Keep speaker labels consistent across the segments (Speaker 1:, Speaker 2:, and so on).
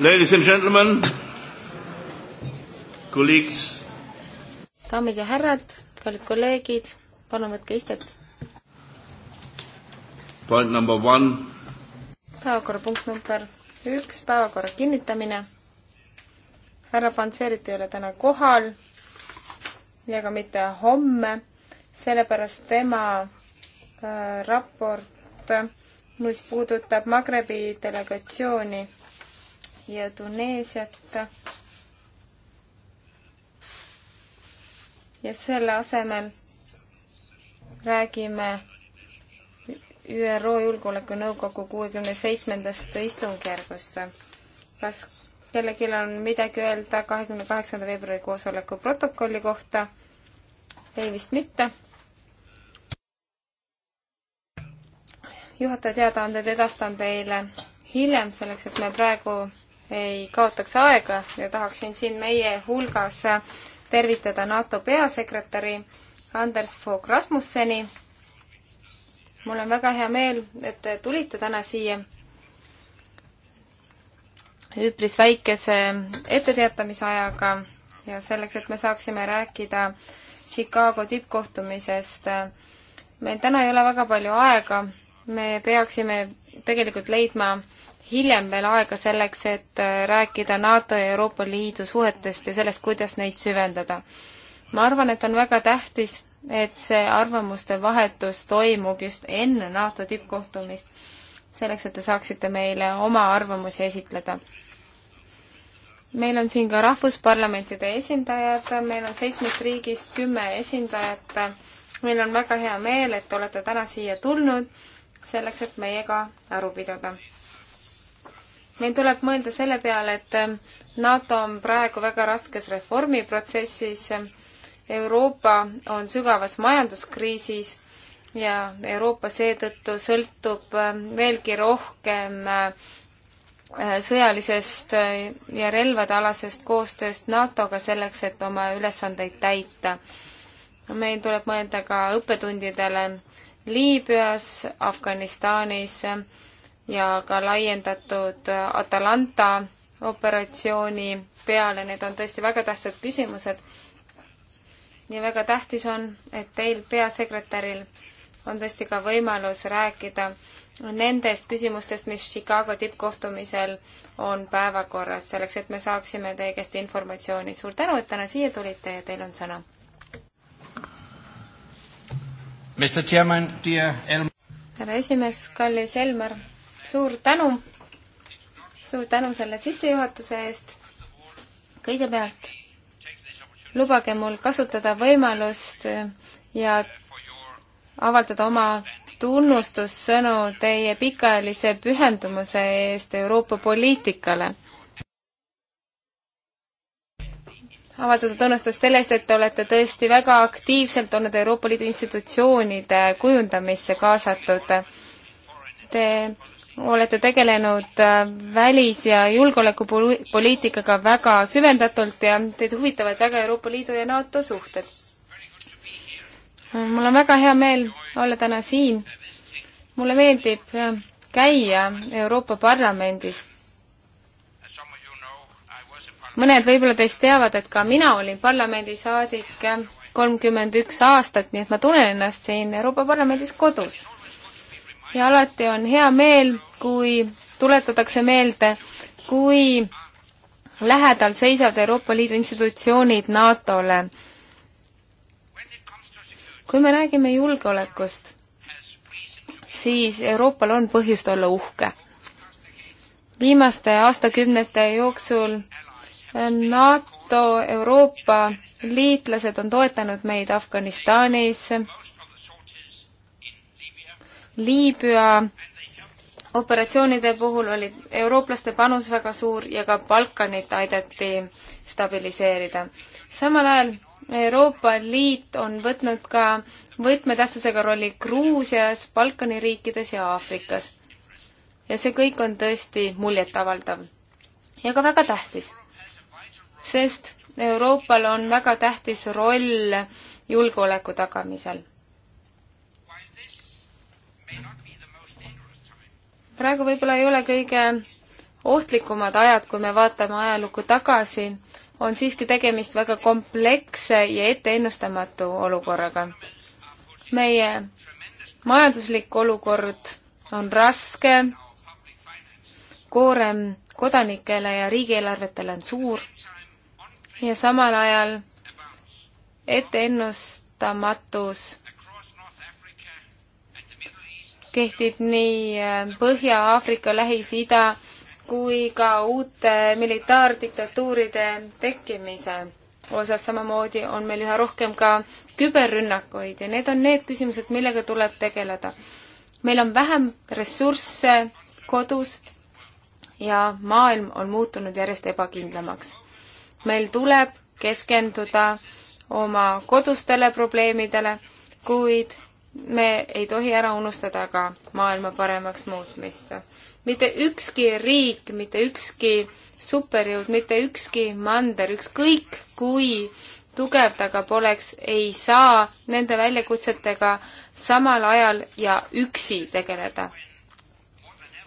Speaker 1: Ladies and gentlemen, colleagues. daamid ja härrad, kallid kolleegid, palun võtke istet. Point
Speaker 2: number
Speaker 3: one.
Speaker 1: päevakorrapunkt number üks, päevakorra kinnitamine. härra Panserit ei ole täna kohal ja ka mitte homme, sellepärast tema äh, raport, mis puudutab Magrebi delegatsiooni ja Tuneesiat. ja selle asemel räägime ÜRO Julgeolekunõukogu kuuekümne seitsmendast istungjärgust. kas kellelgi on midagi öelda kahekümne kaheksanda veebruari koosoleku protokolli kohta? ei vist mitte. juhataja teadaanded edastan teile hiljem, selleks et me praegu ei kaotaks aega ja tahaksin siin meie hulgas tervitada NATO peasekretäri Anders Fogh Rasmusseni. mul on väga hea meel, et te tulite täna siia üpris väikese etteteatamise ajaga ja selleks, et me saaksime rääkida Chicago tippkohtumisest. meil täna ei ole väga palju aega, me peaksime tegelikult leidma hiljem veel aega selleks, et äh, rääkida NATO ja Euroopa Liidu suhetest ja sellest, kuidas neid süvendada. ma arvan, et on väga tähtis, et see arvamuste vahetus toimub just enne NATO tippkohtumist, selleks, et te saaksite meile oma arvamusi esitleda meil on siin ka rahvusparlamentide esindajad, meil on seitsmest riigist kümme esindajat. meil on väga hea meel, et olete täna siia tulnud, selleks et meiega aru pidada meil tuleb mõelda selle peale, et ähm, NATO on praegu väga raskes reformiprotsessis, Euroopa on sügavas majanduskriisis ja Euroopa seetõttu sõltub ähm, veelgi rohkem äh, äh, sõjalisest äh, ja relvadealasest koostööst NATO-ga selleks, et oma ülesandeid täita. meil tuleb mõelda ka õppetundidele Liibüas, Afganistanis ja ka laiendatud Atalanta operatsiooni peale, need on tõesti väga tähtsad küsimused. ja väga tähtis on, et teil, peasekretäril, on tõesti ka võimalus rääkida nendest küsimustest, mis Chicago tippkohtumisel on päevakorras, selleks et me saaksime teie käest informatsiooni. suur tänu, et täna siia tulite ja teil on sõna. härra esimees, kallis Elmar suur tänu, suur tänu selle sissejuhatuse eest. kõigepealt lubage mul kasutada võimalust ja avaldada oma tunnustussõnu teie pikaajalise pühendumuse eest Euroopa poliitikale. avaldada tunnustust selle eest, et te olete tõesti väga aktiivselt olnud Euroopa Liidu institutsioonide kujundamisse kaasatud. Te olete tegelenud äh, välis- ja julgeolekupoliitikaga väga süvendatult ja teid huvitavad väga Euroopa Liidu ja NATO suhted. mul on väga hea meel olla täna siin. mulle meeldib äh, käia Euroopa Parlamendis. mõned võib-olla teist teavad, et ka mina olin parlamendisaadik äh, kolmkümmend üks aastat, nii et ma tunnen ennast siin Euroopa Parlamendis kodus ja alati on hea meel, kui tuletatakse meelde, kui lähedal seisavad Euroopa Liidu institutsioonid NATO-le. kui me räägime julgeolekust, siis Euroopal on põhjust olla uhke. viimaste aastakümnete jooksul NATO, Euroopa liitlased on toetanud meid Afganistanis, Liibüa operatsioonide puhul oli eurooplaste panus väga suur ja ka Balkanit aidati stabiliseerida. samal ajal Euroopa Liit on võtnud ka võtmetähtsusega rolli Gruusias, Balkani riikides ja Aafrikas. ja see kõik on tõesti muljetavaldav ja ka väga tähtis, sest Euroopal on väga tähtis roll julgeoleku tagamisel praegu võib-olla ei ole kõige ohtlikumad ajad, kui me vaatame ajalukku tagasi, on siiski tegemist väga kompleksse ja etteennustamatu olukorraga. meie majanduslik olukord on raske, koorem kodanikele ja riigieelarvetele on suur ja samal ajal etteennustamatus kehtib nii äh, Põhja-Aafrika, Lähis-Ida kui ka uute militaardiktatuuride tekkimise osas samamoodi on meil üha rohkem ka küberrünnakuid ja need on need küsimused, millega tuleb tegeleda. meil on vähem ressursse kodus ja maailm on muutunud järjest ebakindlamaks. meil tuleb keskenduda oma kodustele probleemidele, kuid me ei tohi ära unustada ka maailma paremaks muutmist. mitte ükski riik, mitte ükski superjõud, mitte ükski mander, ükskõik kui tugev ta ka poleks, ei saa nende väljakutsetega samal ajal ja üksi tegeleda.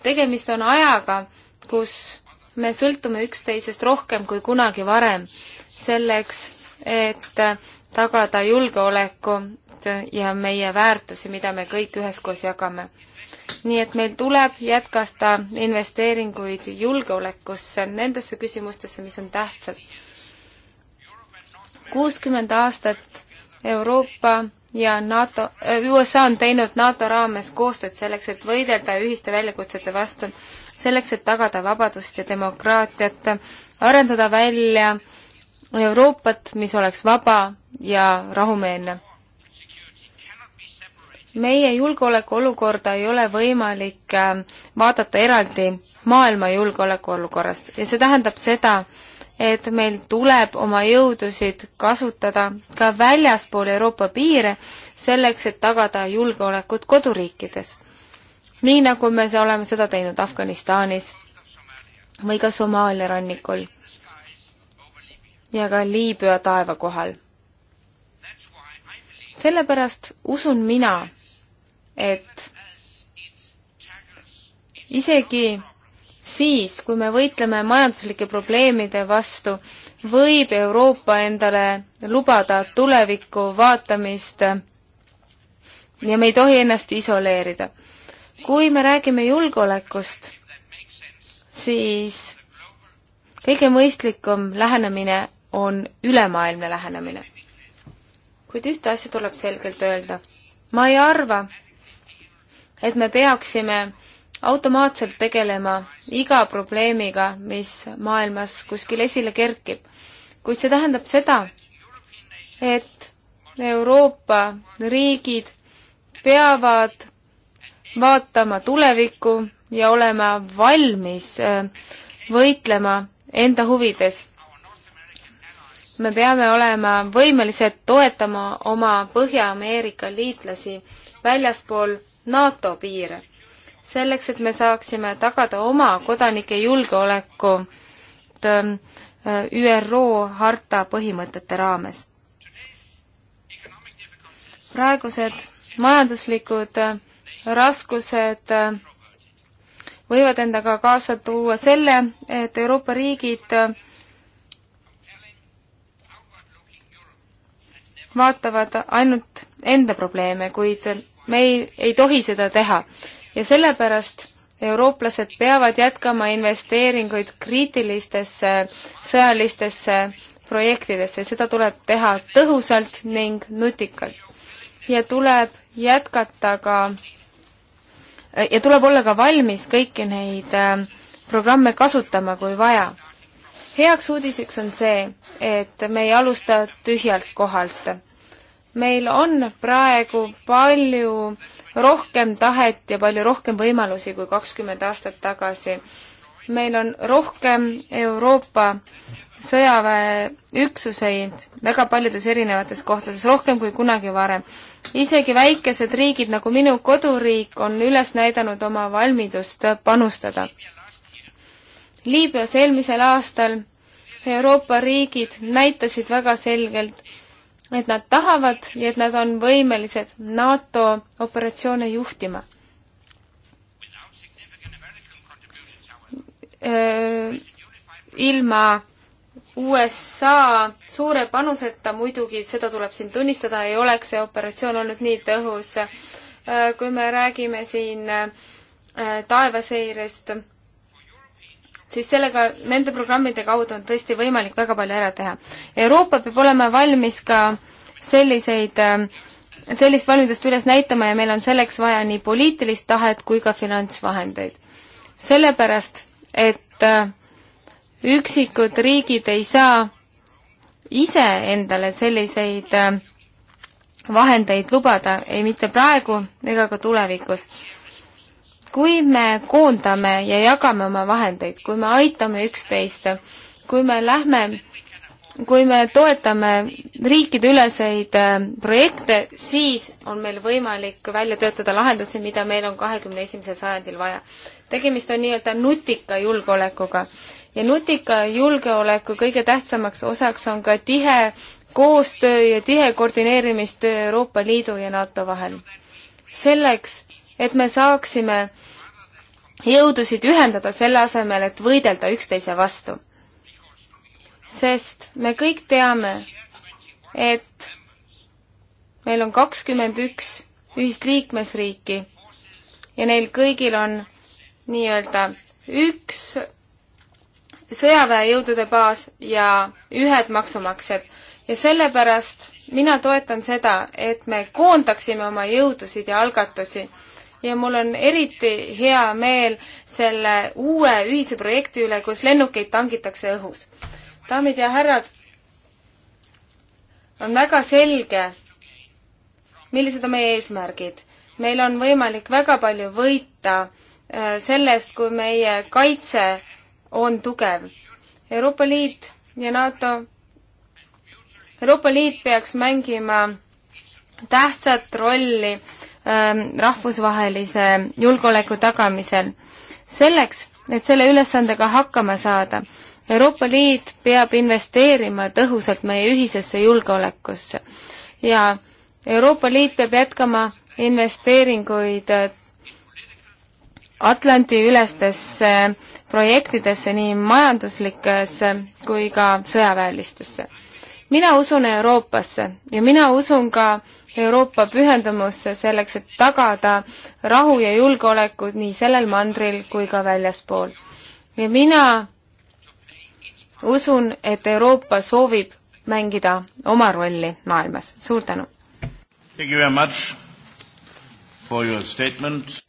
Speaker 1: tegemist on ajaga, kus me sõltume üksteisest rohkem kui kunagi varem, selleks et tagada julgeoleku ja meie väärtusi, mida me kõik üheskoos jagame. nii et meil tuleb jätkata investeeringuid julgeolekusse, nendesse küsimustesse, mis on tähtsad. kuuskümmend aastat Euroopa ja NATO, USA on teinud NATO raames koostööd selleks, et võidelda ühiste väljakutsete vastu, selleks, et tagada vabadust ja demokraatiat, arendada välja äh, Euroopat, mis oleks vaba ja rahumeelne. meie julgeolekuolukorda ei ole võimalik äh, vaadata eraldi maailma julgeolekuolukorrast ja see tähendab seda, et meil tuleb oma jõudusid kasutada ka väljaspool Euroopa piire, selleks et tagada julgeolekut koduriikides. nii, nagu me oleme seda teinud Afganistanis või ka Somaalia rannikul ja ka Liibüa taeva kohal. sellepärast usun mina, et isegi siis, kui me võitleme majanduslike probleemide vastu, võib Euroopa endale lubada tulevikku vaatamist ja me ei tohi ennast isoleerida. kui me räägime julgeolekust, siis kõige mõistlikum lähenemine on ülemaailmne lähenemine. kuid ühte asja tuleb selgelt öelda. ma ei arva, et me peaksime automaatselt tegelema iga probleemiga, mis maailmas kuskil esile kerkib. kuid see tähendab seda, et Euroopa riigid peavad vaatama tulevikku ja olema valmis äh, võitlema enda huvides me peame olema võimelised toetama oma Põhja-Ameerika liitlasi väljaspool NATO piire, selleks et me saaksime tagada oma kodanike julgeolekut ähm, äh, ÜRO harta põhimõtete raames. praegused majanduslikud äh, raskused äh, võivad endaga kaasa tuua selle, et Euroopa riigid vaatavad ainult enda probleeme, kuid me ei, ei tohi seda teha. ja sellepärast eurooplased peavad jätkama investeeringuid kriitilistesse sõjalistesse projektidesse, seda tuleb teha tõhusalt ning nutikalt. ja tuleb jätkata ka ja tuleb olla ka valmis kõiki neid äh, programme kasutama, kui vaja heaks uudiseks on see, et me ei alusta tühjalt kohalt. meil on praegu palju rohkem tahet ja palju rohkem võimalusi kui kakskümmend aastat tagasi. meil on rohkem Euroopa sõjaväeüksuseid väga paljudes erinevates kohtades, rohkem kui kunagi varem. isegi väikesed riigid nagu minu koduriik on üles näidanud oma valmidust panustada Liibüas eelmisel aastal Euroopa riigid näitasid väga selgelt, et nad tahavad ja et nad on võimelised NATO operatsioone juhtima. ilma USA suure panuseta muidugi, seda tuleb siin tunnistada, ei oleks see operatsioon olnud nii tõhus. kui me räägime siin taevaseirest, siis sellega, nende programmide kaudu on tõesti võimalik väga palju ära teha. Euroopa peab olema valmis ka selliseid, ähm, sellist valmidust üles näitama ja meil on selleks vaja nii poliitilist tahet kui ka finantsvahendeid. sellepärast, et äh, üksikud riigid ei saa ise endale selliseid äh, vahendeid lubada, ei mitte praegu ega ka tulevikus kui me koondame ja jagame oma vahendeid, kui me aitame üksteist, kui me lähme, kui me toetame riikideüleseid äh, projekte, siis on meil võimalik välja töötada lahendusi, mida meil on kahekümne esimesel sajandil vaja. tegemist on nii-öelda nutika julgeolekuga ja nutika julgeoleku kõige tähtsamaks osaks on ka tihe koostöö ja tihe koordineerimistöö Euroopa Liidu ja NATO vahel. selleks, et me saaksime jõudusid ühendada selle asemel, et võidelda üksteise vastu. sest me kõik teame, et meil on kakskümmend üks ühist liikmesriiki ja neil kõigil on nii-öelda üks sõjaväejõudude baas ja ühed maksumaksjad. ja sellepärast mina toetan seda, et me koondaksime oma jõudusid ja algatusi ja mul on eriti hea meel selle uue ühise projekti üle, kus lennukeid tangitakse õhus. daamid ja härrad, on väga selge, millised on meie eesmärgid. meil on võimalik väga palju võita äh, sellest, kui meie kaitse on tugev. Euroopa Liit ja NATO, Euroopa Liit peaks mängima tähtsat rolli Ähm, rahvusvahelise julgeoleku tagamisel. selleks, et selle ülesandega hakkama saada, Euroopa Liit peab investeerima tõhusalt meie ühisesse julgeolekusse ja Euroopa Liit peab jätkama investeeringuid äh, Atlandi-ülestesse projektidesse, nii majanduslikesse kui ka sõjaväelistesse mina usun Euroopasse ja mina usun ka Euroopa pühendumusse selleks, et tagada rahu ja julgeolekut nii sellel mandril kui ka väljaspool. ja mina usun, et Euroopa soovib mängida oma rolli maailmas. suur tänu!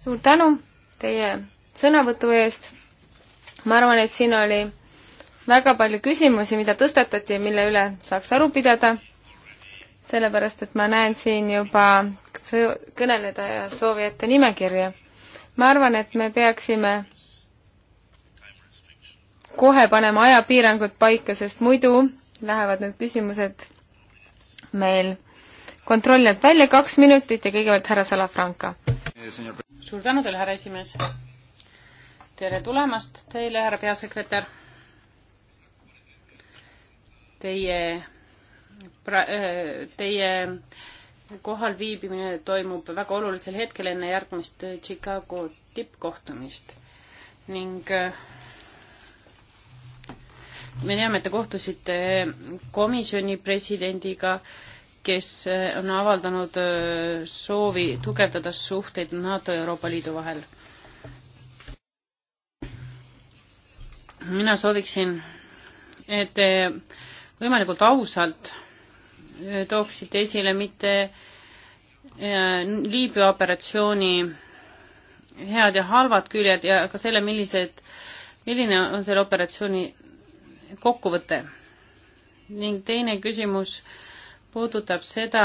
Speaker 1: suur tänu teie sõnavõtu eest, ma arvan, et siin oli väga palju küsimusi, mida tõstatati ja mille üle saaks aru pidada, sellepärast et ma näen siin juba kõneleda ja soovijate nimekirja. ma arvan, et me peaksime kohe panema ajapiirangud paika, sest muidu lähevad need küsimused meil kontrollijalt välja, kaks minutit ja kõigepealt härra Salafranca.
Speaker 2: suur tänu teile, härra esimees. tere tulemast teile, härra peasekretär Teie, äh, teie kohalviibimine toimub väga olulisel hetkel enne järgmist Chicago tippkohtumist ning äh, me teame, et te kohtusite komisjoni presidendiga, kes äh, on avaldanud soovi tugevdada suhteid NATO ja Euroopa Liidu vahel. mina sooviksin, et te võimalikult ausalt eh, tooksid esile mitte eh, Liibüa operatsiooni head ja halvad küljed ja ka selle, millised, milline on selle operatsiooni kokkuvõte. ning teine küsimus puudutab seda,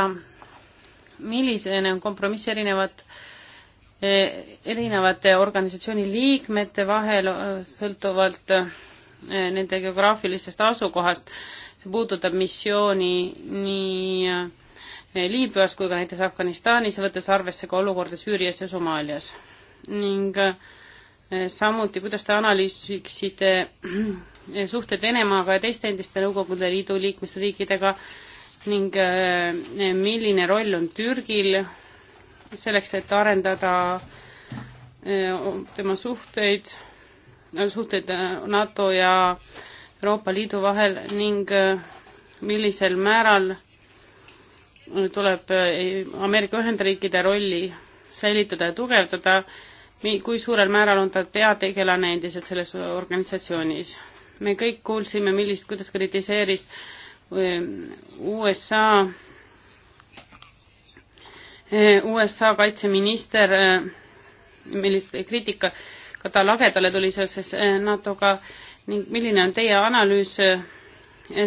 Speaker 2: millisene on kompromiss erinevat, eh, erinevate organisatsiooni liikmete vahel sõltuvalt nende geograafilisest asukohast see puudutab missiooni nii eh, Liibüas kui ka näiteks Afganistanis, võttes arvesse ka olukorda Süürias ja Somaalias. ning eh, samuti, kuidas te analüüsiksite eh, suhted Venemaaga ja teiste endiste Nõukogude Liidu liikmesriikidega ning milline roll on Türgil selleks, et arendada tema suhteid, suhteid NATO ja Euroopa Liidu vahel ning äh, millisel määral äh, tuleb äh, Ameerika Ühendriikide rolli säilitada ja tugevdada, kui suurel määral on ta peategelane endiselt selles organisatsioonis. me kõik kuulsime, millist, kuidas kritiseeris USA, USA kaitseminister, millist kriitika ka ta lagedale tuli seoses NATO-ga ka ning milline on teie analüüs eh,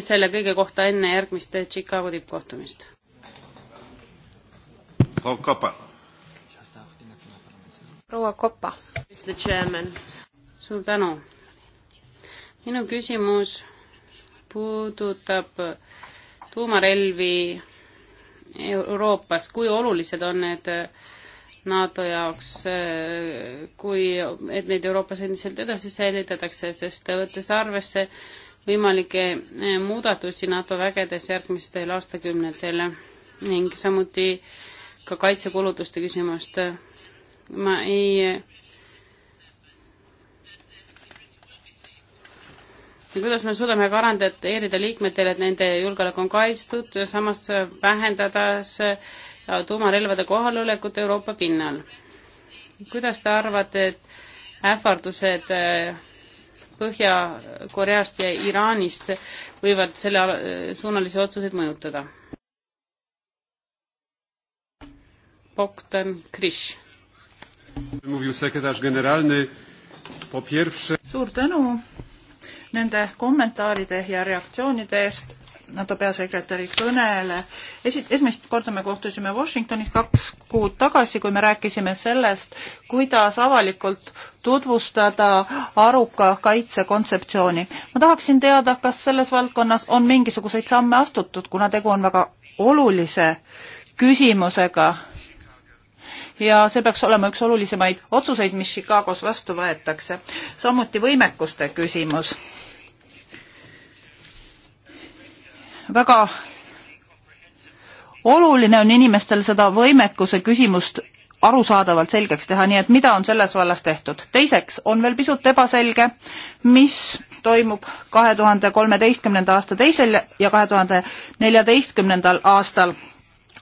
Speaker 2: selle kõige kohta enne järgmist Chicago tippkohtumist? proua Koppa. suur tänu. minu küsimus puudutab tuumarelvi Euroopas, kui olulised on need äh, NATO jaoks, eh, kui, et neid Euroopas endiselt edasi säilitatakse, sest võttes arvesse võimalikke eh, muudatusi NATO vägedes järgmistel aastakümnetel ning samuti ka kaitsekulutuste küsimust. ma ei ja kuidas me suudame garanteerida liikmetele, et nende julgeolek on kaitstud, samas vähendades äh, Äh, tuumarelvade kohalolekut Euroopa pinnal. kuidas te arvate, et ähvardused äh, Põhja-Koreast ja Iraanist võivad selle suunalisi otsuseid mõjutada?
Speaker 3: Bogdan Krish. suur tänu nende kommentaaride ja reaktsioonide eest NATO peasekretäri kõnele. esi-, esimest korda me kohtusime Washingtonis kaks kuud tagasi, kui me rääkisime sellest, kuidas avalikult tutvustada aruka kaitse kontseptsiooni. ma tahaksin teada, kas selles valdkonnas on mingisuguseid samme astutud, kuna tegu on väga olulise küsimusega ja see peaks olema üks olulisemaid otsuseid, mis Chicagos vastu võetakse. samuti võimekuste küsimus väga oluline on inimestel seda võimekuse küsimust arusaadavalt selgeks teha, nii et mida on selles vallas tehtud. teiseks on veel pisut ebaselge, mis toimub kahe tuhande kolmeteistkümnenda aasta teisel ja kahe tuhande neljateistkümnendal aastal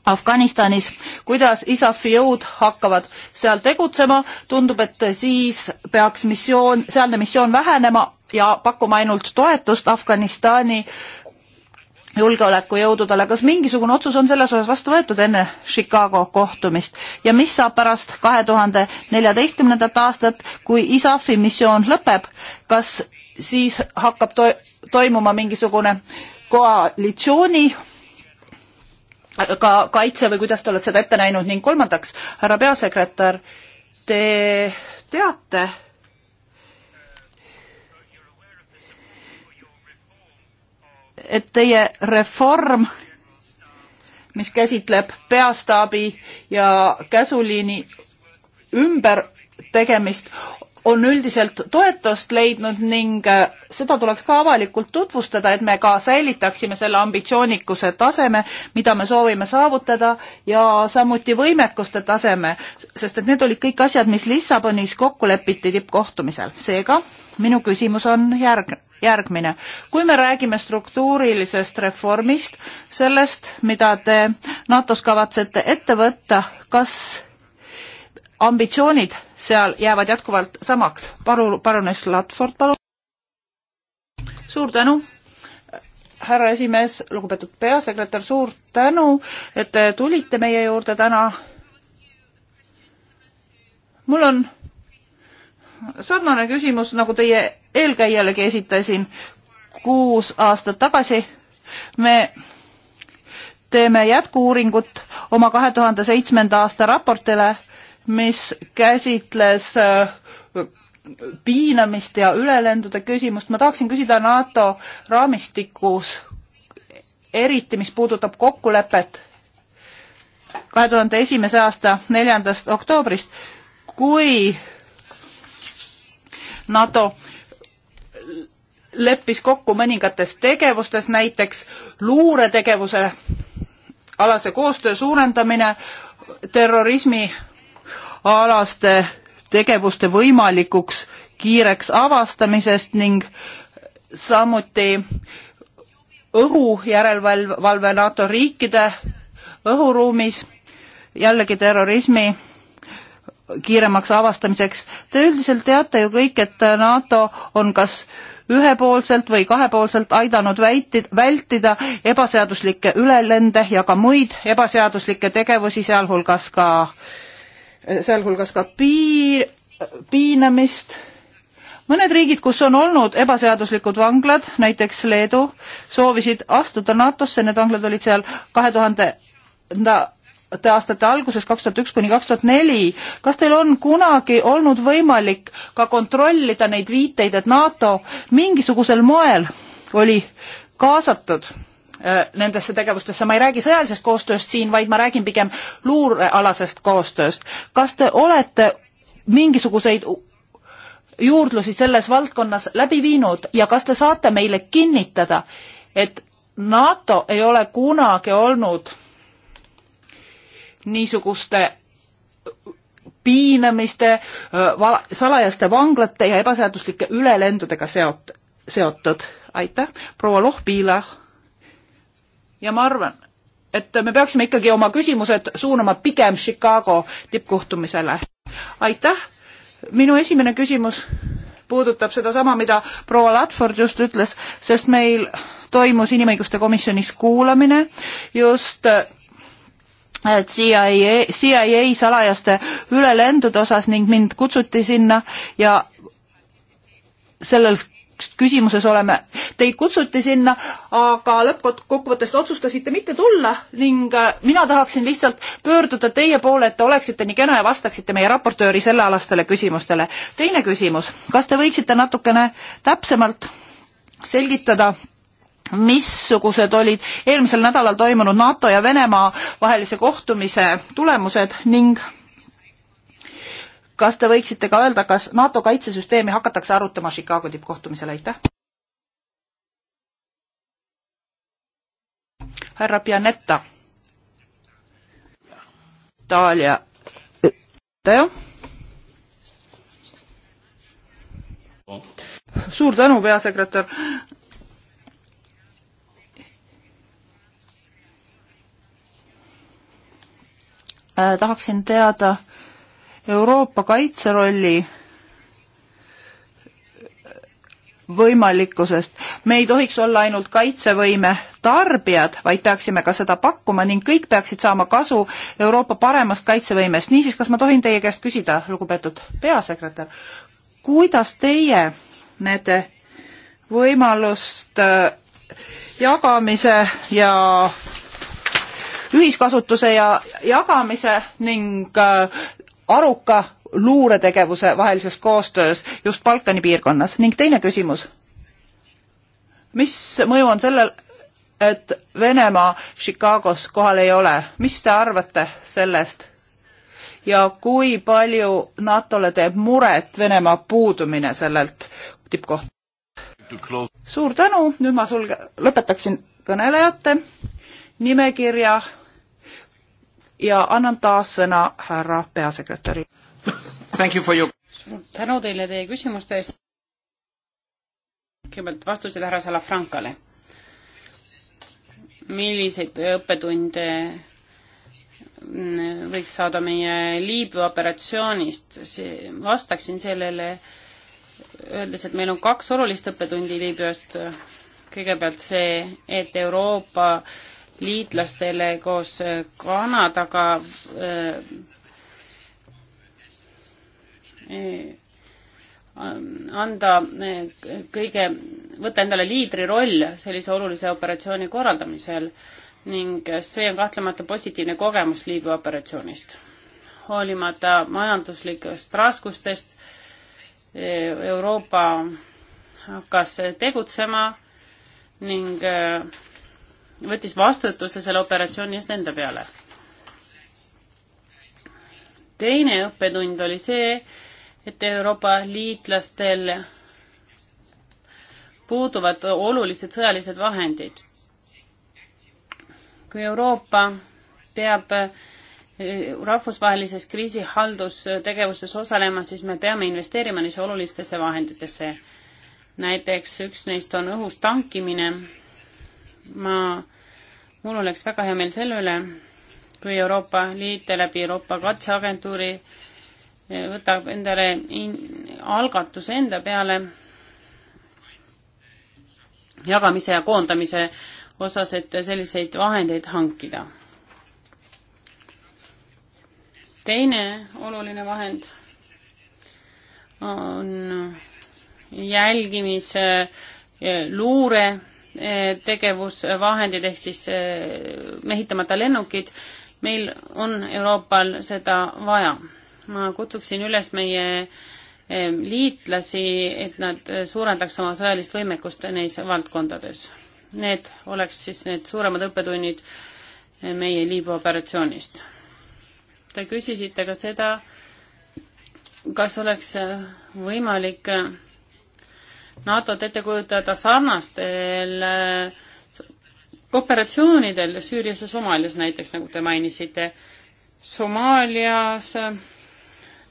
Speaker 3: Afganistanis, kuidas ISAF-i jõud hakkavad seal tegutsema, tundub, et siis peaks missioon, sealne missioon vähenema ja pakkuma ainult toetust Afganistani julgeolekujõududele, kas mingisugune otsus on selles osas vastu võetud enne Chicago kohtumist ja mis saab pärast kahe tuhande neljateistkümnendat aastat, kui ISAF-i missioon lõpeb, kas siis hakkab to toimuma mingisugune koalitsiooni äh, ka kaitse või kuidas te olete seda ette näinud ning kolmandaks, härra peasekretär, te teate, et teie reform, mis käsitleb peastaabi ja käsuliini ümber tegemist on üldiselt toetust leidnud ning äh, seda tuleks ka avalikult tutvustada, et me ka säilitaksime selle ambitsioonikuse taseme, mida me soovime saavutada ja samuti võimekuste taseme, sest et need olid kõik asjad, mis Lissabonis kokku lepiti tippkohtumisel. seega minu küsimus on järg-, järgmine. kui me räägime struktuurilisest reformist, sellest, mida te NATO-s kavatsete ette võtta, kas ambitsioonid seal jäävad jätkuvalt samaks. Paru, parunes Latford, palun. suur tänu, härra esimees, lugupeetud peasekretär, suur tänu, et te tulite meie juurde täna. mul on sarnane küsimus, nagu teie eelkäijalegi esitasin kuus aastat tagasi. me teeme jätku-uuringut oma kahe tuhande seitsmenda aasta raportile mis käsitles äh, piinamist ja ülelendude küsimust. ma tahaksin küsida NATO raamistikus, eriti mis puudutab kokkulepet kahe tuhande esimese aasta neljandast oktoobrist, kui NATO leppis kokku mõningates tegevustes, näiteks luuretegevuse alase koostöö suurendamine, terrorismi alaste tegevuste võimalikuks kiireks avastamisest ning samuti õhujärelevalve NATO riikide õhuruumis jällegi terrorismi kiiremaks avastamiseks. Te üldiselt teate ju kõik, et NATO on kas ühepoolselt või kahepoolselt aidanud väitid, vältida ebaseaduslikke ülelende ja ka muid ebaseaduslikke tegevusi, sealhulgas ka äh, sealhulgas ka piir, piinamist. mõned riigid, kus on olnud ebaseaduslikud vanglad, näiteks Leedu, soovisid astuda NATO-sse, need vanglad olid seal kahe tuhandete aastate alguses, kaks tuhat üks kuni kaks tuhat neli. kas teil on kunagi olnud võimalik ka kontrollida neid viiteid, et NATO mingisugusel moel oli kaasatud Äh, nendesse tegevustesse. ma ei räägi sõjalisest koostööst siin, vaid ma räägin pigem luurealasest koostööst. kas te olete mingisuguseid juurdlusi selles valdkonnas läbi viinud ja kas te saate meile kinnitada, et NATO ei ole kunagi olnud niisuguste piinamiste, salajaste vanglate ja ebaseaduslike ülelendudega seot-, seotud. aitäh, proua Lohpiila ja ma arvan, et me peaksime ikkagi oma küsimused suunama pigem Chicago tippkohtumisele. aitäh, minu esimene küsimus puudutab sedasama, mida proua Ladford just ütles, sest meil toimus inimõiguste komisjonis kuulamine just äh, CIA, CIA salajaste ülelendude osas ning mind kutsuti sinna ja sellel küsimuses oleme. Teid kutsuti sinna, aga lõppkokkuvõttes otsustasite mitte tulla ning äh, mina tahaksin lihtsalt pöörduda teie poole, et te oleksite nii kena ja vastaksite meie raportööri sellealastele küsimustele. teine küsimus, kas te võiksite natukene täpsemalt selgitada, missugused olid eelmisel nädalal toimunud NATO ja Venemaa vahelise kohtumise tulemused ning kas te võiksite ka öelda, kas NATO kaitsesüsteemi hakatakse arutama Chicago tippkohtumisel, aitäh? härra Pianetta. Itaalia juhataja. suur tänu, peasekretär. Äh, tahaksin teada äh, Euroopa kaitserolli võimalikkusest. me ei tohiks olla ainult kaitsevõime tarbijad, vaid peaksime ka seda pakkuma ning kõik peaksid saama kasu Euroopa paremast kaitsevõimest. niisiis, kas ma tohin teie käest küsida, lugupeetud peasekretär, kuidas teie nende võimalust jagamise ja ühiskasutuse ja jagamise ning äh, aruka luuretegevuse vahelises koostöös just Balkani piirkonnas ning teine küsimus. mis mõju on sellel, et Venemaa Chicagos kohal ei ole, mis te arvate sellest? ja kui palju NATO-le teeb muret Venemaa puudumine sellelt tippkoht-? suur tänu, nüüd ma sulge-, lõpetaksin kõnelejate nimekirja ja annan taas sõna härra peasekretärile. You suur
Speaker 2: tänu teile teie küsimuste eest. kõigepealt vastused härra Salafrankale. milliseid õppetunde mm, võiks saada meie Liibüa operatsioonist, see, vastaksin sellele öeldes, et meil on kaks olulist õppetundi Liibüast. kõigepealt see, et Euroopa äh, liitlastele koos äh, Kanadaga äh, äh, anda kõige, võtta endale liidri roll sellise olulise operatsiooni korraldamisel ning see on kahtlemata positiivne kogemus Liibüa operatsioonist. hoolimata majanduslikest raskustest Euroopa hakkas tegutsema ning võttis vastutuse selle operatsiooni eest enda peale. teine õppetund oli see, et Euroopa liitlastel puuduvad olulised sõjalised vahendid. kui Euroopa peab eh, rahvusvahelises kriisihaldustegevuses osalema, siis me peame investeerima neisse olulistesse vahenditesse. näiteks üks neist on õhus tankimine ma, mul oleks väga hea meel selle üle, kui Euroopa Liit läbi Euroopa Katseagentuuri eh, võtab endale in-, algatuse enda peale jagamise ja koondamise osas, et selliseid vahendeid hankida. teine oluline vahend on jälgimise eh, luure tegevusvahendid ehk siis eh, mehitamata lennukid, meil on Euroopal seda vaja. ma kutsuksin üles meie eh, liitlasi, et nad suurendaks oma sõjalist võimekust neis valdkondades. Need oleks siis need suuremad õppetunnid eh, meie Liibüa operatsioonist. Te küsisite ka seda, kas oleks võimalik NATO-t ette kujutada sarnastel äh, operatsioonidel Süürias ja Somaalias näiteks, nagu te mainisite. Somaalias äh,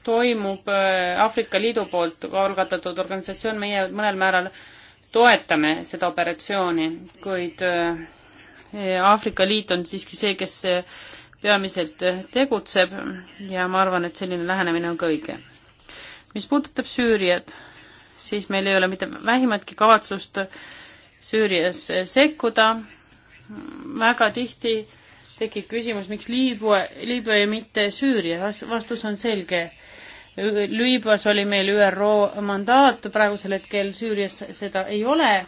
Speaker 2: toimub äh, Aafrika Liidu poolt algatatud organisatsioon, meie mõnel määral toetame seda operatsiooni, kuid Aafrika Liit on siiski see, kes peamiselt tegutseb ja ma arvan, et selline lähenemine on ka õige. mis puudutab Süüriat, siis meil ei ole mitte vähimatki kavatsust Süürias sekkuda. väga tihti tekib küsimus, miks Liibüa, Liibüa ja mitte Süüria, vastus on selge. Liibüas oli meil ÜRO mandaat, praegusel hetkel Süürias seda ei ole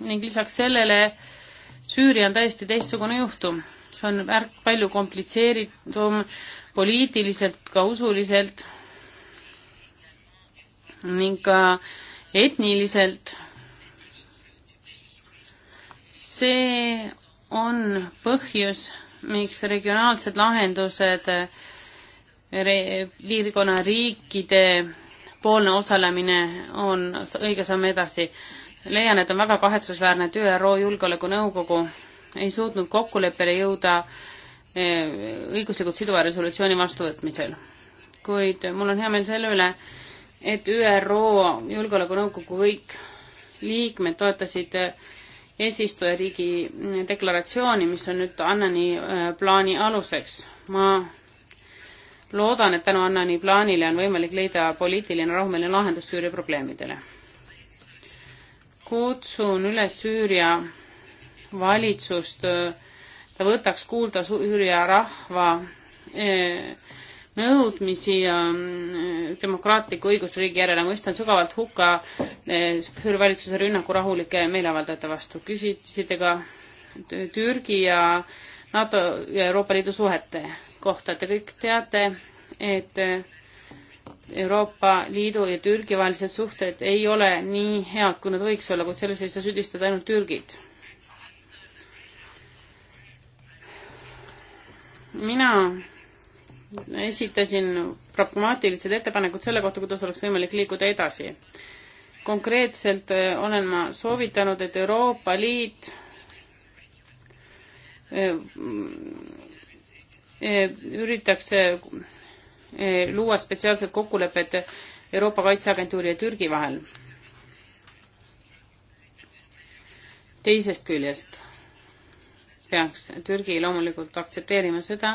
Speaker 2: ning lisaks sellele Süüria on täiesti teistsugune juhtum. see on märk palju komplitseeritum poliitiliselt, ka usuliselt ning ka äh, etniliselt. see on põhjus, miks regionaalsed lahendused re, piirkonna riikide poolne osalemine on õige samm edasi. leian, et on väga kahetsusväärne, et ÜRO Julgeolekunõukogu ei suutnud kokkuleppele jõuda eh, õiguslikult siduva resolutsiooni vastuvõtmisel. kuid mul on hea meel selle üle, et ÜRO Julgeolekunõukogu kõik liikmed toetasid äh, eesistujariigi mm, deklaratsiooni, mis on nüüd Annani äh, plaani aluseks. ma loodan, et tänu Annani plaanile on võimalik leida poliitiline rahumeelne lahendus Süüria probleemidele. kutsun üles Süüria valitsust, äh, ta võtaks kuulda Süüria rahva eh, nõudmisi ja mm, demokraatliku õigusriigi järele. mõistan sügavalt hukka eh, Führi valitsuse rünnaku rahulike meeleavaldajate vastu. küsisite ka Türgi ja NATO ja Euroopa Liidu suhete kohta. Te kõik teate, et eh, Euroopa Liidu ja Türgi vahelised suhted ei ole nii head, kui nad võiks olla, kuid selles ei saa süüdistada ainult Türgit. mina esitasin pragmaatilised ettepanekud selle kohta, kuidas oleks võimalik liikuda edasi. konkreetselt eh, olen ma soovitanud, et Euroopa Liit eh, mm, eh, üritaks luua spetsiaalsed kokkulepped Euroopa Kaitseagentuuri ja Türgi vahel. teisest küljest peaks Türgi loomulikult aktsepteerima seda,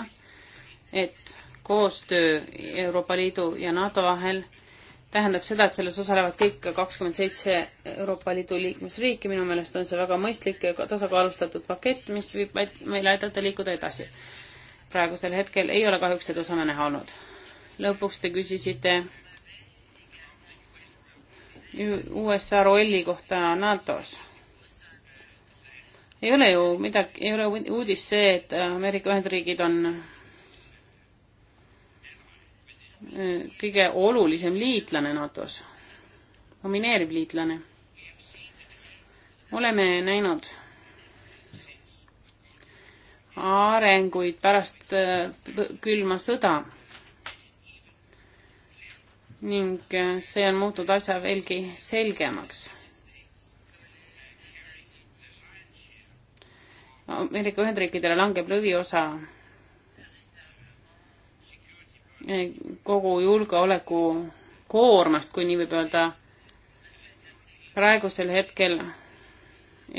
Speaker 2: et koostöö Euroopa Liidu ja NATO vahel tähendab seda, et selles osalevad kõik kakskümmend seitse Euroopa Liidu liikmesriiki, minu meelest on see väga mõistlik ja tasakaalustatud pakett, mis võib meile aidata liikuda edasi. praegusel hetkel ei ole kahjuks seda osana näha olnud. lõpuks te küsisite USA rolli kohta NATO-s. ei ole ju midagi, ei ole uudis see, et Ameerika Ühendriigid on kõige olulisem liitlane NATO-s, domineeriv liitlane. oleme näinud arenguid pärast äh, külma sõda ning äh, see on muutnud asja veelgi selgemaks. Ameerika Ühendriikidele langeb lõviosa kogu julgeoleku koormast, kui nii võib öelda. praegusel hetkel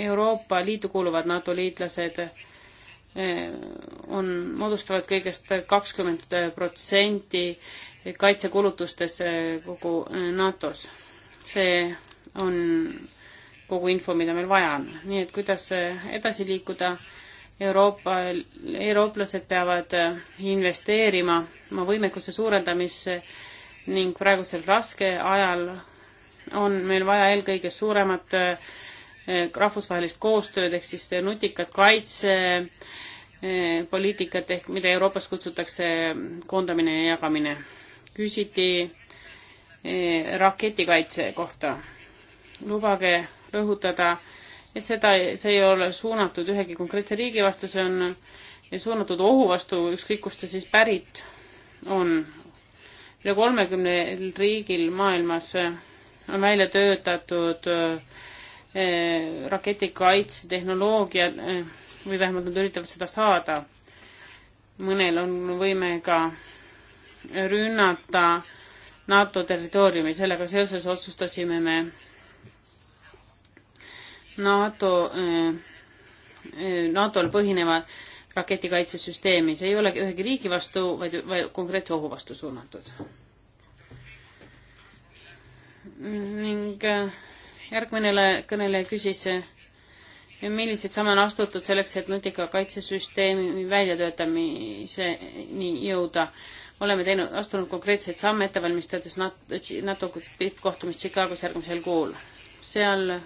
Speaker 2: Euroopa Liitu kuuluvad NATO liitlased eh, on, moodustavad kõigest kakskümmend protsenti kaitsekulutustes eh, kogu eh, NATO-s. see on kogu info, mida meil vaja on. nii et kuidas edasi liikuda Euroopa, eurooplased peavad eh, investeerima oma võimekuse suurendamisse ning praegusel raskel ajal on meil vaja eelkõige suuremat eh, rahvusvahelist koostööd ehk siis eh, nutikat kaitsepoliitikat ehk mida Euroopas kutsutakse koondamine ja jagamine. küsiti raketikaitse kohta. lubage rõhutada, et seda, see ei ole suunatud ühegi konkreetse riigi vastu, see on suunatud ohu vastu, ükskõik kust see siis pärit on. üle kolmekümnel riigil maailmas on välja töötatud eh, raketikaitsetehnoloogia eh, või vähemalt nad üritavad seda saada. mõnel on võime ka rünnata NATO territooriumi, sellega seoses otsustasime me NATO, eh, eh, NATO-l põhineva raketikaitsesüsteemi, see ei ole ühegi riigi vastu, vaid, vaid konkreetse ohu vastu suunatud. ning eh, järgmine kõneleja küsis, milliseid samme on astutud selleks, et nutika kaitsesüsteemi väljatöötamiseni jõuda. oleme teinud, astunud konkreetseid samme ette valmistades NATO tippkohtumist Chicagos järgmisel kuul. seal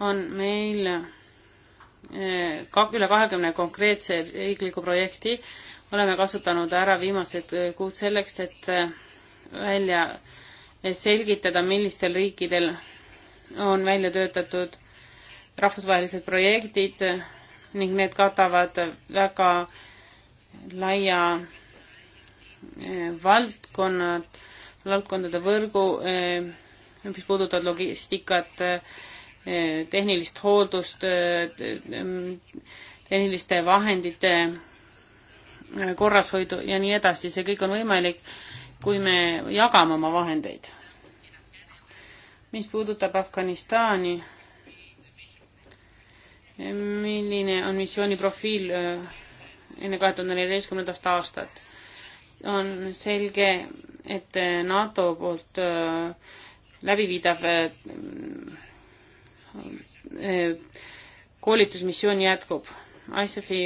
Speaker 2: on meil eh, üle kahekümne konkreetse riikliku projekti. oleme kasutanud ära viimased eh, kuud selleks, et eh, välja selgitada, millistel riikidel on välja töötatud rahvusvahelised projektid ning need katavad väga laia valdkonnad, valdkondade võrgu, mis puudutavad logistikat, tehnilist hooldust, tehniliste vahendite korrashoidu ja nii edasi, see kõik on võimalik, kui me jagame oma vahendeid. mis puudutab Afganistani, milline on missiooni profiil äh, enne kahe tuhande neljateistkümnendast aastat? on selge, et äh, NATO poolt äh, läbiviidav koolitusmissioon jätkub. ISAF-i,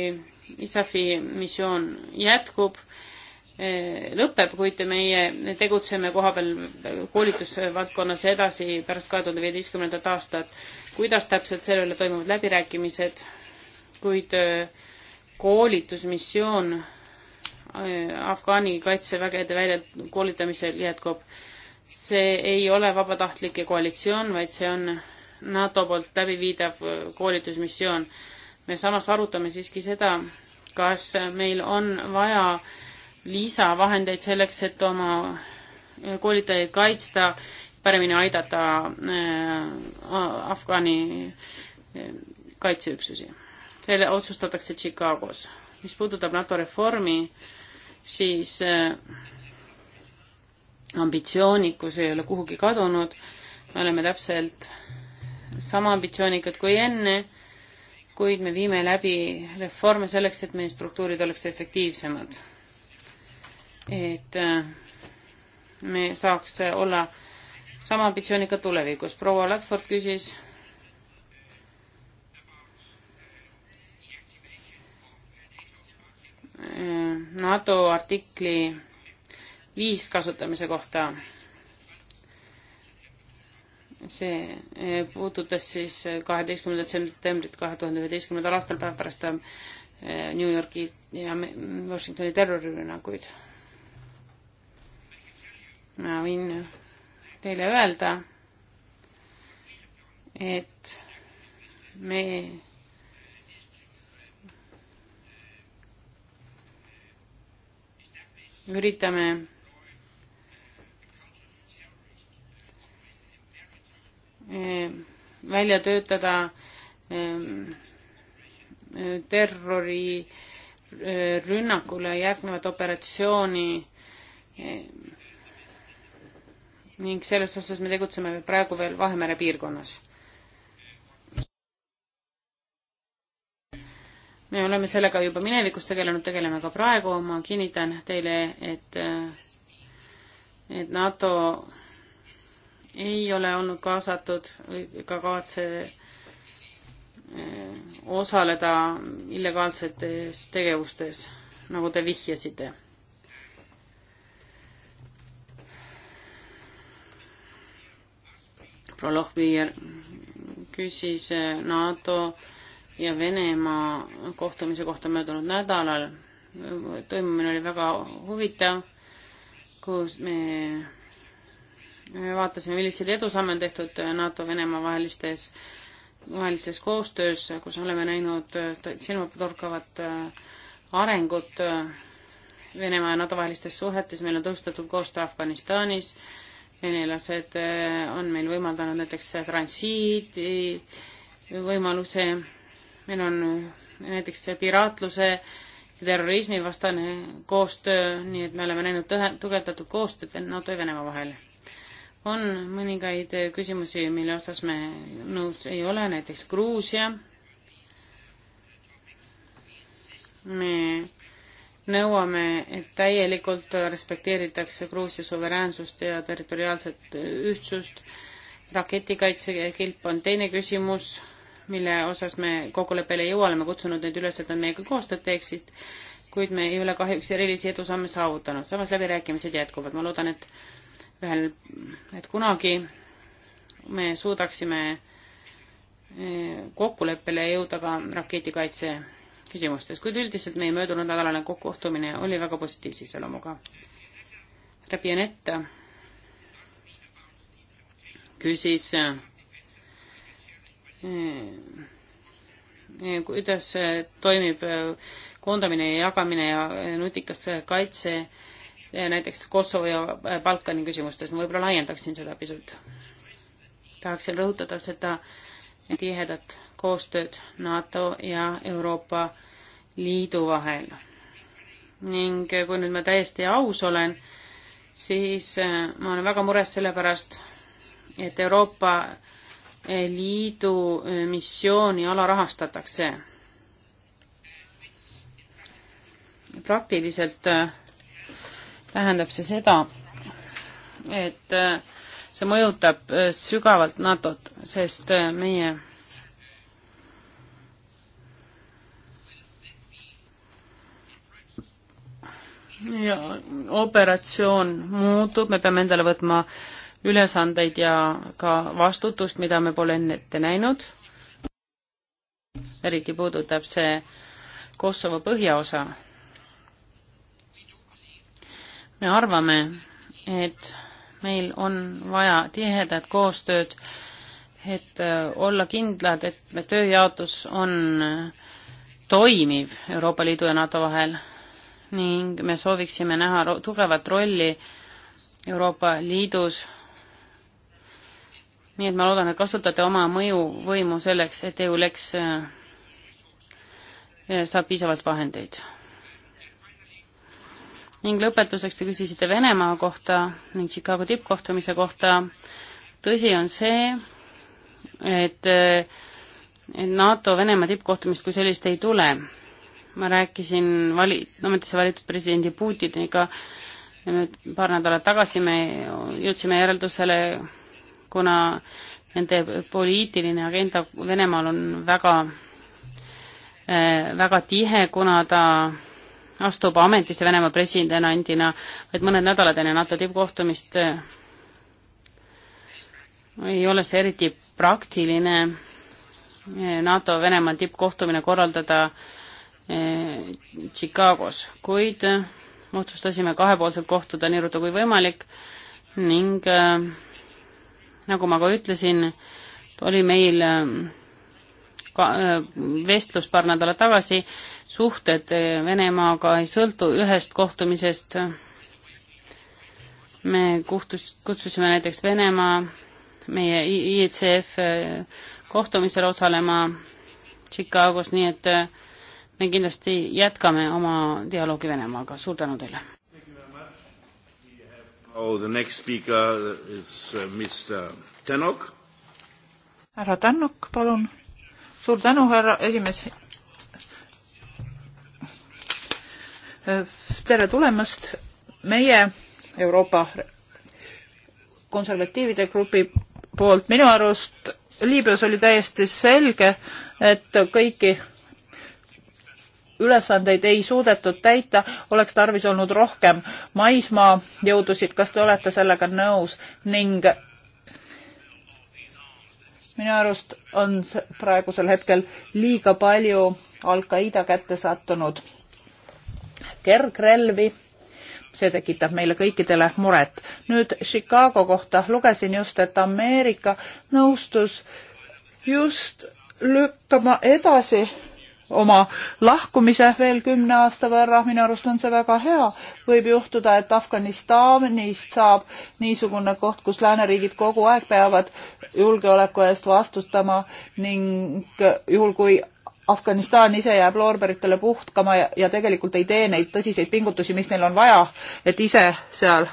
Speaker 2: ISAF-i missioon jätkub, lõpeb, kuid meie tegutseme kohapeal koolitusvaldkonnas edasi pärast kahe tuhande viieteistkümnendat aastat. kuidas täpselt selle üle toimuvad läbirääkimised, kuid äh, koolitusmissioon äh, Afgaani kaitsevägede välja koolitamisel jätkub. see ei ole vabatahtlike koalitsioon, vaid see on NATO poolt läbiviidav äh, koolitusmissioon. me samas arutame siiski seda, kas meil on vaja lisavahendeid selleks, et oma äh, koolitajaid kaitsta, paremini aidata äh, Afgaani kaitseüksusi. selle otsustatakse Chicagos. mis puudutab NATO reformi, siis ambitsioonikus ei ole kuhugi kadunud, me oleme täpselt sama ambitsioonikad kui enne, kuid me viime läbi reforme selleks, et meie struktuurid oleks efektiivsemad. et äh, me saaks äh, olla sama ambitsioonika tulevikus. proua Ladford küsis äh, NATO artikli viis kasutamise kohta see eh, puudutas siis eh, kaheteistkümnendat septembrit kahe tuhande üheteistkümnendal aastal, päev pärast eh, New Yorki ja Washingtoni terrorirünnakuid. ma võin teile öelda, et me üritame Eh, välja töötada eh, terrorirünnakule eh, järgnevat operatsiooni ning selles osas me tegutseme praegu veel Vahemere piirkonnas. me oleme sellega juba minevikus tegelenud, tegeleme ka praegu, ma kinnitan teile, et, et NATO ei ole olnud kaasatud ega kavatse eh, osaleda illegaalsetes tegevustes, nagu te vihjasite. Prolohvier küsis eh, NATO ja Venemaa kohtumise kohta möödunud nädalal. toimumine oli väga huvitav, kus me vaatasin, milliseid edusamme on tehtud NATO-Venemaa vahelistes, vahelises koostöös, kus oleme näinud silmatorkavat äh, arengut äh, Venemaa ja NATO vahelistes suhetes, meil on tõustatud koostöö Afganistanis, venelased äh, on meil võimaldanud näiteks transiidi võimaluse, meil on näiteks piraatluse ja terrorismivastane koostöö, nii et me oleme näinud tõhe, tugevdatud koostööd NATO ja Venemaa vahel on mõningaid küsimusi, mille osas me nõus ei ole, näiteks Gruusia. me nõuame, et täielikult respekteeritakse Gruusia suveräänsust ja territoriaalset ühtsust. raketikaitsekilp on teine küsimus, mille osas me kokkuleppele ei jõua, oleme kutsunud neid üles, et nad meiega koostööd teeksid, kuid me ei ole kahjuks erilisi edusamme saavutanud. samas läbirääkimised jätkuvad, ma loodan, et ühel, et kunagi me suudaksime eh, kokkuleppele jõuda ka raketikaitse küsimustes, kuid üldiselt meie möödunud nädalane kohtumine oli väga positiivse iseloomuga. Rabionetta küsis eh, eh, kuidas toimib koondamine ja jagamine ja nutikas kaitse näiteks Kosovo ja äh, Balkani küsimustes, ma võib-olla laiendaksin seda pisut. tahaksin rõhutada seda tihedat koostööd NATO ja Euroopa Liidu vahel. ning kui nüüd ma täiesti aus olen, siis äh, ma olen väga mures selle pärast, et Euroopa äh, Liidu missiooni alarahastatakse. praktiliselt tähendab see seda, et äh, see mõjutab äh, sügavalt NATO-t, sest äh, meie ja operatsioon muutub, me peame endale võtma ülesandeid ja ka vastutust, mida me pole enne ette näinud. eriti puudutab see Kosovo põhjaosa me arvame, et meil on vaja tihedat koostööd, et äh, olla kindlad, et tööjaotus on äh, toimiv Euroopa Liidu ja NATO vahel ning me sooviksime näha tugevat rolli Euroopa Liidus. nii et ma loodan, et kasutate oma mõjuvõimu selleks, et EULEX äh, saab piisavalt vahendeid ning lõpetuseks te küsisite Venemaa kohta ning Chicago tippkohtumise kohta. tõsi on see, et NATO-Venemaa tippkohtumist kui sellist ei tule. ma rääkisin vali-, ametisse valitud presidendi Putiniga nüüd paar nädalat tagasi, me jõudsime järeldusele, kuna nende poliitiline agenda Venemaal on väga, eh, väga tihe, kuna ta astub ametisse Venemaa presidendina vaid mõned nädalad enne NATO tippkohtumist. ei ole see eriti praktiline eh, NATO-Venemaa tippkohtumine korraldada eh, Chicagos, kuid eh, otsustasime kahepoolselt kohtuda nii ruttu kui võimalik ning nagu ma ka ütlesin, oli meil vestlust paar nädalat tagasi, suhted eh, Venemaaga ei sõltu ühest kohtumisest. me kohtus, kutsusime näiteks Venemaa meie IECF eh, kohtumisel osalema Chicagos, nii et eh, me kindlasti jätkame oma dialoogi Venemaaga, suur tänu teile!
Speaker 1: Oh, the next speaker is uh, Mr. Tannock.
Speaker 3: härra Tannock, palun suur tänu, härra esimees. tere tulemast. meie Euroopa konservatiivide grupi poolt minu arust Liibüas oli täiesti selge, et kõiki ülesandeid ei suudetud täita, oleks tarvis olnud rohkem maismaajõudusid, kas te olete sellega nõus ning minu arust on praegusel hetkel liiga palju Al-Qaeda kätte sattunud kergrelvi. see tekitab meile kõikidele muret. nüüd Chicago kohta lugesin just, et Ameerika nõustus just lükkama edasi oma lahkumise veel kümne aasta võrra, minu arust on see väga hea. võib juhtuda, et Afganistanist saab niisugune koht, kus lääneriigid kogu aeg peavad julgeoleku eest vastutama ning juhul, kui Afganistan ise jääb loorberitele puhkama ja, ja tegelikult ei tee neid tõsiseid pingutusi, mis neil on vaja, et ise seal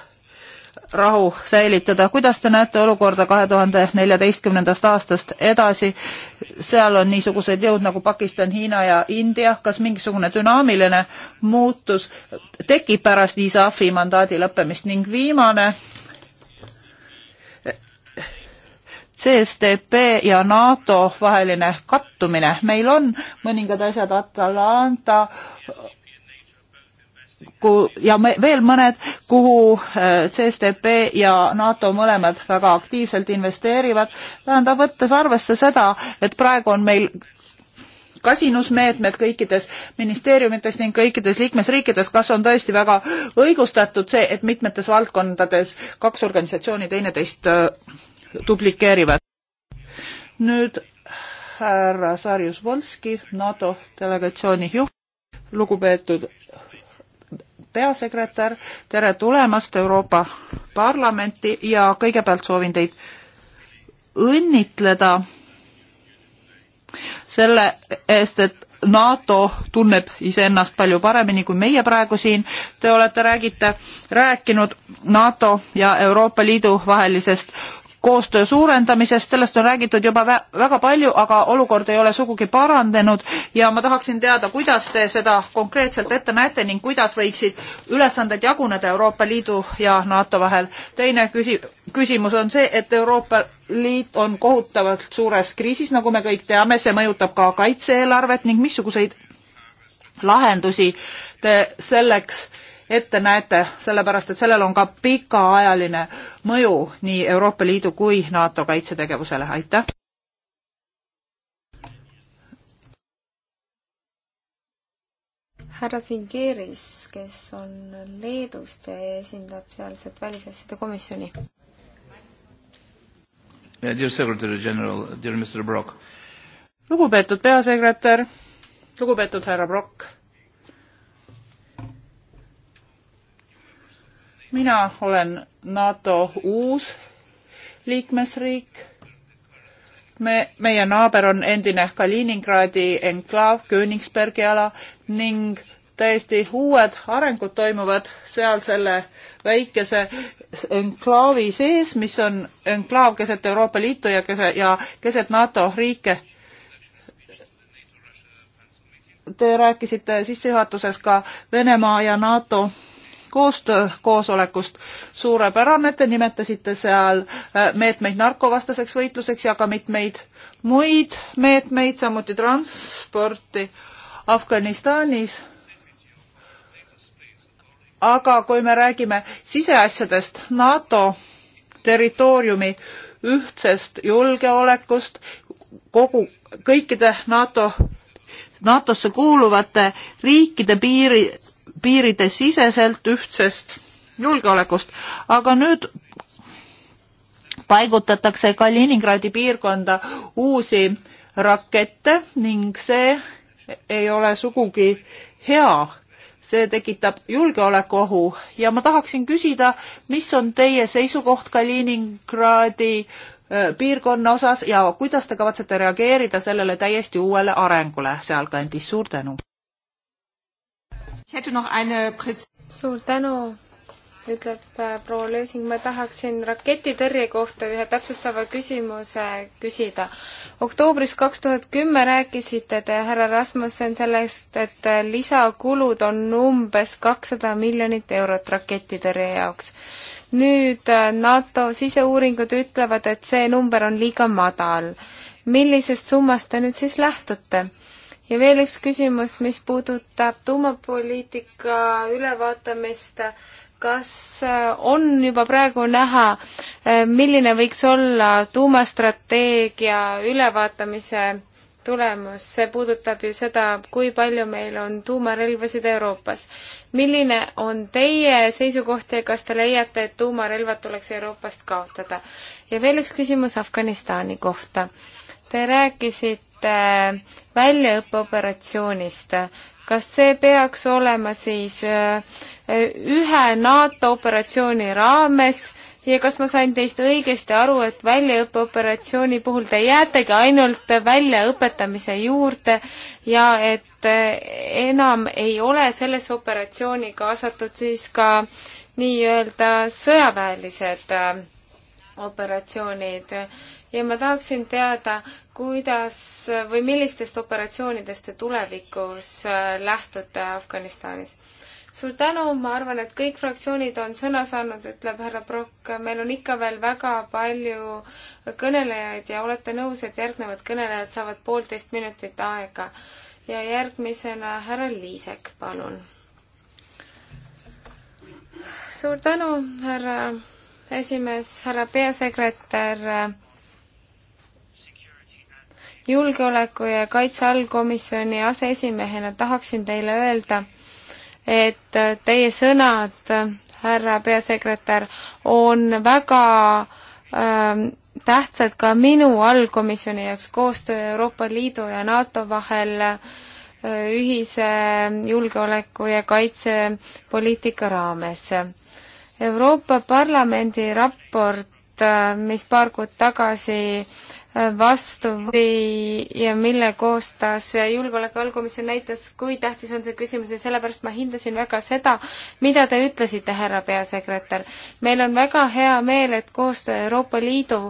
Speaker 3: rahu säilitada. kuidas te näete olukorda kahe tuhande neljateistkümnendast aastast edasi? seal on niisugused jõud nagu Pakistan, Hiina ja India. kas mingisugune dünaamiline muutus tekib pärast ISAF-i mandaadi lõppemist ning viimane CSTP ja NATO vaheline kattumine. meil on mõningad asjad Atalanta ja me, veel mõned, kuhu äh, CSTP ja NATO mõlemad väga aktiivselt investeerivad, tähendab, võttes arvesse seda, et praegu on meil kasinusmeetmed kõikides ministeeriumites ning kõikides liikmesriikides, kas on tõesti väga õigustatud see, et mitmetes valdkondades kaks organisatsiooni teineteist äh, duplikeerivad? nüüd härra Sarjus Volski, NATO delegatsiooni juht, lugupeetud peasekretär, tere tulemast Euroopa Parlamenti ja kõigepealt soovin teid õnnitleda selle eest, et NATO tunneb iseennast palju paremini kui meie praegu siin. Te olete, räägite, rääkinud NATO ja Euroopa Liidu vahelisest koostöö suurendamisest, sellest on räägitud juba vä väga palju, aga olukord ei ole sugugi paranenud ja ma tahaksin teada, kuidas te seda konkreetselt ette näete ning kuidas võiksid ülesanded jaguneda Euroopa Liidu ja NATO vahel. teine küsi-, küsimus on see, et Euroopa Liit on kohutavalt suures kriisis, nagu me kõik teame, see mõjutab ka kaitse-eelarvet ning missuguseid lahendusi te selleks ette näete, sellepärast et sellel on ka pikaajaline mõju nii Euroopa Liidu kui NATO kaitsetegevusele, aitäh!
Speaker 1: härra Singeris, kes on Leedust ja esindab sealset välisasjade komisjoni.
Speaker 3: lugupeetud peasekretär, lugupeetud härra Brock mina olen NATO uus liikmesriik. me, meie naaber on endine Kaliningradi enklaav, Königsbergi ala ning täiesti uued arengud toimuvad seal selle väikese enklaavi sees, mis on enklaav keset Euroopa Liitu ja keset, ja keset NATO riike. Te rääkisite sissejuhatuses ka Venemaa ja NATO koostöökoosolekust suurepärane, te nimetasite seal äh, meetmeid narkovastaseks võitluseks ja ka mitmeid muid meetmeid, samuti transporti Afganistanis. aga kui me räägime siseasjadest NATO territooriumi ühtsest julgeolekust, kogu, kõikide NATO NATO-sse kuuluvate riikide piiri, piiridesiseselt ühtsest julgeolekust, aga nüüd paigutatakse Kaliningradi piirkonda uusi rakette ning see ei ole sugugi hea. see tekitab julgeolekuohu ja ma tahaksin küsida, mis on teie seisukoht Kaliningradi äh, piirkonna osas ja kuidas te kavatsete reageerida sellele täiesti uuele arengule sealkandis, suur tänu!
Speaker 1: suur tänu, ütleb äh, proua Lösing, ma tahaksin raketitõrje kohta ühe täpsustava küsimuse küsida. oktoobris kaks tuhat kümme rääkisite te, härra Rasmussen, sellest, et äh, lisakulud on umbes kakssada miljonit eurot raketitõrje jaoks. nüüd äh, NATO siseuuringud ütlevad, et see number on liiga madal. millisest summast te nüüd siis lähtute? ja veel üks küsimus, mis puudutab tuumapoliitika ülevaatamist. kas äh, on juba praegu näha, äh, milline võiks olla tuumastrateegia ülevaatamise tulemus, see puudutab ju seda, kui palju meil on tuumarelvasid Euroopas. milline on teie seisukoht ja kas te leiate, et tuumarelvad tuleks Euroopast kaotada? ja veel üks küsimus Afganistani kohta. Te rääkisite räägite väljaõppeoperatsioonist, kas see peaks olema siis äh, ühe NATO operatsiooni raames ja kas ma sain teist õigesti aru, et väljaõppeoperatsiooni puhul te jäätegi ainult väljaõpetamise juurde ja et äh, enam ei ole sellesse operatsiooni kaasatud siis ka nii-öelda sõjaväelised äh, operatsioonid ja ma tahaksin teada, kuidas või millistest operatsioonidest te tulevikus äh, lähtute Afganistanis? suur tänu, ma arvan, et kõik fraktsioonid on sõna saanud, ütleb härra Prokk, meil on ikka veel väga palju kõnelejaid ja olete nõus, et järgnevad kõnelejad saavad poolteist minutit aega. ja järgmisena härra Liisek, palun. suur tänu, härra esimees, härra peasekretär, julgeoleku ja kaitse allkomisjoni aseesimehena tahaksin teile öelda, et teie sõnad, härra peasekretär, on väga ähm, tähtsad ka minu allkomisjoni jaoks, koostöö Euroopa Liidu ja NATO vahel äh, ühise julgeoleku ja kaitsepoliitika raames. Euroopa Parlamendi raport, äh, mis paar kuud tagasi äh, vastu või ja mille koostas äh, Julgeolekuallkomisjon näitas, kui tähtis on see küsimus ja sellepärast ma hindasin väga seda, mida te ütlesite, härra peasekretär. meil on väga hea meel, et koostöö Euroopa Liidu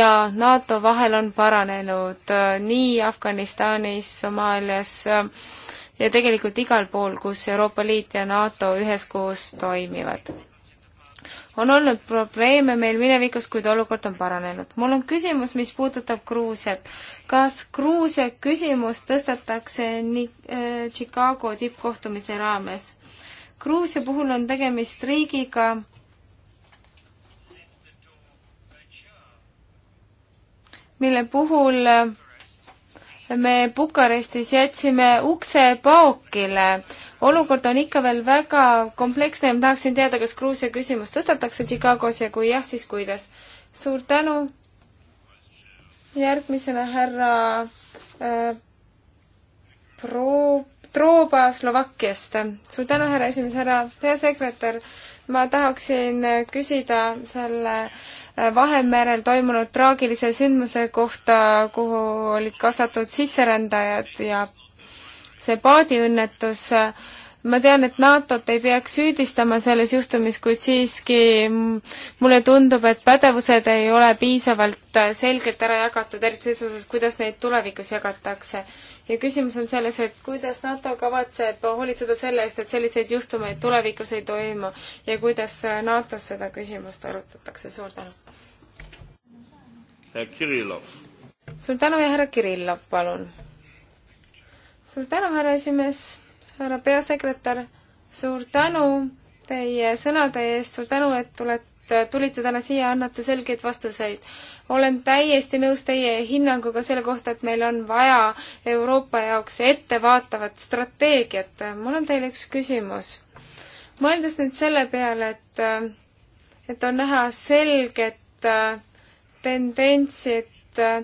Speaker 1: ja NATO vahel on paranenud nii Afganistanis, Somaalias ja tegelikult igal pool, kus Euroopa Liit ja NATO üheskoos toimivad on olnud probleeme meil minevikus, kuid olukord on paranenud. mul on küsimus, mis puudutab Gruusiat. kas Gruusia küsimus tõstetakse nii äh, Chicago tippkohtumise raames? Gruusia puhul on tegemist riigiga, mille puhul äh, me Bukarestis jätsime ukse paokile. olukord on ikka veel väga kompleksne ja ma tahaksin teada, kas Gruusia küsimus tõstatakse Chicagos ja kui jah, siis kuidas. suur tänu. järgmisena härra äh, Pro-, Trooba Slovakkiast. suur tänu, härra esimees, härra peasekretär. ma tahaksin küsida selle äh, Vahemerel toimunud traagilise sündmuse kohta, kuhu olid kaasatud sisserändajad ja see paadiõnnetus. ma tean, et NATO-t ei peaks süüdistama selles juhtumis, kuid siiski mulle tundub, et pädevused ei ole piisavalt selgelt ära jagatud, eriti ses osas, kuidas neid tulevikus jagatakse. ja küsimus on selles, et kuidas NATO kavatseb hoolitseda selle eest, et selliseid juhtumeid tulevikus ei toimu ja kuidas NATO-s seda küsimust arutatakse. suur tänu! härra Kirillov. suur tänu ja härra Kirillov, palun. suur tänu, härra esimees, härra peasekretär, suur tänu teie sõnade eest, suur tänu, et tulete, tulite täna siia ja annate selgeid vastuseid. olen täiesti nõus teie hinnanguga selle kohta, et meil on vaja Euroopa jaoks ettevaatavat strateegiat. mul on teile üks küsimus. mõeldes nüüd selle peale, et, et on näha selget äh, tendentsid äh,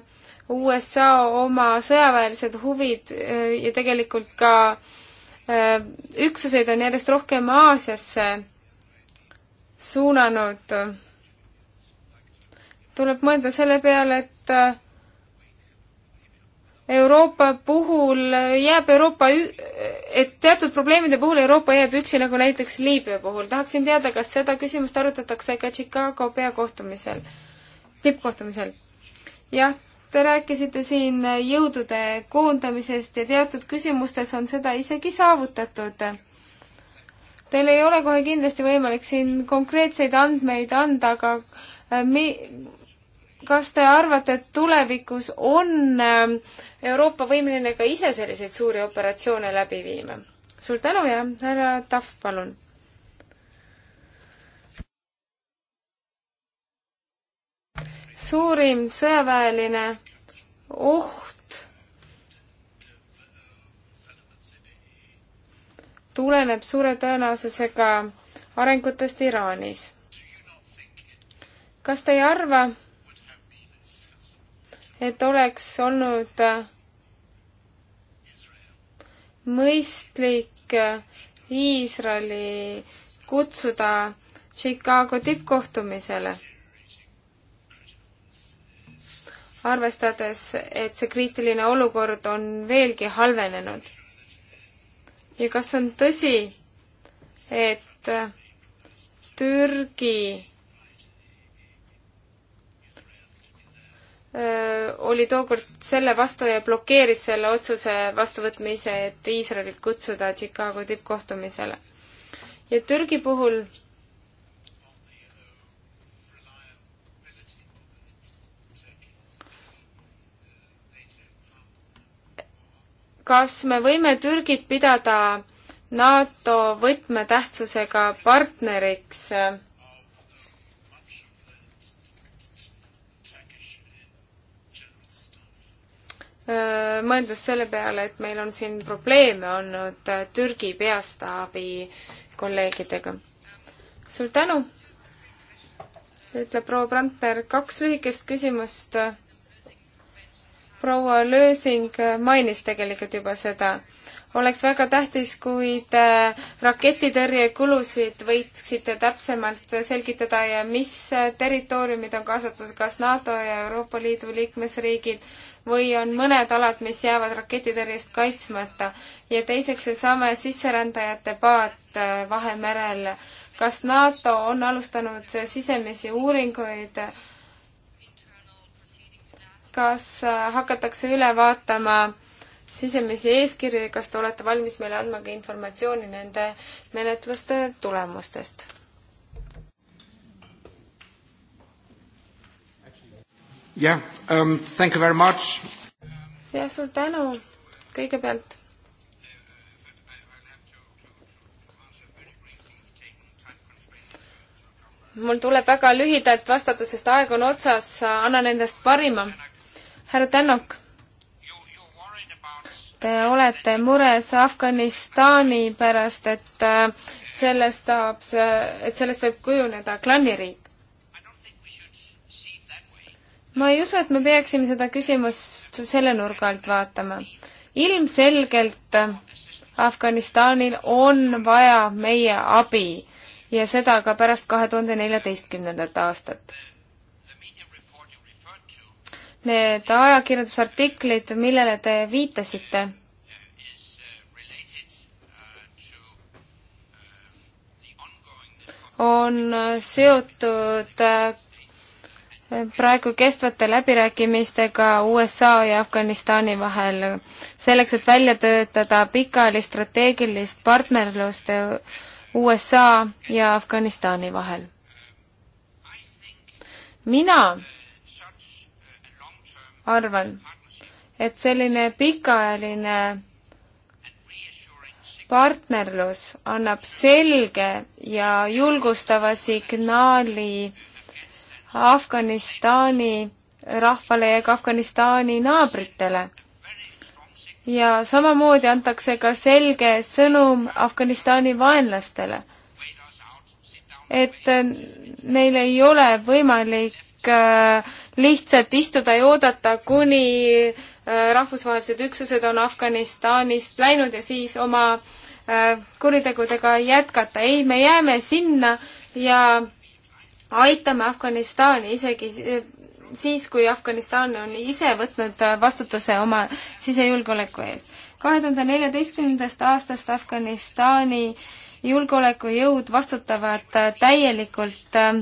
Speaker 1: USA oma sõjaväelised huvid äh, ja tegelikult ka äh, üksuseid on järjest rohkem Aasiasse suunanud. tuleb mõelda selle peale, et Euroopa puhul jääb Euroopa, et teatud probleemide puhul Euroopa jääb üksi, nagu näiteks Liibüa puhul. tahaksin teada, kas seda küsimust arutatakse ka Chicago peakohtumisel? tippkohtumisel. jah, te rääkisite siin jõudude koondamisest ja teatud küsimustes on seda isegi saavutatud. Teil ei ole kohe kindlasti võimalik siin konkreetseid andmeid anda, aga äh, mi-, kas te arvate, et tulevikus on ähm, Euroopa võimeline ka ise selliseid suuri operatsioone läbi viima? suur tänu ja härra Tahv, palun! suurim sõjaväeline oht tuleneb suure tõenäosusega arengutest Iraanis. kas te ei arva, et oleks olnud mõistlik Iisraeli kutsuda Chicago tippkohtumisele? arvestades, et see kriitiline olukord on veelgi halvenenud. ja kas on tõsi, et Türgi oli tookord selle vastu ja blokeeris selle otsuse vastuvõtmise, et Iisraelit kutsuda Chicago tippkohtumisele. ja Türgi puhul kas me võime Türgit pidada NATO võtmetähtsusega partneriks? mõeldes selle peale, et meil on siin probleeme olnud äh, Türgi peastaabi kolleegidega. suur tänu, ütleb proua Brandner, kaks lühikest küsimust proua Lösing mainis tegelikult juba seda. oleks väga tähtis, kui te raketitõrjekulusid võiksite täpsemalt selgitada ja mis territooriumid on kaasatud, kas NATO ja Euroopa Liidu liikmesriigid või on mõned alad, mis jäävad raketitõrjest kaitsmata. ja teiseks seesama sisserändajate paat äh, Vahemerel. kas NATO on alustanud sisemisi uuringuid äh, kas äh, hakatakse üle vaatama sisemisi eeskirju ja kas te olete valmis meile andma ka informatsiooni nende menetluste tulemustest?
Speaker 2: jah yeah, um,, thank you very much.
Speaker 1: jah, suur tänu kõigepealt mul tuleb väga lühidalt vastata, sest aeg on otsas, annan endast parima härra Tänok, te olete mures Afganistani pärast, et äh, sellest saab, et sellest võib kujuneda klanniriik. ma ei usu, et me peaksime seda küsimust selle nurga alt vaatama. ilmselgelt Afganistanil on vaja meie abi ja seda ka pärast kahe tuhande neljateistkümnendat aastat need ajakirjandusartiklid, millele te viitasite, on seotud äh, praegu kestvate läbirääkimistega USA ja Afganistani vahel, selleks et välja töötada pikaajalist strateegilist partnerlust äh, USA ja Afganistani vahel. mina arvan, et selline pikaajaline partnerlus annab selge ja julgustava signaali Afganistani rahvale ja ka Afganistani naabritele. ja samamoodi antakse ka selge sõnum Afganistani vaenlastele, et neil ei ole võimalik Äh, lihtsalt istuda ja oodata, kuni äh, rahvusvahelised üksused on Afganistanist läinud ja siis oma äh, kuritegudega jätkata. ei, me jääme sinna ja aitame Afganistani isegi siis, kui Afganistan on ise võtnud vastutuse oma sisejulgeoleku eest. kahe tuhande neljateistkümnendast aastast Afganistani äh, julgeolekujõud vastutavad äh, täielikult äh,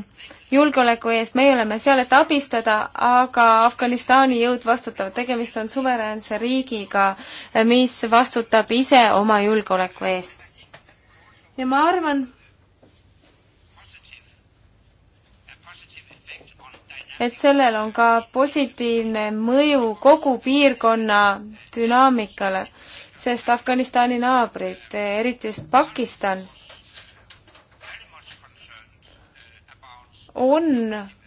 Speaker 1: julgeoleku eest, meie oleme seal, et abistada, aga Afganistani jõud vastutavad, tegemist on suveräänse riigiga, äh, mis vastutab ise oma julgeoleku eest. ja ma arvan, et sellel on ka positiivne mõju kogu piirkonna dünaamikale sest Afganistani naabrid, eriti just Pakistan, on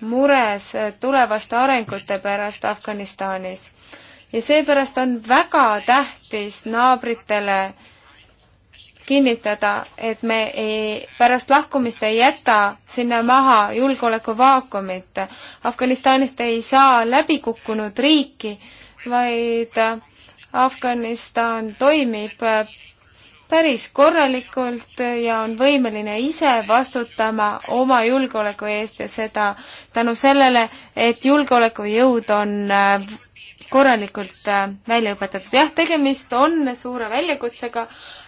Speaker 1: mures tulevaste arengute pärast Afganistanis. ja seepärast on väga tähtis naabritele kinnitada, et me ei, pärast lahkumist ei jäta sinna maha julgeolekuvaakumit. Afganistanist ei saa läbikukkunud riiki, vaid Afganistan toimib äh, päris korralikult ja on võimeline ise vastutama oma julgeoleku eest ja seda tänu sellele, et julgeolekujõud on äh, korralikult äh, välja õpetatud. jah, tegemist on suure väljakutsega,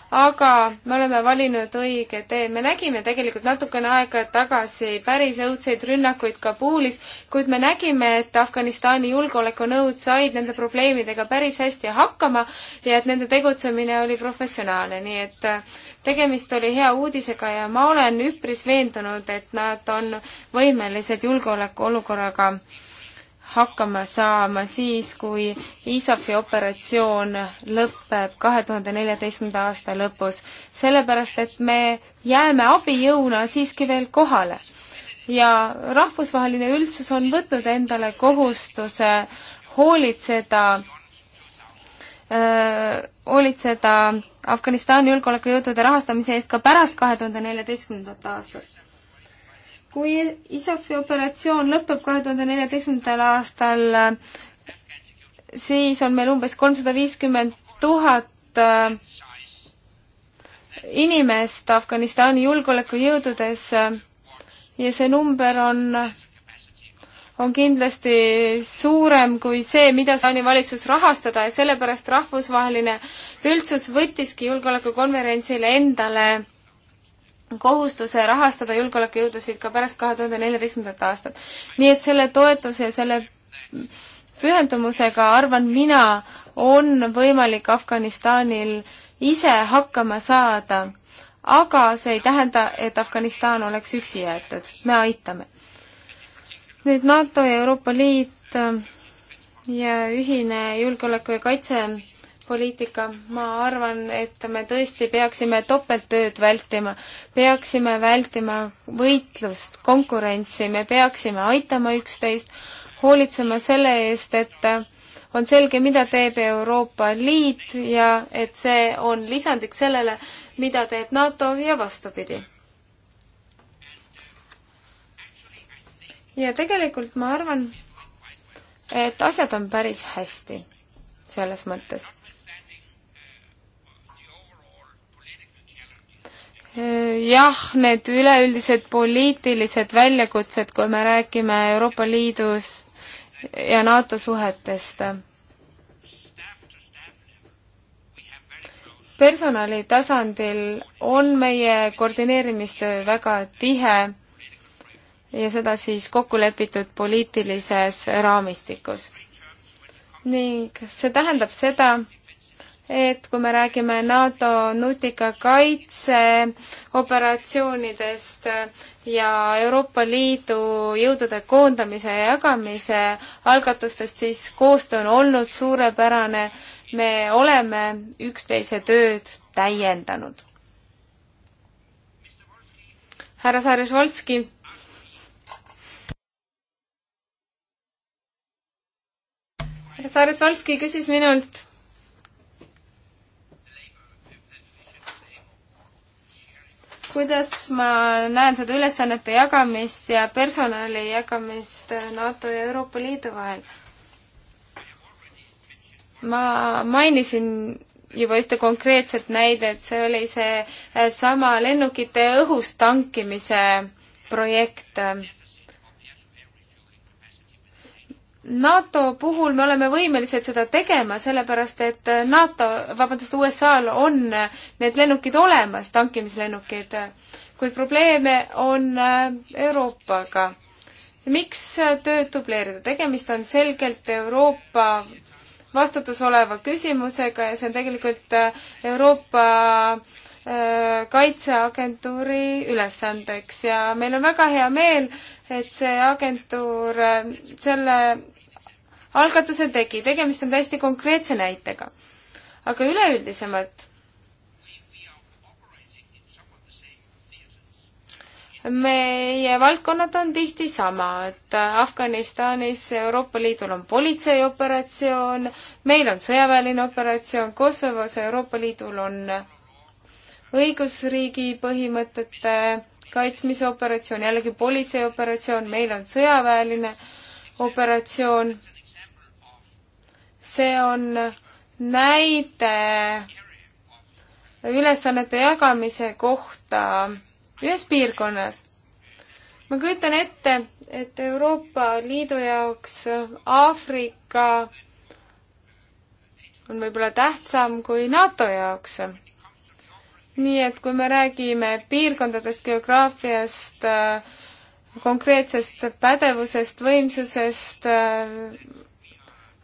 Speaker 1: aga me oleme valinud õige tee. me nägime tegelikult natukene aega tagasi päris õudseid rünnakuid Kabulis, kuid me nägime, et Afganistani julgeolekunõud said nende probleemidega päris hästi hakkama ja et nende tegutsemine oli professionaalne, nii et äh, tegemist oli hea uudisega ja ma olen üpris veendunud, et nad on võimelised julgeolekuolukorraga hakkama saama siis, kui ISAF-i operatsioon lõpeb kahe tuhande neljateistkümnenda aasta lõpus, sellepärast et me jääme abijõuna siiski veel kohale. ja rahvusvaheline üldsus on võtnud endale kohustuse hoolitseda öö, hoolitseda Afganistani julgeolekujõudude rahastamise eest ka pärast kahe tuhande neljateistkümnendat aastat kui ISAF-i operatsioon lõpeb kahe tuhande neljateistkümnendal aastal, siis on meil umbes kolmsada viiskümmend tuhat äh, inimest Afganistani julgeolekujõududes ja see number on, on kindlasti suurem kui see, mida Taani valitsus rahastada ja sellepärast rahvusvaheline üldsus võttiski julgeolekukonverentsile endale kohustuse rahastada julgeolekujõudusid ka pärast kahe tuhande neljateistkümnendat aastat. nii et selle toetuse ja selle pühendumusega, arvan mina, on võimalik Afganistanil ise hakkama saada, aga see ei tähenda, et Afganistan oleks üksi jäetud, me aitame. nüüd NATO ja Euroopa Liit äh, ja ühine julgeoleku ja kaitse poliitika, ma arvan, et me tõesti peaksime topelttööd vältima, peaksime vältima võitlust, konkurentsi, me peaksime aitama üksteist, hoolitsema selle eest, et on selge, mida teeb Euroopa Liit ja et see on lisandiks sellele, mida teeb NATO ja vastupidi. ja tegelikult ma arvan, et asjad on päris hästi selles mõttes jah, need üleüldised poliitilised väljakutsed, kui me räägime Euroopa Liidus ja NATO suhetest. personali tasandil on meie koordineerimistöö väga tihe ja seda siis kokku lepitud poliitilises raamistikus. ning see tähendab seda, et kui me räägime NATO nutika kaitseoperatsioonidest ja Euroopa Liidu jõudude koondamise ja jagamise algatustest, siis koostöö on olnud suurepärane. me oleme üksteise tööd täiendanud. härra Sarjašvolski härra Sarasvalski küsis minult, kuidas ma näen seda ülesannete jagamist ja personali jagamist NATO ja Euroopa Liidu vahel? ma mainisin juba ühte konkreetset näidet, see oli see eh, sama lennukite õhus tankimise projekt NATO puhul me oleme võimelised seda tegema, sellepärast et NATO, vabandust, USA-l on need lennukid olemas, tankimislennukid, kuid probleeme on äh, Euroopaga. miks tööd dubleerida? tegemist on selgelt Euroopa vastutus oleva küsimusega ja see on tegelikult äh, Euroopa äh, kaitseagentuuri ülesandeks ja meil on väga hea meel, et see agentuur selle algatuse tegi, tegemist on täiesti konkreetse näitega. aga üleüldisemalt meie valdkonnad on tihti samad. Afganistanis Euroopa Liidul on politseioperatsioon, meil on sõjaväeline operatsioon, Kosovos Euroopa Liidul on õigusriigi põhimõtete kaitsmise operatsioon, jällegi politseioperatsioon, meil on sõjaväeline operatsioon see on näide ülesannete jagamise kohta ühes piirkonnas. ma kujutan ette, et Euroopa Liidu jaoks Aafrika on võib-olla tähtsam kui NATO jaoks. nii et kui me räägime piirkondadest, geograafiast, konkreetsest pädevusest, võimsusest,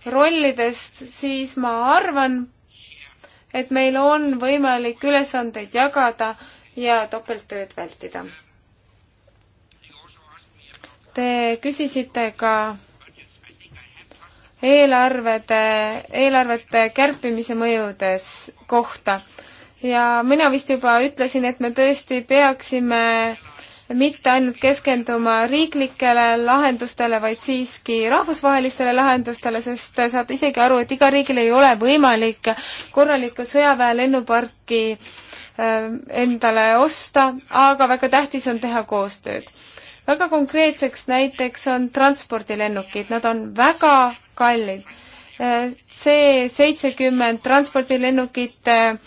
Speaker 1: rollidest, siis ma arvan, et meil on võimalik ülesandeid jagada ja topelttööd vältida. Te küsisite ka eelarvede, eelarvete kärpimise mõjudes kohta ja mina vist juba ütlesin, et me tõesti peaksime mitte ainult keskenduma riiklikele lahendustele, vaid siiski rahvusvahelistele lahendustele, sest saate isegi aru, et igal riigil ei ole võimalik korralikku sõjaväelennuparki ähm, endale osta, aga väga tähtis on teha koostööd. väga konkreetseks näiteks on transpordilennukid, nad on väga kallid. C äh, seitsekümmend transpordilennukite äh,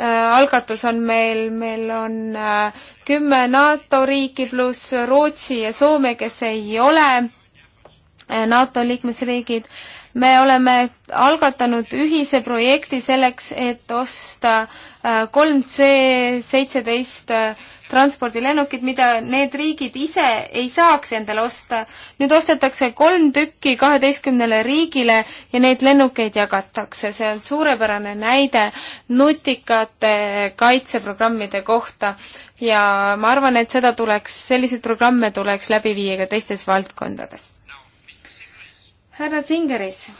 Speaker 1: Äh, algatus on meil, meil on äh, kümme NATO riiki pluss Rootsi ja Soome, kes ei ole äh, NATO liikmesriigid. me oleme algatanud ühise projekti selleks, et osta kolm C seitseteist transpordilennukid, mida need riigid ise ei saaks endale osta. nüüd ostetakse kolm tükki kaheteistkümnele riigile ja neid lennukeid jagatakse. see on suurepärane näide nutikate kaitseprogrammide kohta ja ma arvan, et seda tuleks, selliseid programme tuleks läbi viia ka teistes valdkondades. härra Singeris.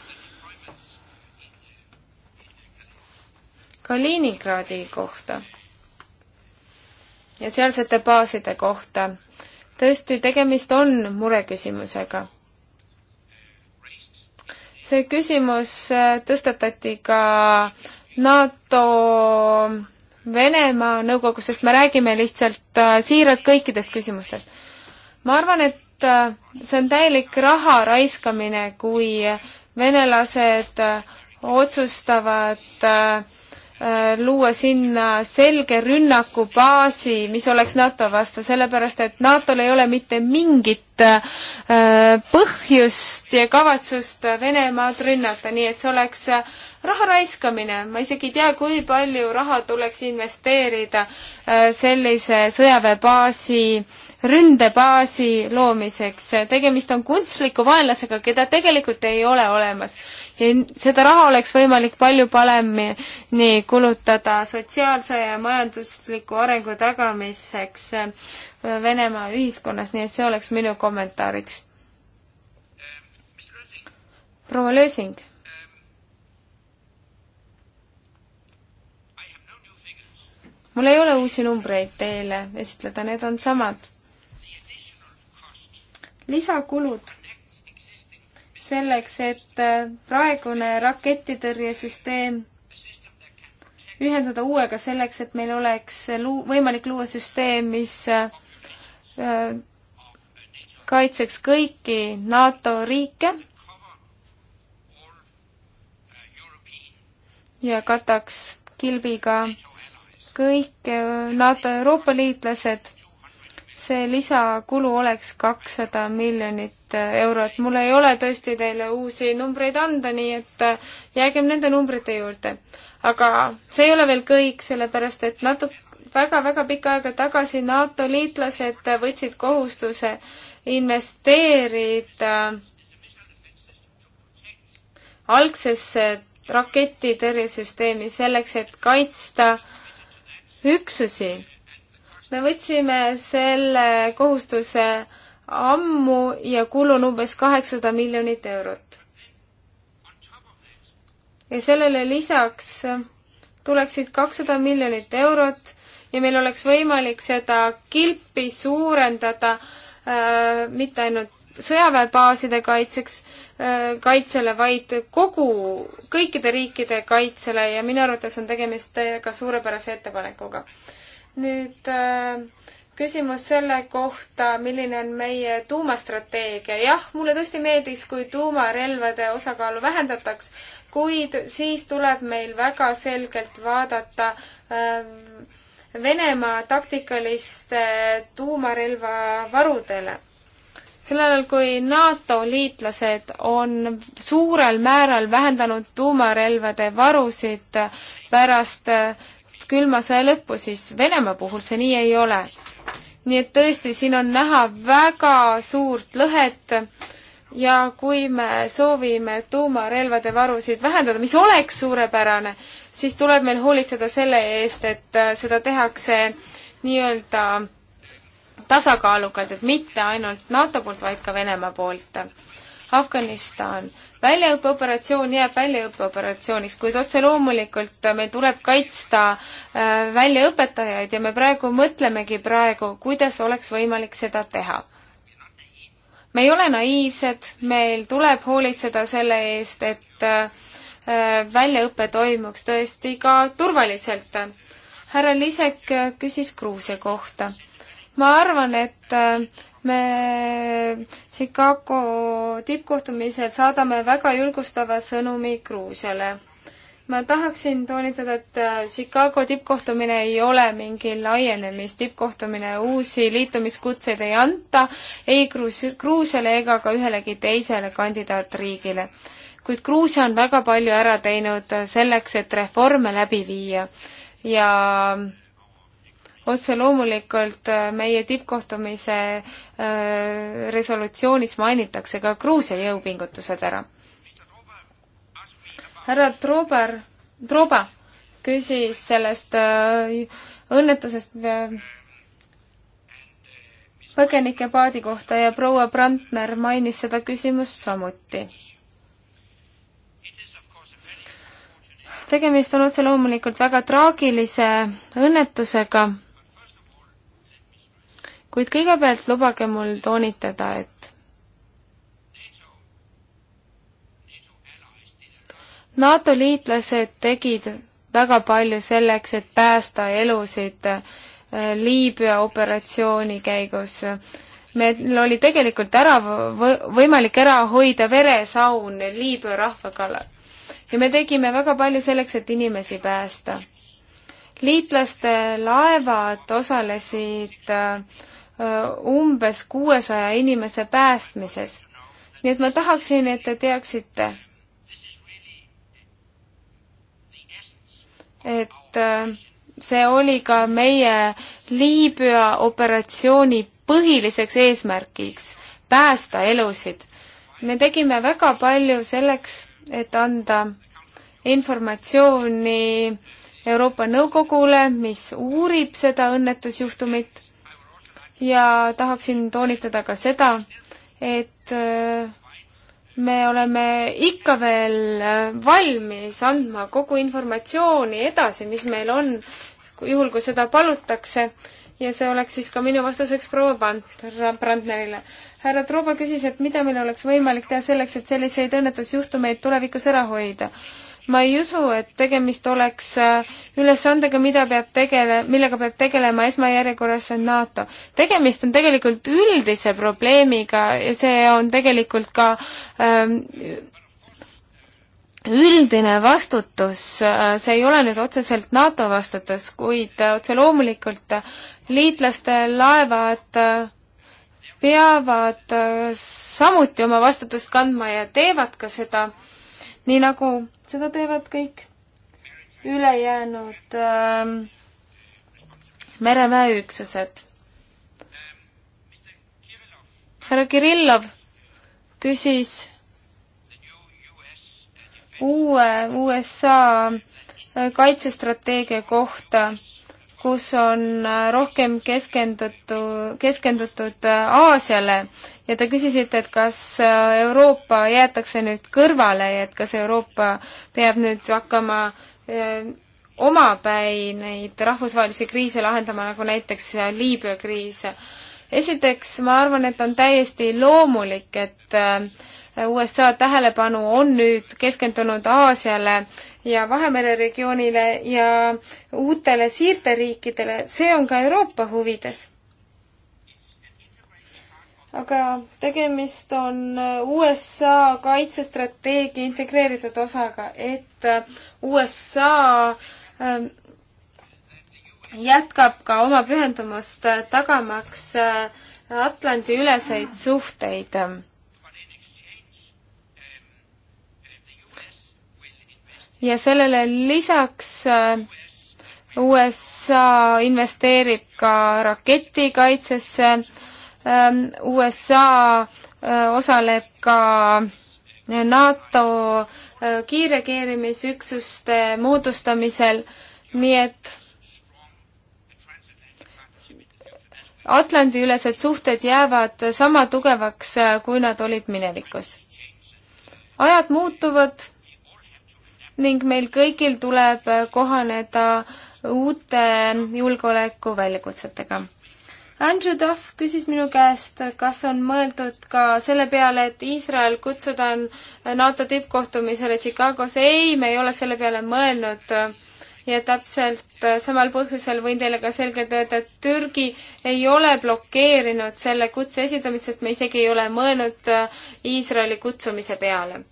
Speaker 1: Kaliningradi kohta ja sealsete baaside kohta. tõesti, tegemist on mureküsimusega. see küsimus äh, tõstatati ka NATO Venemaa nõukogus, sest me räägime lihtsalt äh, siiralt kõikidest küsimustest. ma arvan, et äh, see on täielik raha raiskamine, kui venelased otsustavad äh, Äh, luua sinna selge rünnakubaasi, mis oleks NATO vastu, sellepärast et NATO-l ei ole mitte mingit äh, põhjust ja kavatsust Venemaad rünnata, nii et see oleks äh, raha raiskamine, ma isegi ei tea, kui palju raha tuleks investeerida sellise sõjaväebaasi äh, ründebaasi loomiseks. tegemist on kunstliku vaenlasega, keda tegelikult ei ole olemas. ja seda raha oleks võimalik palju paremini kulutada sotsiaalse ja majandusliku arengu tagamiseks Venemaa ühiskonnas, nii et see oleks minu kommentaariks. proua Lösing mul ei ole uusi numbreid teile esitleda, need on samad lisakulud selleks, et äh, praegune rakettitõrjesüsteem ühendada uuega selleks, et meil oleks luu-, võimalik luua süsteem, mis äh, äh, kaitseks kõiki NATO riike ja kataks kilbiga kõik NATO Euroopa liitlased see lisakulu oleks kakssada miljonit eurot. mul ei ole tõesti teile uusi numbreid anda, nii et äh, jäägem nende numbrite juurde. aga see ei ole veel kõik, sellepärast et natuke väga-väga pikka aega tagasi NATO liitlased võtsid kohustuse investeerida algsesse raketitõrjesüsteemi selleks, et kaitsta üksusi me võtsime selle kohustuse ammu ja kulun umbes kaheksasada miljonit eurot. ja sellele lisaks tuleksid kakssada miljonit eurot ja meil oleks võimalik seda kilpi suurendada äh, mitte ainult sõjaväebaaside kaitseks äh,, kaitsele, vaid kogu, kõikide riikide kaitsele ja minu arvates on tegemist ka suurepärase ettepanekuga äh, nüüd äh, küsimus selle kohta, milline on meie tuumastrateegia. jah, mulle tõesti meeldis, kui tuumarelvade osakaalu vähendataks, kuid siis tuleb meil väga selgelt vaadata äh, Venemaa taktikaliste äh, tuumarelvavarudele sel ajal, kui NATO liitlased on suurel määral vähendanud tuumarelvade varusid pärast äh, külma sõja lõppu, siis Venemaa puhul see nii ei ole. nii et tõesti, siin on näha väga suurt lõhet ja kui me soovime tuumarelvade varusid vähendada, mis oleks suurepärane, siis tuleb meil hoolitseda selle eest, et seda tehakse nii-öelda tasakaalukalt, et mitte ainult NATO poolt, vaid ka Venemaa poolt. Afganistan väljaõppeoperatsioon jääb väljaõppeoperatsiooniks, kuid otse loomulikult meil tuleb kaitsta äh, väljaõpetajaid ja me praegu mõtlemegi praegu, kuidas oleks võimalik seda teha. me ei ole naiivsed, meil tuleb hoolitseda selle eest, et äh, väljaõpe toimuks tõesti ka turvaliselt. härra Lisek küsis Gruusia kohta. ma arvan, et äh, me Chicago tippkohtumisel saadame väga julgustava sõnumi Gruusiale. ma tahaksin toonitada, et äh, Chicago tippkohtumine ei ole mingi laienemistippkohtumine, uusi liitumiskutseid ei anta ei Gruus-, Gruusiale ega ka ühelegi teisele kandidaatriigile. kuid Gruusia on väga palju ära teinud selleks, et reforme läbi viia ja otse loomulikult äh, meie tippkohtumise äh, resolutsioonis mainitakse ka Gruusia jõupingutused ära. härra Trober, Troba küsis sellest äh, õnnetusest põgenikepaadi kohta ja proua Brandner mainis seda küsimust samuti. tegemist on otse loomulikult väga traagilise õnnetusega kuid kõigepealt lubage mul toonitada, et NATO liitlased tegid väga palju selleks, et päästa elusid eh, Liibüa operatsiooni käigus. meil oli tegelikult ära võ-, võimalik ära hoida veresaun Liibüa rahva kallal. ja me tegime väga palju selleks, et inimesi päästa. liitlaste laevad osalesid äh, umbes kuuesaja inimese päästmises. nii et ma tahaksin, et te teaksite, et see oli ka meie Liibüa operatsiooni põhiliseks eesmärgiks, päästa elusid. me tegime väga palju selleks, et anda informatsiooni Euroopa Nõukogule, mis uurib seda õnnetusjuhtumit ja tahaksin toonitada ka seda, et äh, me oleme ikka veel äh, valmis andma kogu informatsiooni edasi, mis meil on, juhul kui seda palutakse ja see oleks siis ka minu vastuseks proua Brandnerile. härra Truuba küsis, et mida meil oleks võimalik teha selleks, et selliseid õnnetusjuhtumeid tulevikus ära hoida ma ei usu, et tegemist oleks äh, ülesandega, mida peab tegele-, millega peab tegelema esmajärjekorras, see on NATO. tegemist on tegelikult üldise probleemiga ja see on tegelikult ka ähm, üldine vastutus, äh, see ei ole nüüd otseselt NATO vastutus, kuid äh, otse loomulikult liitlaste laevad peavad samuti oma vastutust kandma ja teevad ka seda, nii nagu seda teevad kõik ülejäänud äh, mereväe üksused. härra Kirillov küsis uue USA kaitsestrateegia kohta kus on äh, rohkem keskendutu, keskendutud äh, Aasiale ja te küsisite, et kas äh, Euroopa jäetakse nüüd kõrvale ja et kas Euroopa peab nüüd hakkama omapäi neid rahvusvahelisi kriise lahendama, nagu näiteks Liibüa kriis. esiteks, ma arvan, et on täiesti loomulik, et USA tähelepanu on nüüd keskendunud Aasiale ja Vahemere regioonile ja uutele siirderiikidele, see on ka Euroopa huvides. aga tegemist on USA kaitsestrateegia integreeritud osaga, et USA ähm, jätkab ka oma pühendumust tagamaks äh, Atlandi üleseid suhteid ja sellele lisaks äh, USA investeerib ka raketikaitsesse, ähm, USA äh, osaleb ka äh, NATO kiirreageerimisüksuste moodustamisel, nii et Atlandi-ülesed suhted jäävad sama tugevaks, kui nad olid minevikus. ajad muutuvad ning meil kõigil tuleb kohaneda uute julgeoleku väljakutsetega. Andrew Duff küsis minu käest, kas on mõeldud ka selle peale, et Iisrael kutsuda NATO tippkohtumisele Chicagos. ei, me ei ole selle peale mõelnud ja täpselt samal põhjusel võin teile ka selgelt öelda, et Türgi ei ole blokeerinud selle kutse esitamist, sest me isegi ei ole mõelnud Iisraeli kutsumise peale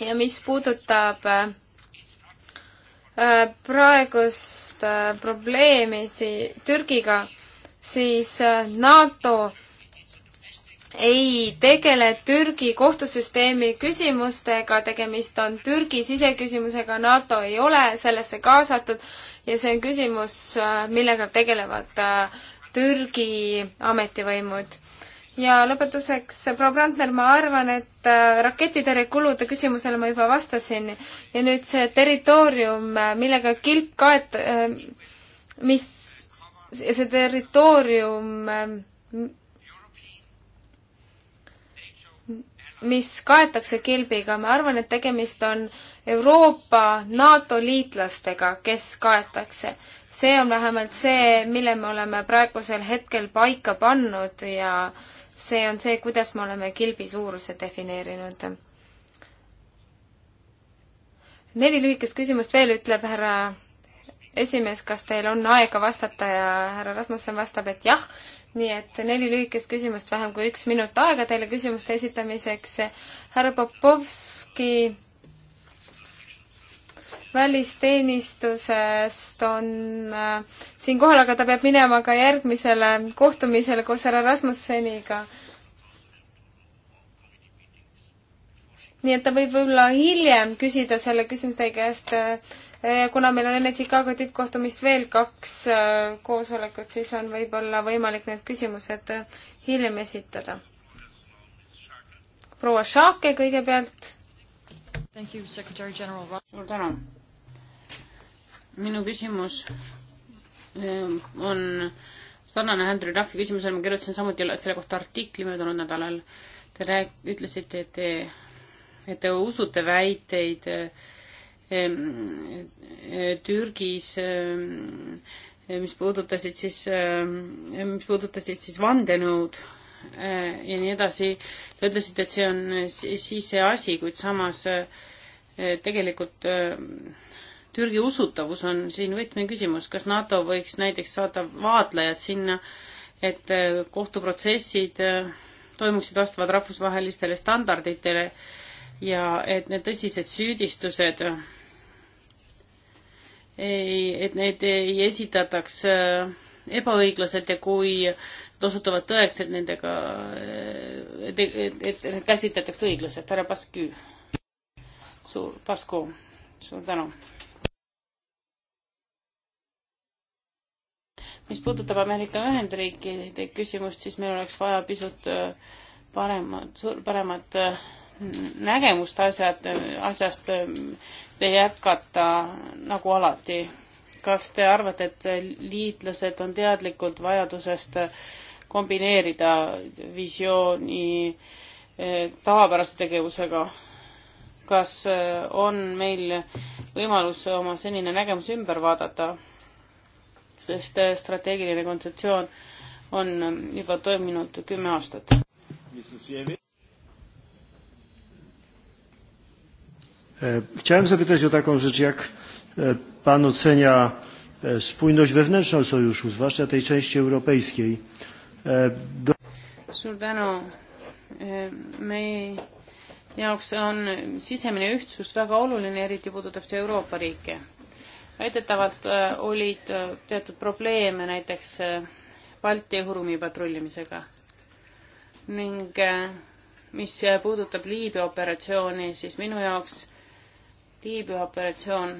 Speaker 1: ja mis puudutab äh, praegust äh, probleemi si-, Türgiga, siis äh, NATO ei tegele Türgi kohtusüsteemi küsimustega, tegemist on Türgi siseküsimusega, NATO ei ole sellesse kaasatud ja see on küsimus, millega tegelevad Türgi ametivõimud ja lõpetuseks, proua Brandner, ma arvan, et äh, raketitõrjekulude küsimusele ma juba vastasin ja nüüd see territoorium, äh, millega kilp kaet-, äh, mis, see territoorium, mis kaetakse kilbiga, ma arvan, et tegemist on Euroopa NATO liitlastega, kes kaetakse see on vähemalt see, mille me oleme praegusel hetkel paika pannud ja äh, see on see, kuidas me oleme kilbi suuruse defineerinud. neli lühikest küsimust veel, ütleb härra esimees, kas teil on aega vastata ja härra Rasmussen vastab, et jah. nii et neli lühikest küsimust, vähem kui üks minut aega teile küsimuste esitamiseks. härra Popovski välisteenistusest on äh, siinkohal, aga ta peab minema ka järgmisele kohtumisele koos härra Rasmusseniga. nii et ta võib võib-olla hiljem küsida selle küsimuse teie käest, äh, kuna meil on enne Chicago tippkohtumist veel kaks äh, koosolekut, siis on võib-olla võimalik need küsimused hiljem esitada. proua Šaake kõigepealt. suur tänu
Speaker 2: minu küsimus eh, on sarnane Andrew Duffi küsimusele, ma kirjutasin samuti selle kohta artikli möödunud nädalal. Te rääk-, ütlesite, et te, et te usute väiteid ehm, Türgis, ehm, mis puudutasid siis, ehm, mis puudutasid siis vandenõud eh, ja nii edasi. Te ütlesite, et see on siseasi, kuid samas eh, tegelikult Türgi usutavus on siin võtmeküsimus, kas NATO võiks näiteks saada vaatlejad sinna, et äh, kohtuprotsessid äh, toimuksid vastavalt rahvusvahelistele standarditele ja et need tõsised süüdistused äh, ei, et need ei esitataks ebaõiglaselt ja kui nad osutuvad tõeks, et nendega, et, et, et käsitletakse õiglaselt. härra Paskü, suur, Pasku, suur tänu mis puudutab Ameerika Ühendriikide küsimust, siis meil oleks vaja pisut äh, paremat, paremat äh, nägemust asjad, äh, asjast te jätkata nagu alati. kas te arvate, et liitlased on teadlikud vajadusest kombineerida visiooni tavapärase tegevusega? kas on meil võimalus oma senine nägemus ümber vaadata? sest äh, strateegiline kontseptsioon on ähm, juba toiminud kümme aastat.
Speaker 1: E, chciałem zapytać o taką rzecz, jak e, Pan ocenia e, spójność wewnętrzną sojuszu, zwłaszcza tej części europejskiej. Do...
Speaker 2: Suur tänu. Meie jaoks on sisemine ühtsus väga oluline, eriti puudutab see Euroopa riike väidetavalt äh, olid äh, teatud probleeme näiteks äh, Balti õhuruumi patrullimisega ning mis puudutab Liibüa operatsiooni, siis minu jaoks Liibüa operatsioon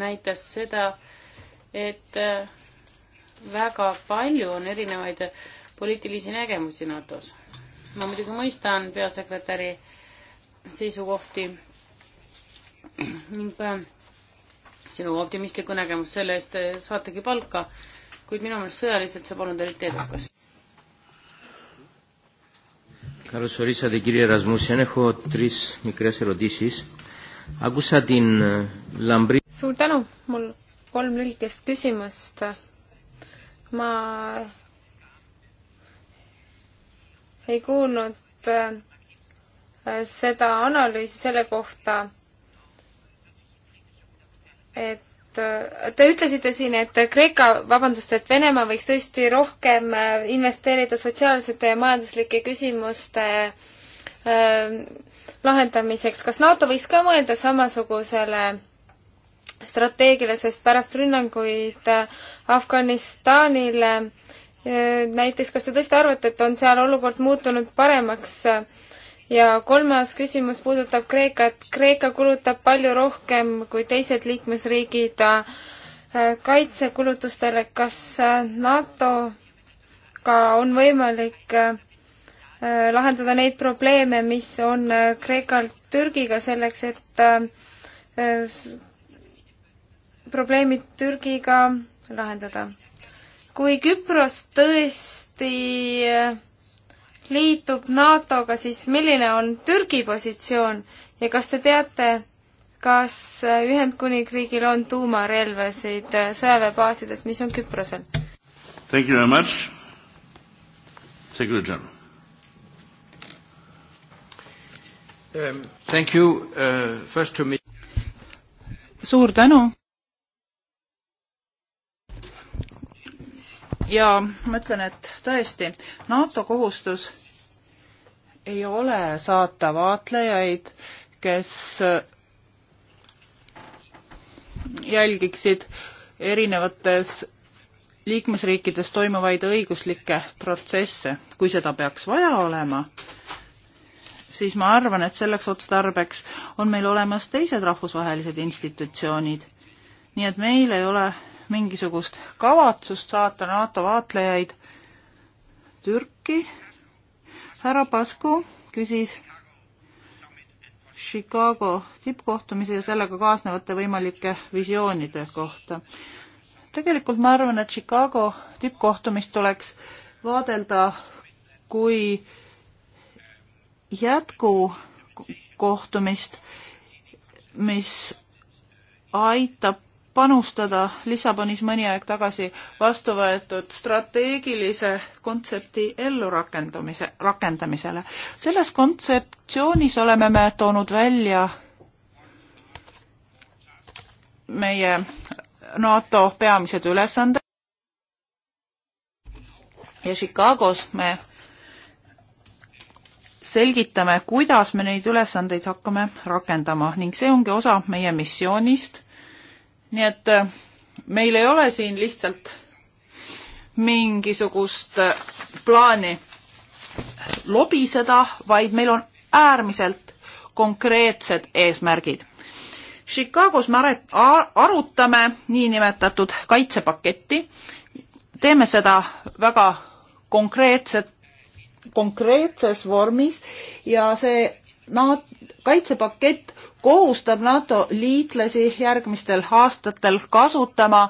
Speaker 2: näitas seda, et väga palju on erinevaid poliitilisi nägemusi NATO-s. ma muidugi mõistan peasekretäri seisukohti ning sinu optimistlikku nägemust selle eest saategi palka, kuid minu meelest sõjaliselt saab olnud eriti edukas. Καλώς ορίσατε κύριε Ρασμούσεν. Έχω τρεις μικρές ερωτήσεις. Άκουσα την λαμπρή...
Speaker 1: Suur tänu. Mul kolm lühikest küsimust. Ma ei kuulnud äh, seda analüüsi selle kohta, et äh, te ütlesite siin, et Kreeka, vabandust, et Venemaa võiks tõesti rohkem äh, investeerida sotsiaalsete ja majanduslike küsimuste äh, lahendamiseks. kas NATO võiks ka mõelda samasugusele strateegiale, sest pärast rünnanguid äh, Afganistanile äh, näiteks kas te tõesti arvate, et on seal olukord muutunud paremaks äh, ja kolmas küsimus puudutab Kreekat. Kreeka kulutab palju rohkem kui teised liikmesriigid äh, kaitsekulutustele. kas äh, NATO-ga on võimalik äh, lahendada neid probleeme, mis on Kreekal Türgiga selleks, et probleemid Türgiga lahendada? kui Küpros tõesti liitub NATO-ga, siis milline on Türgi positsioon ja kas te teate, kas Ühendkuningriigil on tuumarelvasid sõjaväebaasides, mis on Küprosel?
Speaker 3: Thank you very much. Secretary General. Um, thank you uh, first to me. suur tänu ja ma ütlen, et tõesti, NATO kohustus ei ole saata vaatlejaid, kes jälgiksid erinevates liikmesriikides toimuvaid õiguslikke protsesse, kui seda peaks vaja olema, siis ma arvan, et selleks otstarbeks on meil olemas teised rahvusvahelised institutsioonid. nii et meil ei ole mingisugust kavatsust saata NATO vaatlejaid Türki. härra Pasku küsis Chicago tippkohtumise ja sellega kaasnevate võimalike visioonide kohta. tegelikult ma arvan, et Chicago tippkohtumist tuleks vaadelda kui jätkukohtumist, mis aitab panustada Lissabonis mõni aeg tagasi vastu võetud strateegilise kontsepti ellurakendamise, rakendamisele. selles kontseptsioonis oleme me toonud välja meie NATO peamised ülesanded ja Chicagos me selgitame, kuidas me neid ülesandeid hakkame rakendama ning see ongi osa meie missioonist nii et äh, meil ei ole siin lihtsalt mingisugust äh, plaani lobiseda, vaid meil on äärmiselt konkreetsed eesmärgid. Chicagos me arutame niinimetatud kaitsepaketti, teeme seda väga konkreetset, konkreetses vormis ja see NATO kaitsepakett kohustab NATO liitlasi järgmistel aastatel kasutama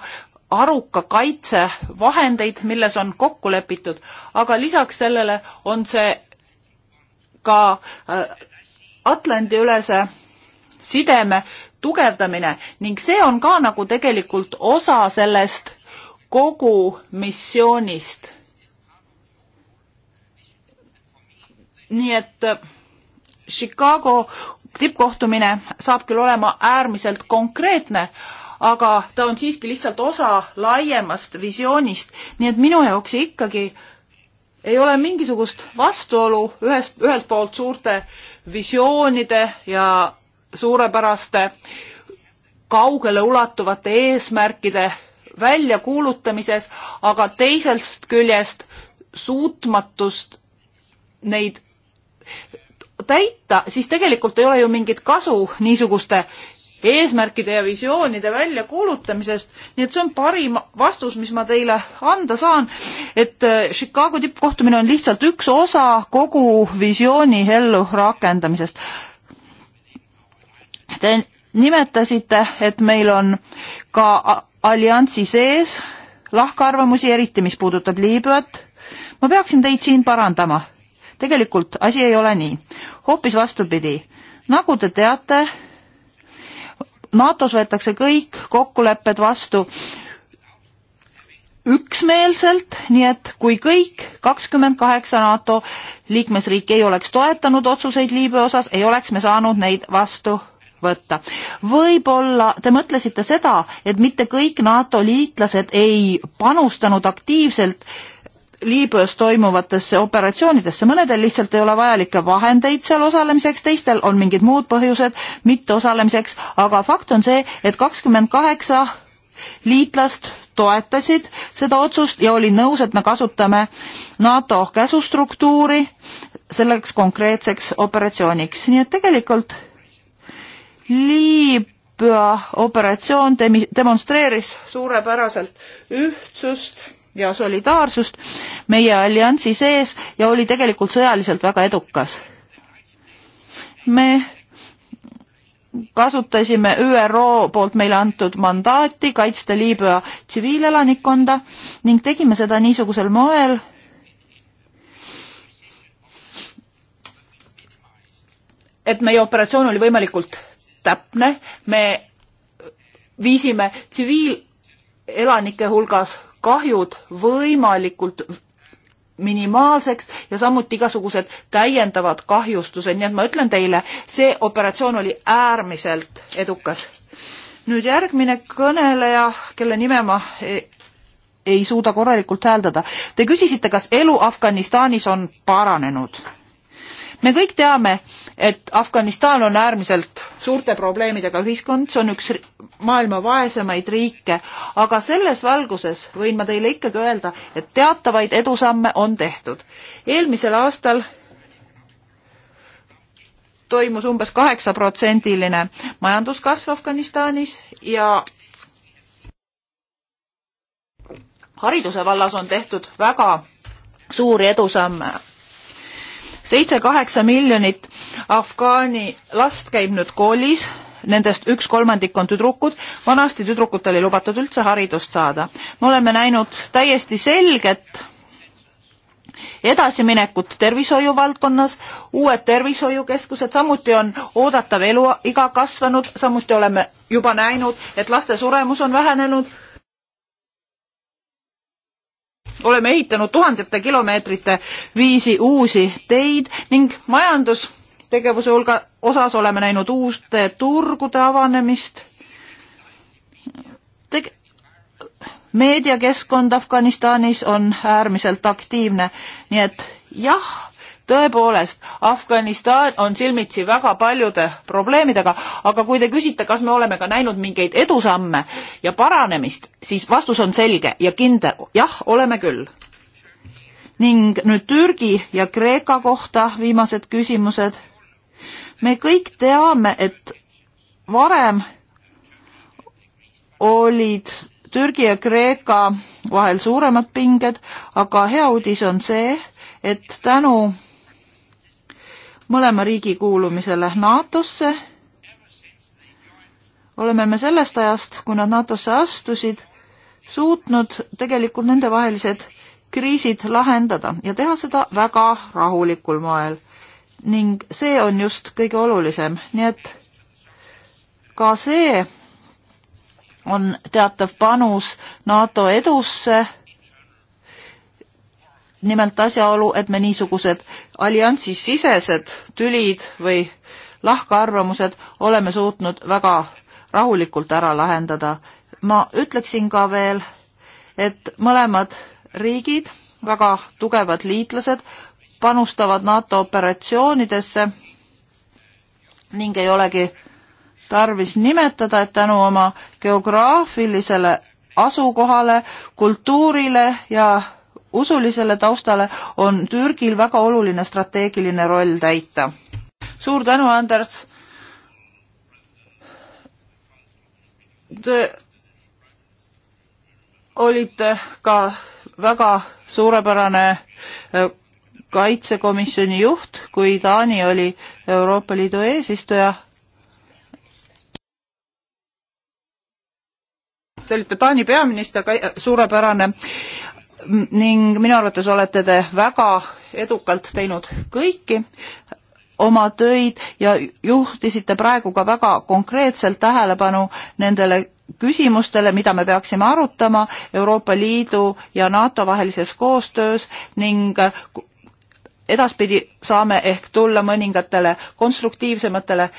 Speaker 3: aruka kaitsevahendeid, milles on kokku lepitud, aga lisaks sellele on see ka äh, Atlandi-ülese sideme tugevdamine ning see on ka nagu tegelikult osa sellest kogu missioonist. nii et äh, Chicago tippkohtumine saab küll olema äärmiselt konkreetne, aga ta on siiski lihtsalt osa laiemast visioonist, nii et minu jaoks ikkagi ei ole mingisugust vastuolu ühest, ühelt poolt suurte visioonide ja suurepäraste kaugele ulatuvate eesmärkide väljakuulutamises, aga teisest küljest suutmatust neid täita, siis tegelikult ei ole ju mingit kasu niisuguste eesmärkide ja visioonide väljakuulutamisest, nii et see on parim vastus, mis ma teile anda saan, et äh, Chicago tippkohtumine on lihtsalt üks osa kogu visiooni ellurakendamisest. Te nimetasite, et meil on ka alliansi sees lahkarvamusi, eriti mis puudutab Liibüat. ma peaksin teid siin parandama tegelikult asi ei ole nii. hoopis vastupidi, nagu te teate, NATO-s võetakse kõik kokkulepped vastu üksmeelselt, nii et kui kõik kakskümmend kaheksa NATO liikmesriiki ei oleks toetanud otsuseid Liibüa osas, ei oleks me saanud neid vastu võtta. võib-olla te mõtlesite seda, et mitte kõik NATO liitlased ei panustanud aktiivselt Liibüas toimuvatesse operatsioonidesse, mõnedel lihtsalt ei ole vajalikke vahendeid seal osalemiseks, teistel on mingid muud põhjused mitteosalemiseks, aga fakt on see, et kakskümmend kaheksa liitlast toetasid seda otsust ja oli nõus, et me kasutame NATO käsustruktuuri selleks konkreetseks operatsiooniks, nii et tegelikult Liibüa operatsioon demonstreeris suurepäraselt ühtsust ja solidaarsust meie alliansi sees ja oli tegelikult sõjaliselt väga edukas. me kasutasime ÜRO poolt meile antud mandaati kaitsta Liibüa tsiviilelanikkonda ning tegime seda niisugusel moel, et meie operatsioon oli võimalikult täpne, me viisime tsiviilelanike hulgas kahjud võimalikult minimaalseks ja samuti igasugused täiendavad kahjustused, nii et ma ütlen teile, see operatsioon oli äärmiselt edukas. nüüd järgmine kõneleja, kelle nime ma ei, ei suuda korralikult hääldada. Te küsisite, kas elu Afganistanis on paranenud me kõik teame, et Afganistan on äärmiselt suurte probleemidega ühiskond, see on üks maailma vaesemaid riike, aga selles valguses võin ma teile ikkagi öelda, et teatavaid edusamme on tehtud. eelmisel aastal toimus umbes kaheksaprotsendiline majanduskasv Afganistanis ja hariduse vallas on tehtud väga suuri edusamme seitse-kaheksa miljonit afgaani last käib nüüd koolis, nendest üks kolmandik on tüdrukud, vanasti tüdrukutel ei lubatud üldse haridust saada. me oleme näinud täiesti selget edasiminekut tervishoiu valdkonnas, uued tervishoiukeskused, samuti on oodatav eluiga kasvanud, samuti oleme juba näinud, et laste suremus on vähenenud oleme ehitanud tuhandete kilomeetrite viisi uusi teid ning majandustegevuse hulga osas oleme näinud uute turgude avanemist Teg meediakeskkond Afganistanis on äärmiselt aktiivne, nii et jah, tõepoolest, Afganistan on silmitsi väga paljude probleemidega, aga kui te küsite, kas me oleme ka näinud mingeid edusamme ja paranemist, siis vastus on selge ja kindel, jah, oleme küll. ning nüüd Türgi ja Kreeka kohta viimased küsimused. me kõik teame, et varem olid Türgi ja Kreeka vahel suuremad pinged, aga hea uudis on see, et tänu mõlema riigi kuulumisele NATO-sse. oleme me sellest ajast, kui nad NATO-sse astusid, suutnud tegelikult nendevahelised kriisid lahendada ja teha seda väga rahulikul moel. ning see on just kõige olulisem, nii et ka see on teatav panus NATO edusse nimelt asjaolu, et me niisugused alliansi sisesed tülid või lahkarvamused oleme suutnud väga rahulikult ära lahendada. ma ütleksin ka veel, et mõlemad riigid, väga tugevad liitlased, panustavad NATO operatsioonidesse ning ei olegi tarvis nimetada, et tänu oma geograafilisele asukohale, kultuurile ja usulisele taustale on Türgil väga oluline strateegiline roll täita. suur tänu, Anders. Te olite ka väga suurepärane äh, kaitsekomisjoni juht, kui Taani oli Euroopa Liidu eesistuja te olite Taani peaminister, suurepärane ning minu arvates olete te väga edukalt teinud kõiki oma töid ja juhtisite praegu ka väga konkreetselt tähelepanu nendele küsimustele, mida me peaksime arutama Euroopa Liidu ja NATO vahelises koostöös ning edaspidi saame ehk tulla mõningatele konstruktiivsematele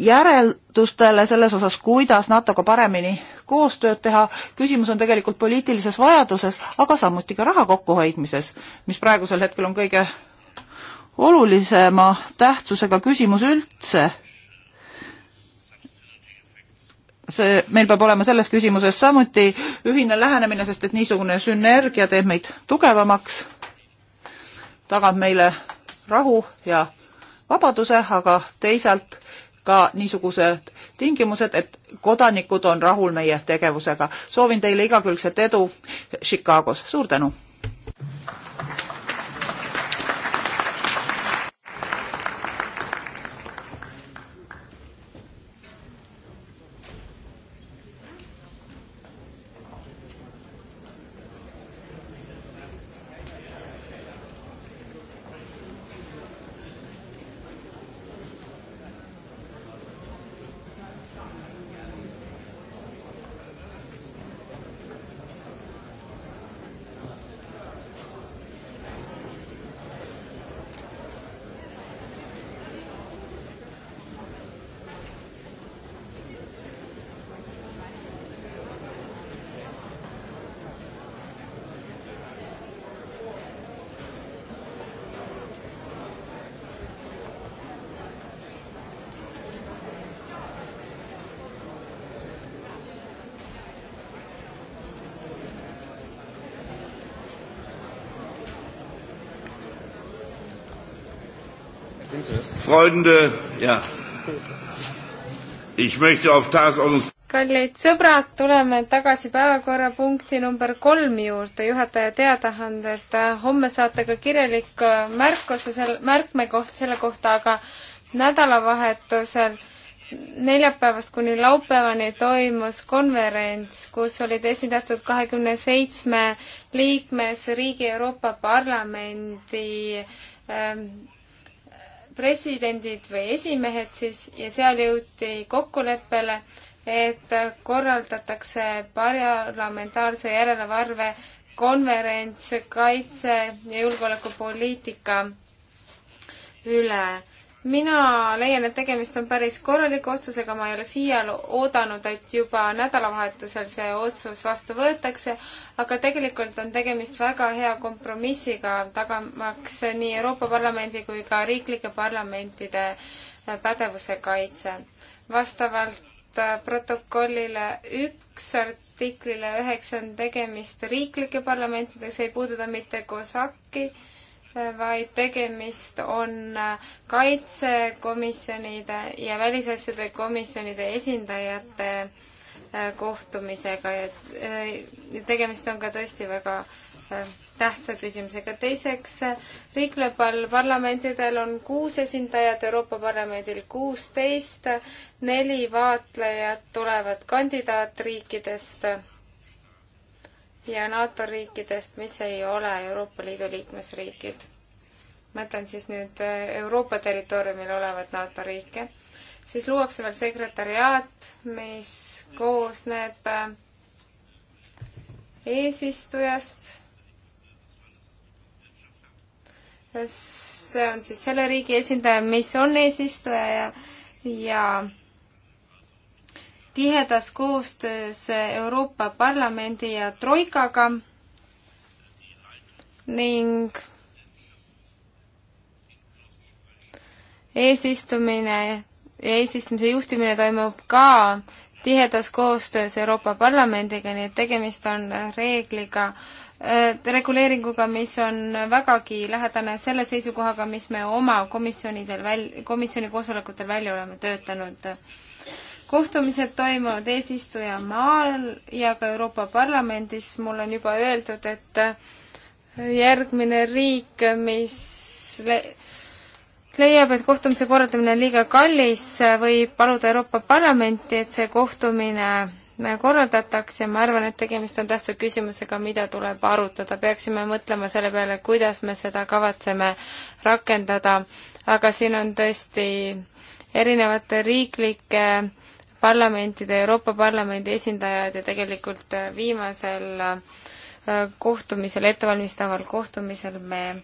Speaker 3: järeldustele selles osas, kuidas NATO-ga paremini koostööd teha, küsimus on tegelikult poliitilises vajaduses, aga samuti ka raha kokkuhoidmises, mis praegusel hetkel on kõige olulisema tähtsusega küsimus üldse. see, meil peab olema selles küsimuses samuti ühine lähenemine, sest et niisugune sünergia teeb meid tugevamaks, tagab meile rahu ja vabaduse, aga teisalt ka niisugused tingimused, et kodanikud on rahul meie tegevusega. soovin teile igakülgset edu Chicagos, suur tänu!
Speaker 2: Freunde, ja. Ich möchte auf Tagesordnung
Speaker 1: kallid sõbrad, tuleme tagasi päevakorrapunkti number kolm juurde, juhataja teadaanded. homme saate ka kirjalik äh, märkuse, märkmekoht selle kohta, aga nädalavahetusel neljapäevast kuni laupäevani toimus konverents, kus olid esindatud kahekümne seitsme liikmesriigi Euroopa Parlamendi ähm, presidendid või esimehed siis ja seal jõuti kokkuleppele, et korraldatakse parlamentaarse järelevalve konverents kaitse ja julgeolekupoliitika üle mina leian, et tegemist on päris korraliku otsusega, ma ei oleks iial oodanud, et juba nädalavahetusel see otsus vastu võetakse, aga tegelikult on tegemist väga hea kompromissiga, tagamaks nii Euroopa Parlamendi kui ka riiklike parlamentide äh, pädevuse kaitse. vastavalt äh, protokollile üks artiklile üheksa on tegemist riiklike parlamentidega, see ei puuduta mitte COSAC-i, vaid tegemist on kaitsekomisjonide ja välisasjade komisjonide esindajate äh, kohtumisega äh, ja tegemist on ka tõesti väga äh, tähtsa küsimusega. teiseks, riiklepal parlamentidel on kuus esindajat, Euroopa Parlamendil kuusteist, neli vaatlejat tulevad kandidaatriikidest ja NATO riikidest, mis ei ole Euroopa Liidu liikmesriigid. mõtlen siis nüüd äh, Euroopa territooriumil olevat NATO riike. siis luuakse veel sekretariaat, mis koosneb äh, eesistujast, see on siis selle riigi esindaja, mis on eesistuja ja, ja tihedas koostöös Euroopa Parlamendi ja Troikaga ning eesistumine ja eesistumise juhtimine toimub ka tihedas koostöös Euroopa Parlamendiga, nii et tegemist on reegliga äh,, reguleeringuga, mis on vägagi lähedane selle seisukohaga, mis me oma komisjonidel väl-, komisjoni koosolekutel välja oleme töötanud äh, kohtumised toimuvad eesistuja maal ja ka Euroopa Parlamendis. mul on juba öeldud, et järgmine riik, mis le leiab, et kohtumise korraldamine on liiga kallis, võib paluda Euroopa Parlamenti, et see kohtumine korraldataks ja ma arvan, et tegemist on tähtsa küsimusega, mida tuleb arutada. peaksime mõtlema selle peale, kuidas me seda kavatseme rakendada, aga siin on tõesti erinevate riiklike parlamentide, Euroopa Parlamendi esindajad ja tegelikult äh, viimasel äh, kohtumisel, ettevalmistaval kohtumisel me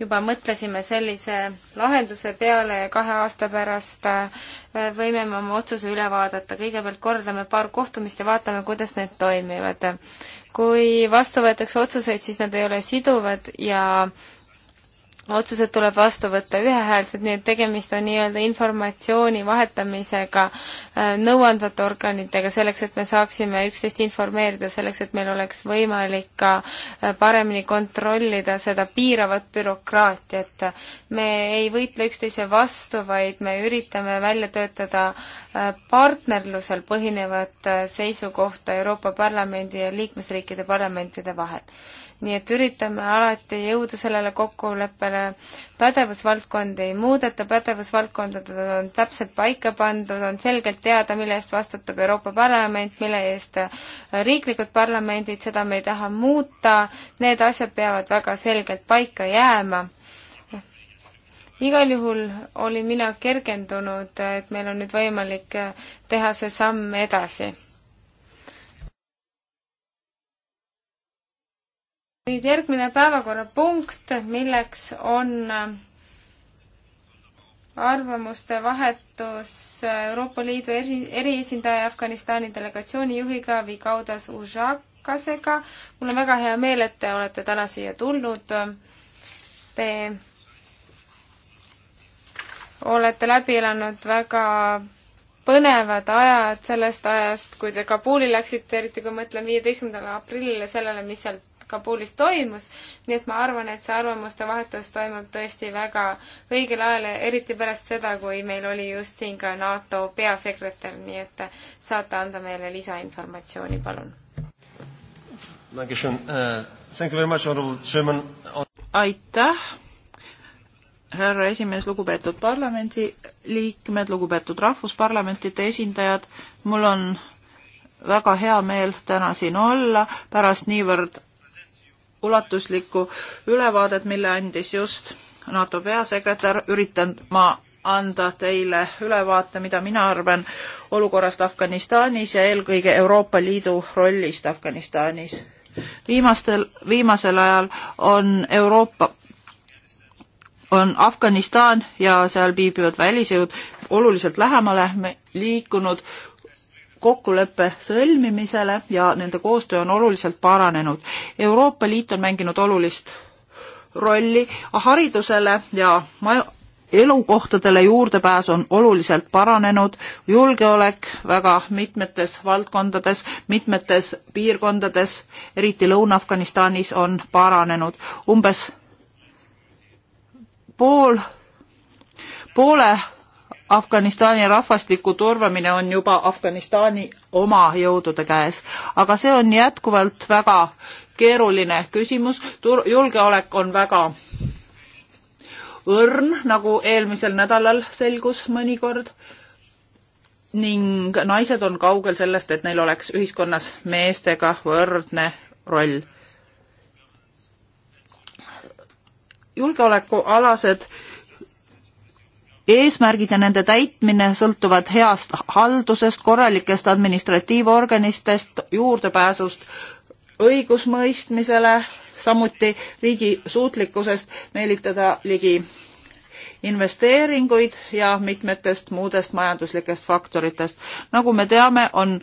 Speaker 1: juba mõtlesime sellise lahenduse peale ja kahe aasta pärast äh, võime me oma otsuse üle vaadata. kõigepealt korraldame paar kohtumist ja vaatame, kuidas need toimivad. kui vastu võetakse otsuseid, siis nad ei ole siduvad ja otsused tuleb vastu võtta ühehäälselt, nii et tegemist on nii-öelda informatsiooni vahetamisega äh, nõuandvate organitega, selleks et me saaksime üksteist informeerida, selleks et meil oleks võimalik ka äh, paremini kontrollida seda piiravat bürokraatiat. me ei võitle üksteise vastu, vaid me üritame välja töötada äh, partnerlusel põhinevat seisukohta Euroopa Parlamendi ja liikmesriikide parlamentide vahel nii et üritame alati jõuda sellele kokkuleppele. pädevusvaldkondi ei muudeta, pädevusvaldkondad on täpselt paika pandud, on selgelt teada, mille eest vastutab Euroopa Parlament, mille eest riiklikud parlamendid, seda me ei taha muuta, need asjad peavad väga selgelt paika jääma igal juhul olin mina kergendunud, et meil on nüüd võimalik teha see samm edasi nüüd järgmine päevakorrapunkt, milleks on äh, arvamuste vahetus äh, Euroopa Liidu eri, eriesindaja Afganistani delegatsiooni juhiga Vigaudas Užakasega. mul on väga hea meel, et te olete täna siia tulnud. Te olete läbi elanud väga põnevad ajad sellest ajast, kui te Kabuli läksite, eriti kui ma mõtlen viieteistkümnendale aprillile, sellele, mis seal Kabulis toimus, nii et ma arvan, et see arvamuste vahetus toimub tõesti väga õigel ajal, eriti pärast seda, kui meil oli just siin ka NATO peasekretär, nii et saate anda meile
Speaker 3: lisainformatsiooni, palun. Äh, aitäh härra esimees, lugupeetud parlamendi liikmed, lugupeetud rahvusparlamentide esindajad, mul on väga hea meel täna siin olla pärast niivõrd ulatuslikku ülevaadet, mille andis just NATO peasekretär, üritan ma anda teile ülevaate, mida mina arvan olukorrast Afganistanis ja eelkõige Euroopa Liidu rollist Afganistanis. viimastel, viimasel ajal on Euroopa, on Afganistan ja seal viibivad välisjõud oluliselt lähemale liikunud kokkuleppe sõlmimisele ja nende koostöö on oluliselt paranenud. Euroopa Liit on mänginud olulist rolli haridusele ja maju-, elukohtadele juurdepääs on oluliselt paranenud, julgeolek väga mitmetes valdkondades, mitmetes piirkondades, eriti Lõuna-Afganistanis on paranenud. umbes pool, poole Afganistani rahvastiku turvamine on juba Afganistani oma jõudude käes, aga see on jätkuvalt väga keeruline küsimus, tur-, julgeolek on väga õrn, nagu eelmisel nädalal selgus mõnikord, ning naised on kaugel sellest, et neil oleks ühiskonnas meestega võrdne roll. julgeolekualased eesmärgid ja nende täitmine sõltuvad heast haldusest, korralikest administratiivorganistest, juurdepääsust õigusmõistmisele, samuti riigi suutlikkusest meelitada ligi investeeringuid ja mitmetest muudest majanduslikest faktoritest. nagu me teame, on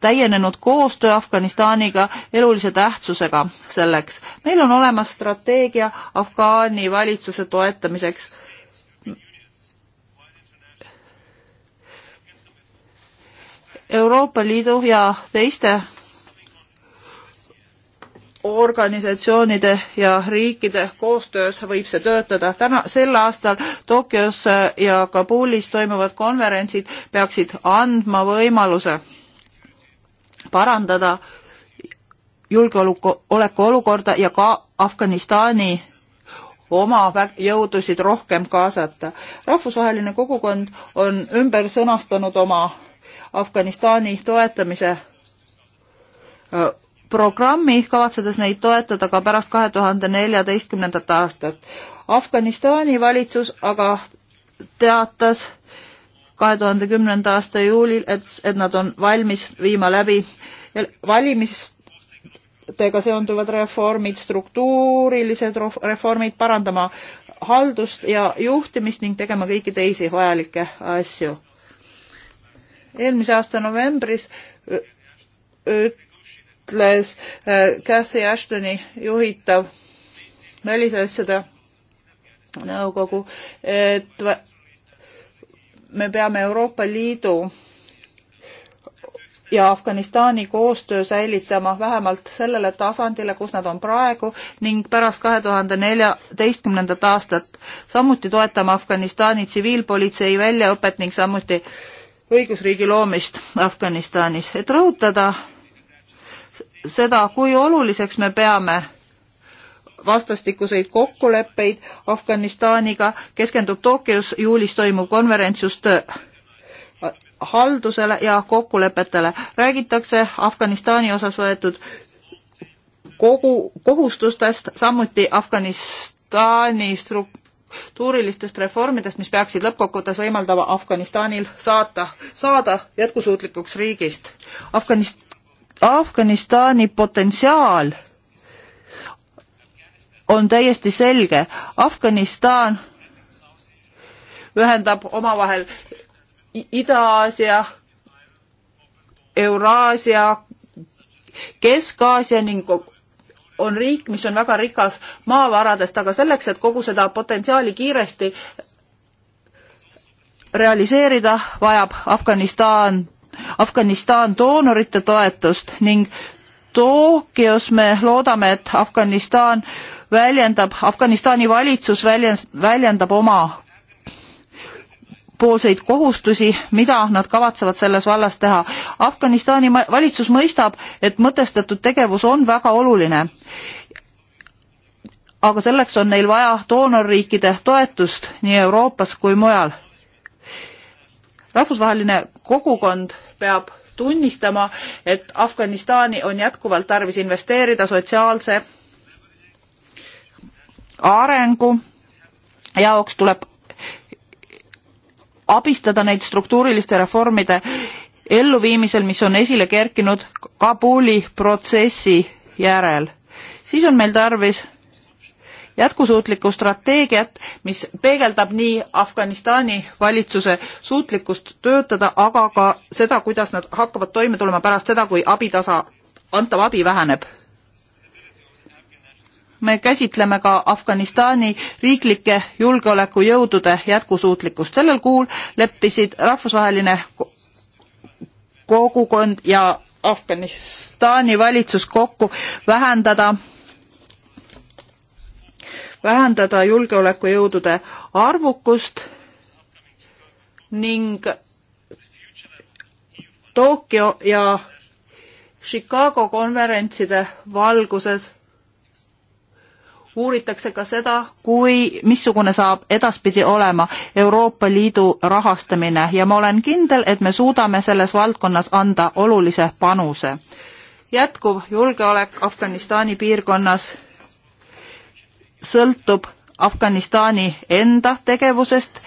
Speaker 3: täienenud koostöö Afganistaniga elulise tähtsusega selleks. meil on olemas strateegia Afgaani valitsuse toetamiseks Euroopa Liidu ja teiste organisatsioonide ja riikide koostöös võib see töötada. täna, sel aastal Tokyos ja Kabulis toimuvad konverentsid peaksid andma võimaluse parandada julgeoleku olukorda ja ka Afganistani oma jõudusid rohkem kaasata. rahvusvaheline kogukond on ümber sõnastanud oma Afganistani toetamise programmi, kavatsedes neid toetada ka pärast kahe tuhande neljateistkümnendat aastat. Afganistani valitsus aga teatas kahe tuhande kümnenda aasta juulil, et, et nad on valmis viima läbi valimistega seonduvad reformid, struktuurilised reformid, parandama haldust ja juhtimist ning tegema kõiki teisi vajalikke asju eelmise aasta novembris ütles Cathy Ashtoni juhitav välisasjade nõukogu, et me peame Euroopa Liidu ja Afganistani koostöö säilitama vähemalt sellele tasandile, kus nad on praegu ning pärast kahe tuhande neljateistkümnendat aastat. samuti toetama Afganistani tsiviilpolitsei väljaõpet ning samuti äh, õigusriigi loomist Afganistanis, et rõhutada seda, kui oluliseks me peame vastastikuseid kokkuleppeid Afganistaniga, keskendub Tokyos juulis toimuv konverents just haldusele ja kokkulepetele. räägitakse Afganistani osas võetud kogu kohustustest, samuti Afganistani stru-, struktuurilistest reformidest, mis peaksid lõppkokkuvõttes võimaldama Afganistanil saata, saada jätkusuutlikuks riigist. Afganist-, Afganistani potentsiaal on täiesti selge. Afganistan ühendab omavahel Ida-Aasia, Euraasia, Kesk-Aasia ning on riik, mis on väga rikas maavaradest, aga selleks, et kogu seda potentsiaali kiiresti realiseerida, vajab Afganistan, Afganistan doonorite toetust ning Tokyos me loodame, et Afganistan väljendab, Afganistani valitsus väljend-, väljendab oma poolseid kohustusi, mida nad kavatsevad selles vallas teha. Afganistani valitsus mõistab, et mõtestatud tegevus on väga oluline. aga selleks on neil vaja doonorriikide toetust nii Euroopas kui mujal. rahvusvaheline kogukond peab tunnistama, et Afganistani on jätkuvalt tarvis investeerida sotsiaalse arengu jaoks tuleb abistada neid struktuuriliste reformide elluviimisel, mis on esile kerkinud Kabuli protsessi järel. siis on meil tarvis jätkusuutlikku strateegiat, mis peegeldab nii Afganistani valitsuse suutlikkust töötada, aga ka seda, kuidas nad hakkavad toime tulema pärast seda, kui abitasa, antav abi väheneb me käsitleme ka Afganistani riiklike julgeolekujõudude jätkusuutlikkust. sellel kuul leppisid rahvusvaheline kogukond ja Afganistani valitsus kokku vähendada vähendada julgeolekujõudude arvukust ning Tokyo ja Chicago konverentside valguses uuritakse ka seda, kui, missugune saab edaspidi olema Euroopa Liidu rahastamine ja ma olen kindel, et me suudame selles valdkonnas anda olulise panuse. jätkuv julgeolek Afganistani piirkonnas sõltub Afganistani enda tegevusest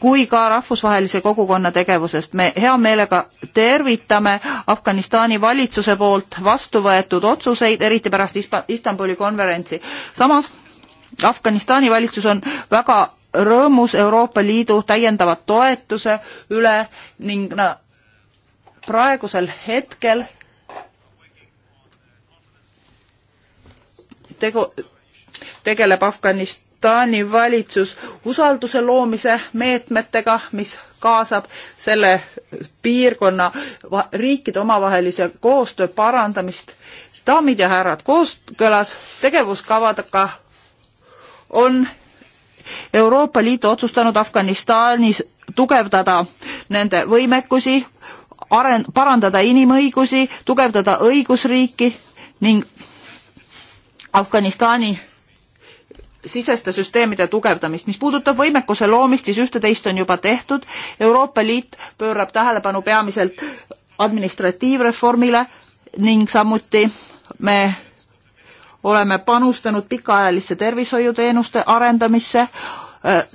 Speaker 3: kui ka rahvusvahelise kogukonna tegevusest. me hea meelega tervitame Afganistani valitsuse poolt vastu võetud otsuseid, eriti pärast Istanbuli konverentsi. samas Afganistani valitsus on väga rõõmus Euroopa Liidu täiendava toetuse üle ning no, praegusel hetkel tegu, tegeleb Afganist-, Taani valitsus usalduse loomise meetmetega, mis kaasab selle piirkonna riikide omavahelise koostöö parandamist. daamid ja härrad, kooskõlas tegevuskavadega on Euroopa Liit otsustanud Afganistanis tugevdada nende võimekusi, aren-, parandada inimõigusi, tugevdada õigusriiki ning Afganistani siseste süsteemide tugevdamist. mis puudutab võimekuse loomist, siis ühte-teist on juba tehtud. Euroopa Liit pöörab tähelepanu peamiselt administratiivreformile ning samuti me oleme panustanud pikaajalisse tervishoiuteenuste arendamisse.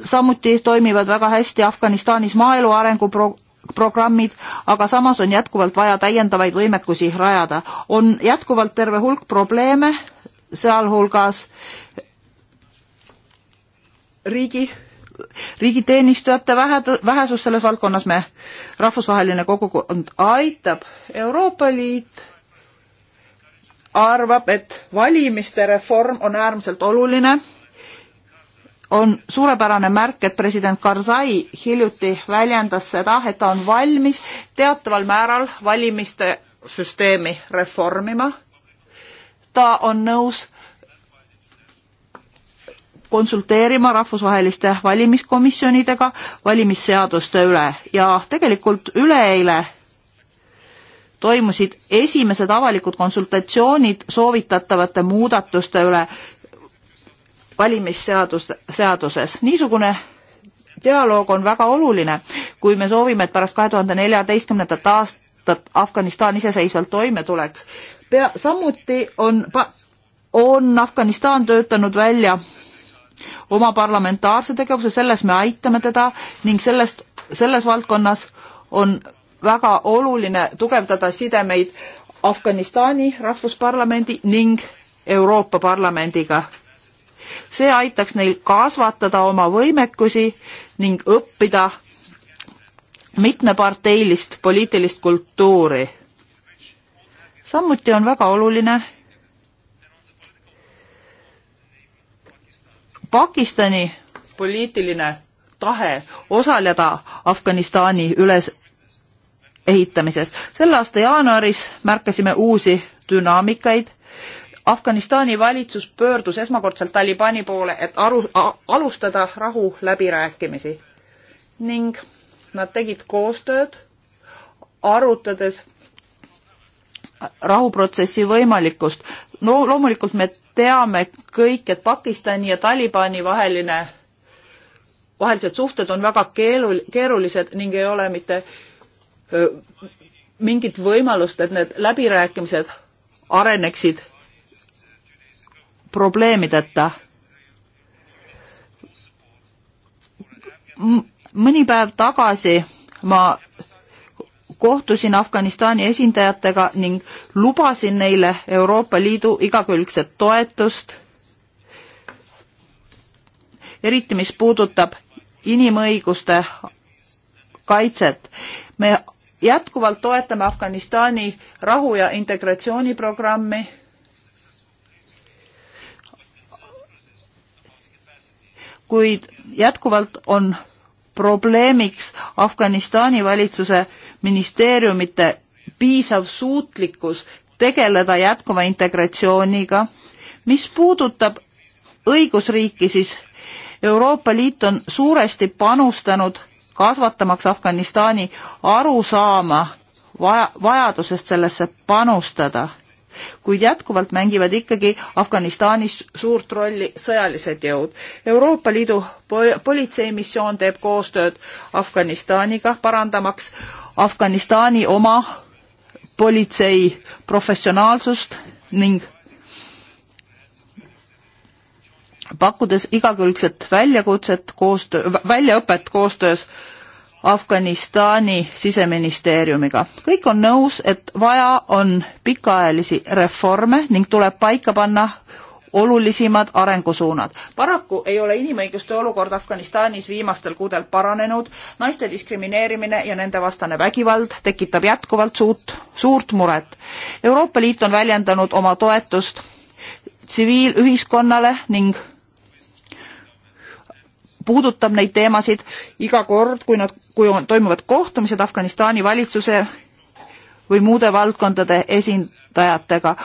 Speaker 3: samuti toimivad väga hästi Afganistanis maaelu arenguprogrammid programmid, aga samas on jätkuvalt vaja täiendavaid võimekusi rajada. on jätkuvalt terve hulk probleeme, sealhulgas äh, riigi, riigiteenistujate vähe, vähesus selles valdkonnas me, rahvusvaheline kogukond aitab, Euroopa Liit arvab, et valimiste reform on äärmiselt oluline, on suurepärane märk, et president Karzai hiljuti väljendas seda, et ta on valmis teataval määral valimiste süsteemi reformima. ta on nõus konsulteerima rahvusvaheliste valimiskomisjonidega valimisseaduste üle ja tegelikult üleeile toimusid esimesed avalikud konsultatsioonid soovitatavate muudatuste üle valimisseaduses. niisugune dialoog on väga oluline, kui me soovime, et pärast kahe tuhande neljateistkümnendat aastat Afganistan iseseisvalt toime tuleks. pea, samuti on, on Afganistan töötanud välja oma parlamentaarse tegevuse, selles me aitame teda ning sellest, selles valdkonnas on väga oluline tugevdada sidemeid Afganistani rahvusparlamendi ning Euroopa Parlamendiga. see aitaks neil kasvatada oma võimekusi ning õppida mitmeparteilist poliitilist kultuuri. samuti on väga oluline, Pakistani poliitiline tahe osaleda Afganistani ülesehitamises. selle aasta jaanuaris märkasime uusi dünaamikaid. Afganistani valitsus pöördus esmakordselt Talibani poole, et aru, alustada rahuläbirääkimisi ning nad tegid koostööd, arutades rahuprotsessi võimalikkust no loomulikult me teame kõik, et Pakistani ja Talibani vaheline, vahelised suhted on väga keerul-, keerulised ning ei ole mitte mingit võimalust, et need läbirääkimised areneksid probleemideta. mõni päev tagasi ma kohtusin Afganistani esindajatega ning lubasin neile Euroopa Liidu igakülgset toetust, eriti mis puudutab inimõiguste kaitset. me jätkuvalt toetame Afganistani rahu- ja integratsiooniprogrammi. kuid jätkuvalt on probleemiks Afganistani valitsuse ministeeriumite piisav suutlikkus tegeleda jätkuva integratsiooniga. mis puudutab õigusriiki, siis Euroopa Liit on suuresti panustanud kasvatamaks Afganistani arusaama vaja, vajadusest sellesse panustada, kuid jätkuvalt mängivad ikkagi Afganistanis suurt rolli sõjalised jõud. Euroopa Liidu politseimissioon teeb koostööd Afganistaniga, parandamaks Afganistani oma politsei professionaalsust ning pakkudes igakülgset väljakutset koostöö, väljaõpet koostöös Afganistani siseministeeriumiga. kõik on nõus, et vaja on pikaajalisi reforme ning tuleb paika panna olulisimad arengusuunad. paraku ei ole inimõiguste olukord Afganistanis viimastel kuudel paranenud, naiste diskrimineerimine ja nendevastane vägivald tekitab jätkuvalt suurt, suurt muret. Euroopa Liit on väljendanud oma toetust tsiviilühiskonnale ning puudutab neid teemasid iga kord, kui nad, kui on, toimuvad kohtumised Afganistani valitsuse või muude valdkondade esindajatega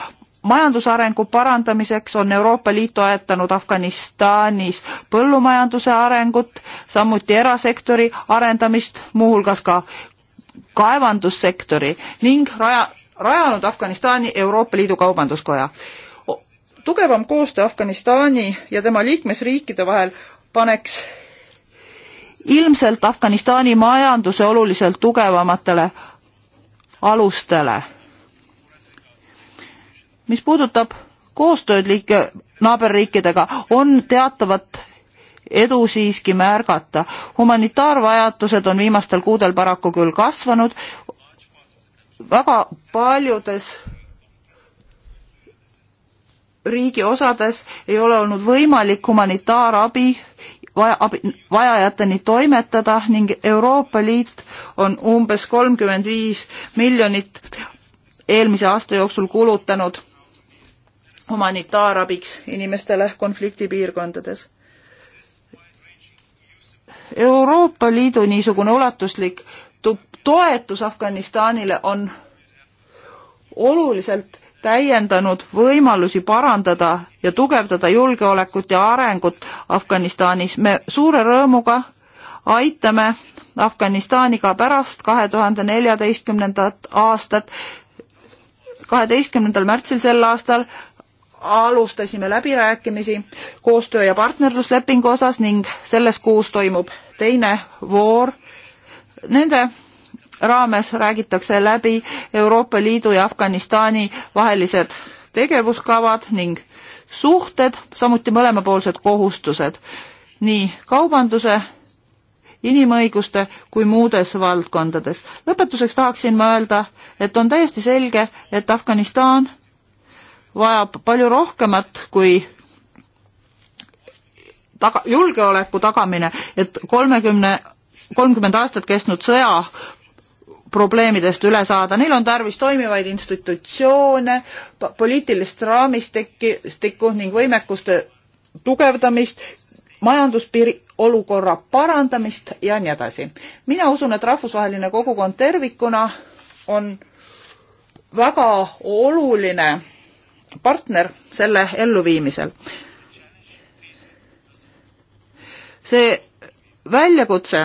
Speaker 3: majandusarengu parandamiseks on Euroopa Liit toetanud Afganistanis põllumajanduse arengut, samuti erasektori arendamist, muuhulgas ka kaevandussektori ning raja, rajanud Afganistani Euroopa Liidu Kaubanduskoja. tugevam koostöö Afganistani ja tema liikmesriikide vahel paneks ilmselt Afganistani majanduse oluliselt tugevamatele alustele mis puudutab koostööd liike naaberriikidega, on teatavat edu siiski märgata. humanitaarvajadused on viimastel kuudel paraku küll kasvanud, väga paljudes riigi osades ei ole olnud võimalik humanitaarabi vaja, abi, vajajateni toimetada ning Euroopa Liit on umbes kolmkümmend viis miljonit eelmise aasta jooksul kulutanud humanitaarabiks inimestele konfliktipiirkondades. Euroopa Liidu niisugune ulatuslik toetus Afganistanile on oluliselt täiendanud võimalusi parandada ja tugevdada julgeolekut ja arengut Afganistanis. me suure rõõmuga aitame Afganistani ka pärast kahe tuhande neljateistkümnendat aastat. kaheteistkümnendal märtsil sel aastal alustasime läbirääkimisi koostöö- ja partnerluslepingu osas ning selles kuus toimub teine voor. Nende raames räägitakse läbi Euroopa Liidu ja Afganistani vahelised tegevuskavad ning suhted, samuti mõlemapoolsed kohustused nii kaubanduse, inimõiguste kui muudes valdkondades. lõpetuseks tahaksin ma öelda, et on täiesti selge, et Afganistan vajab palju rohkemat kui taga, julgeoleku tagamine, et kolmekümne, kolmkümmend aastat kestnud sõja probleemidest üle saada, neil on tarvis toimivaid institutsioone, poliitilist raamistikku ning võimekuste tugevdamist, majanduspiiri olukorra parandamist ja nii edasi. mina usun, et rahvusvaheline kogukond tervikuna on väga oluline partner selle elluviimisel. see väljakutse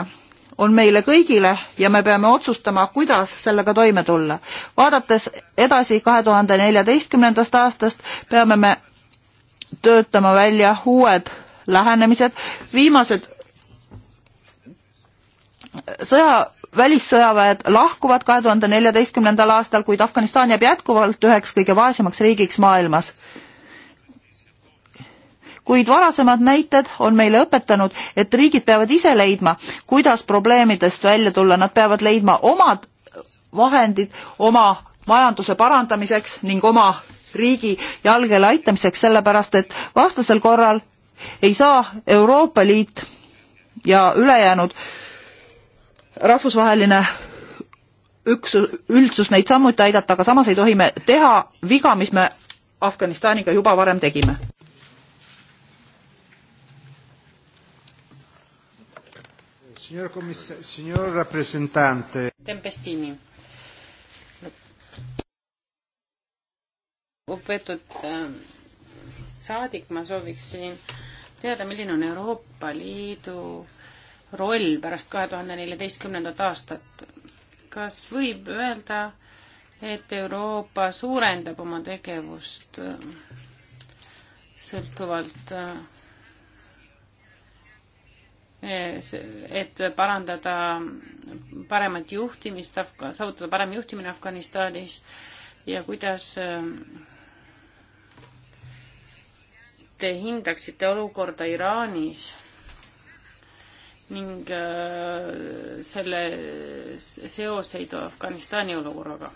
Speaker 3: on meile kõigile ja me peame otsustama, kuidas sellega toime tulla. vaadates edasi kahe tuhande neljateistkümnendast aastast, peame me töötama välja uued lähenemised. viimased sõja välissõjaväed lahkuvad kahe tuhande neljateistkümnendal aastal, kuid Afganistan jääb jätkuvalt üheks kõige vaesemaks riigiks maailmas. kuid varasemad näited on meile õpetanud, et riigid peavad ise leidma, kuidas probleemidest välja tulla, nad peavad leidma omad vahendid oma majanduse parandamiseks ning oma riigi jalgele aitamiseks, sellepärast et vastasel korral ei saa Euroopa Liit ja ülejäänud rahvusvaheline üks, üldsus neid samuti aidata, aga samas ei tohi me teha viga, mis me Afganistaniga juba varem tegime.
Speaker 2: Tempestini. lugupeetud ähm, saadik, ma sooviksin teada, milline on Euroopa Liidu äh, roll pärast kahe tuhande neljateistkümnendat aastat. kas võib öelda, et Euroopa suurendab oma tegevust äh, sõltuvalt, äh, äh, et parandada paremat juhtimist, saavutada parem juhtimine Afganistanis ja kuidas te hindaksite olukorda Iraanis ning äh, selle seoseid Afganistani olukorraga.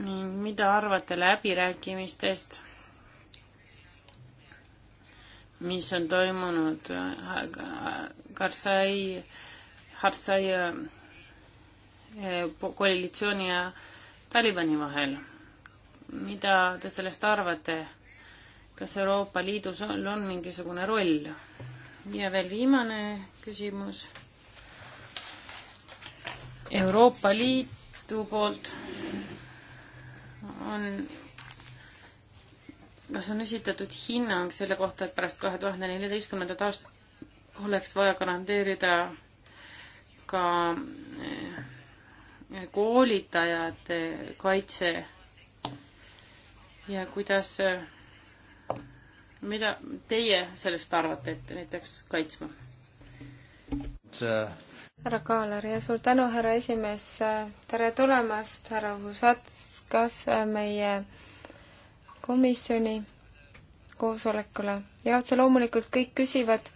Speaker 2: ning mida arvate läbirääkimistest, mis on toimunud äh, Karzai, Harzai äh, koalitsiooni ja Talibani vahel? mida te sellest arvate? kas Euroopa Liidus on, on mingisugune roll? ja veel viimane küsimus. Euroopa Liidu poolt on, kas on esitatud hinnang selle kohta, et pärast kahe tuhande neljateistkümnendat aastat oleks vaja garanteerida ka eh, koolitajate kaitse ja kuidas eh, mida teie sellest arvate, et neid peaks kaitsma?
Speaker 3: Äh.
Speaker 1: härra Kaaler ja suur tänu, härra esimees, tere tulemast, härra Vusats, kas äh, meie komisjoni koosolekule ja otse loomulikult kõik küsivad,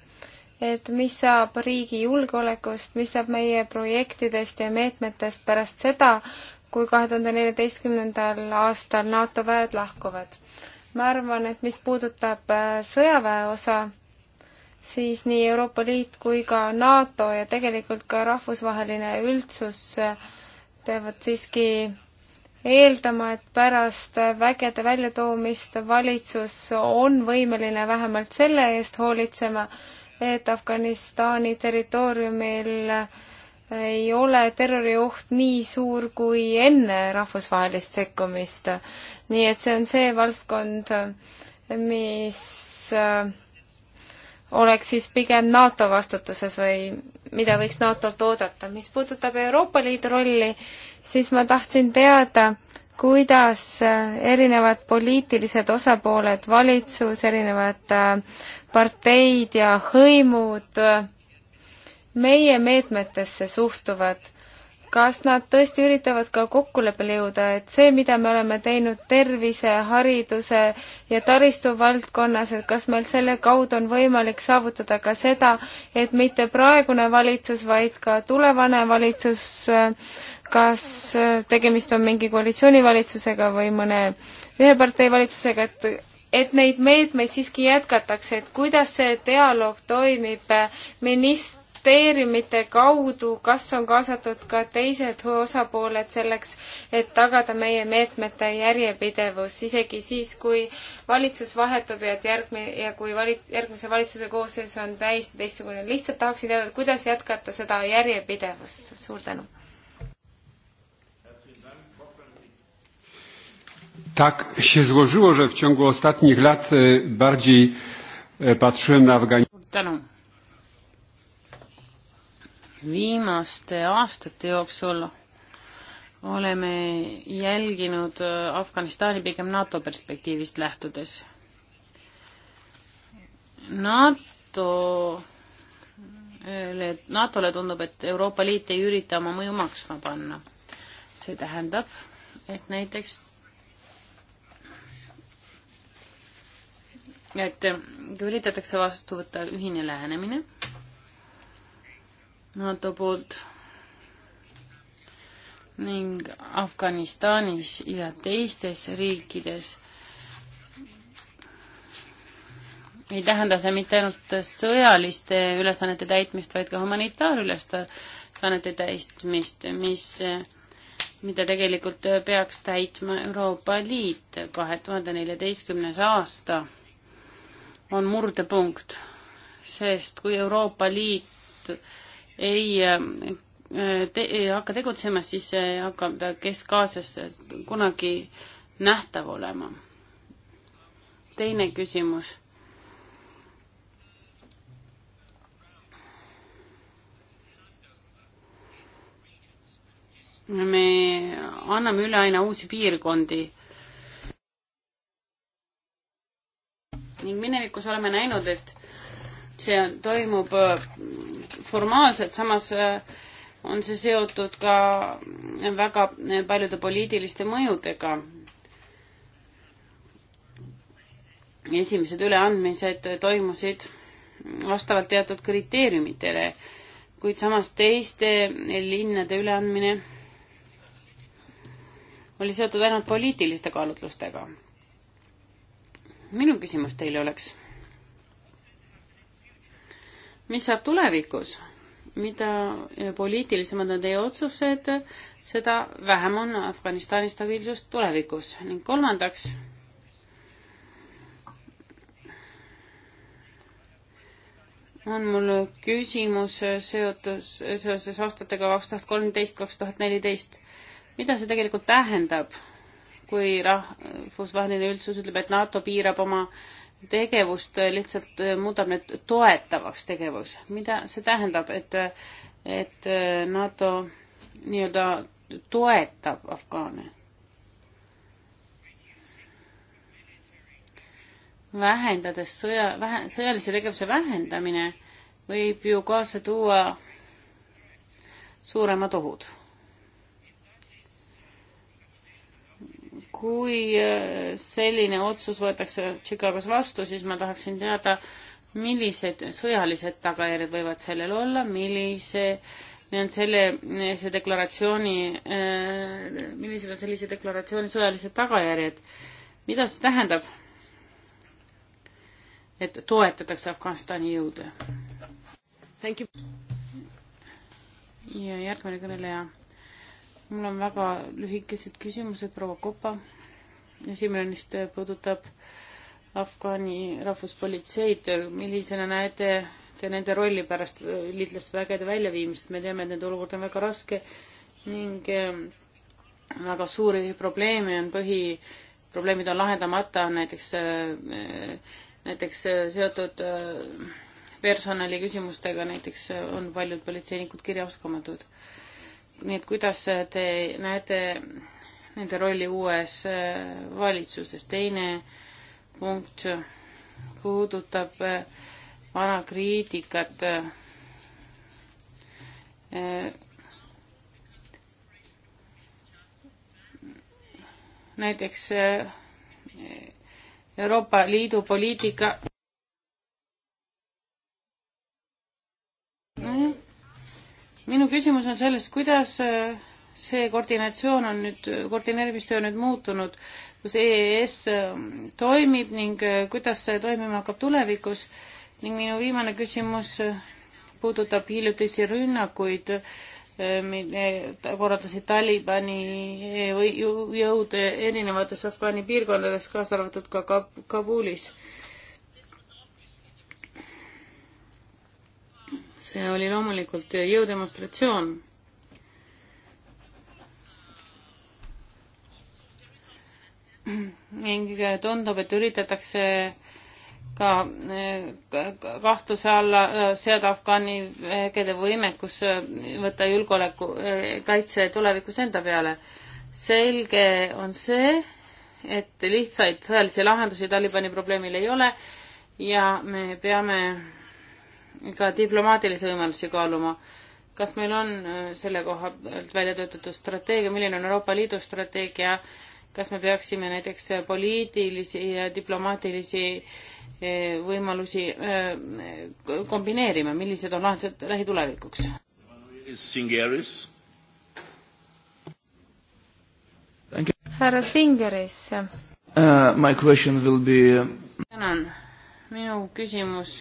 Speaker 1: et mis saab riigi julgeolekust, mis saab meie projektidest ja meetmetest pärast seda, kui kahe tuhande neljateistkümnendal aastal NATO väed lahkuvad ma arvan, et mis puudutab äh, sõjaväe osa, siis nii Euroopa Liit kui ka NATO ja tegelikult ka rahvusvaheline üldsus äh, peavad siiski eeldama, et pärast äh, vägede väljatoomist valitsus on võimeline vähemalt selle eest hoolitsema, et Afganistani territooriumil äh, ei ole terrorioht nii suur kui enne rahvusvahelist sekkumist. nii et see on see valdkond, mis äh, oleks siis pigem NATO vastutuses või mida võiks NATO-lt oodata. mis puudutab Euroopa Liidu rolli, siis ma tahtsin teada, kuidas äh, erinevad poliitilised osapooled, valitsus, erinevad äh, parteid ja hõimud äh, meie meetmetesse suhtuvad, kas nad tõesti üritavad ka kokkuleppele jõuda, et see, mida me oleme teinud tervise, hariduse ja taristu valdkonnas, et kas meil selle kaudu on võimalik saavutada ka seda, et mitte praegune valitsus, vaid ka tulevane valitsus, kas tegemist on mingi koalitsioonivalitsusega või mõne ühe partei valitsusega, et et neid meetmeid siiski jätkatakse, et kuidas see dialoog toimib minist-, ministeeriumite kaudu, kas on kaasatud ka teised osapooled selleks, et tagada meie meetmete järjepidevus, isegi siis, kui valitsus vahetub ja et järgmine ja kui valit-, järgmise valitsuse koosseis on täiesti teistsugune. lihtsalt tahaksin teada, kuidas jätkata seda järjepidevust. suur tänu.
Speaker 2: Tak się złożyło, że w ciągu ostatnich lat e, bardziej e, patrzyłem na Afganistan viimaste aastate jooksul oleme jälginud äh, Afganistani pigem NATO perspektiivist lähtudes. NATO NATO-le tundub, et Euroopa Liit ei ürita oma mõju maksma panna. see tähendab, et näiteks et üritatakse vastu võtta ühine lähenemine NATO poolt ning Afganistanis ja teistes riikides ei tähenda see mitte ainult sõjaliste ülesannete täitmist, vaid ka humanitaarülesannete täitmist, mis, mida tegelikult peaks täitma Euroopa Liit. kahe tuhande neljateistkümnes aasta on murdepunkt, sest kui Euroopa Liit ei äh, te, ei hakka tegutsema, siis hakkab ta Kesk-Aasias kunagi nähtav olema. teine küsimus. me anname üle aina uusi piirkondi. ning minevikus oleme näinud, et see toimub äh, formaalsed, samas äh, on see seotud ka väga paljude poliitiliste mõjudega. esimesed üleandmised toimusid vastavalt teatud kriteeriumitele, kuid samas teiste linnade üleandmine oli seotud ainult poliitiliste kaalutlustega. minu küsimus teile oleks mis saab tulevikus? mida poliitilisemad on teie otsused, seda vähem on Afganistani stabiilsust tulevikus ning kolmandaks, on mul küsimus seotus, seoses aastatega kaks tuhat kolmteist, kaks tuhat neliteist. mida see tegelikult tähendab, kui rahvusvaheline üldsus ütleb, et NATO piirab oma äh, tegevust lihtsalt äh, muudame toetavaks tegevus. mida see tähendab, et, et äh, NATO nii-öelda toetab afgaane? vähendades sõja, vähe, sõjalise tegevuse vähendamine võib ju kaasa tuua suuremad ohud kui äh, selline otsus võetakse Chicagos vastu, siis ma tahaksin teada, millised sõjalised tagajärjed võivad sellel olla, millise on selle, see deklaratsiooni, äh, millised on sellise deklaratsiooni sõjalised tagajärjed, mida see tähendab, et toetatakse Afganistani jõude? ja järgmine kõneleja. mul on väga lühikesed küsimused, proua Kopa esimene neist puudutab Afgaani rahvuspolitseid, millisena näete te nende rolli pärast äh, liitlaste vägede väljaviimist, me teame, et nende olukord on väga raske ning äh, väga suuri probleeme on, põhiprobleemid on lahendamata, näiteks, äh, näiteks seotud personali küsimustega, näiteks on paljud politseinikud kirjaoskamatud. nii et kuidas te näete nende rolli uues äh, valitsuses. teine punkt puudutab äh, vana kriitikat. Äh, näiteks Euroopa Liidu poliitika minu küsimus on selles, kuidas see koordinatsioon on nüüd, koordineerimistöö on nüüd muutunud, kus EES ähm, toimib ning äh, kuidas see toimima hakkab tulevikus ning minu viimane küsimus äh, puudutab hiljutisi rünnakuid, äh, mille korraldasid Talibani jõud erinevates Afgaani piirkondades, kaasa arvatud ka Kab Kabulis. see oli loomulikult jõudemonstratsioon ning tundub, et üritatakse ka kahtluse alla äh, seada Afgaani vägede äh, võimekus äh, võtta julgeoleku kaitse tulevikus enda peale. selge on see, et lihtsaid sõjalisi lahendusi Talibani probleemil ei ole ja me peame ka diplomaatilisi võimalusi kaaluma. kas meil on selle koha pealt välja töötatud strateegia, milline on Euroopa Liidu strateegia äh, kas me peaksime näiteks poliitilisi ja diplomaatilisi eh, võimalusi eh, kombineerima, millised on lahendused lähitulevikuks?
Speaker 1: härra Singeris. Uh, my question will be uh,
Speaker 2: tänan, minu küsimus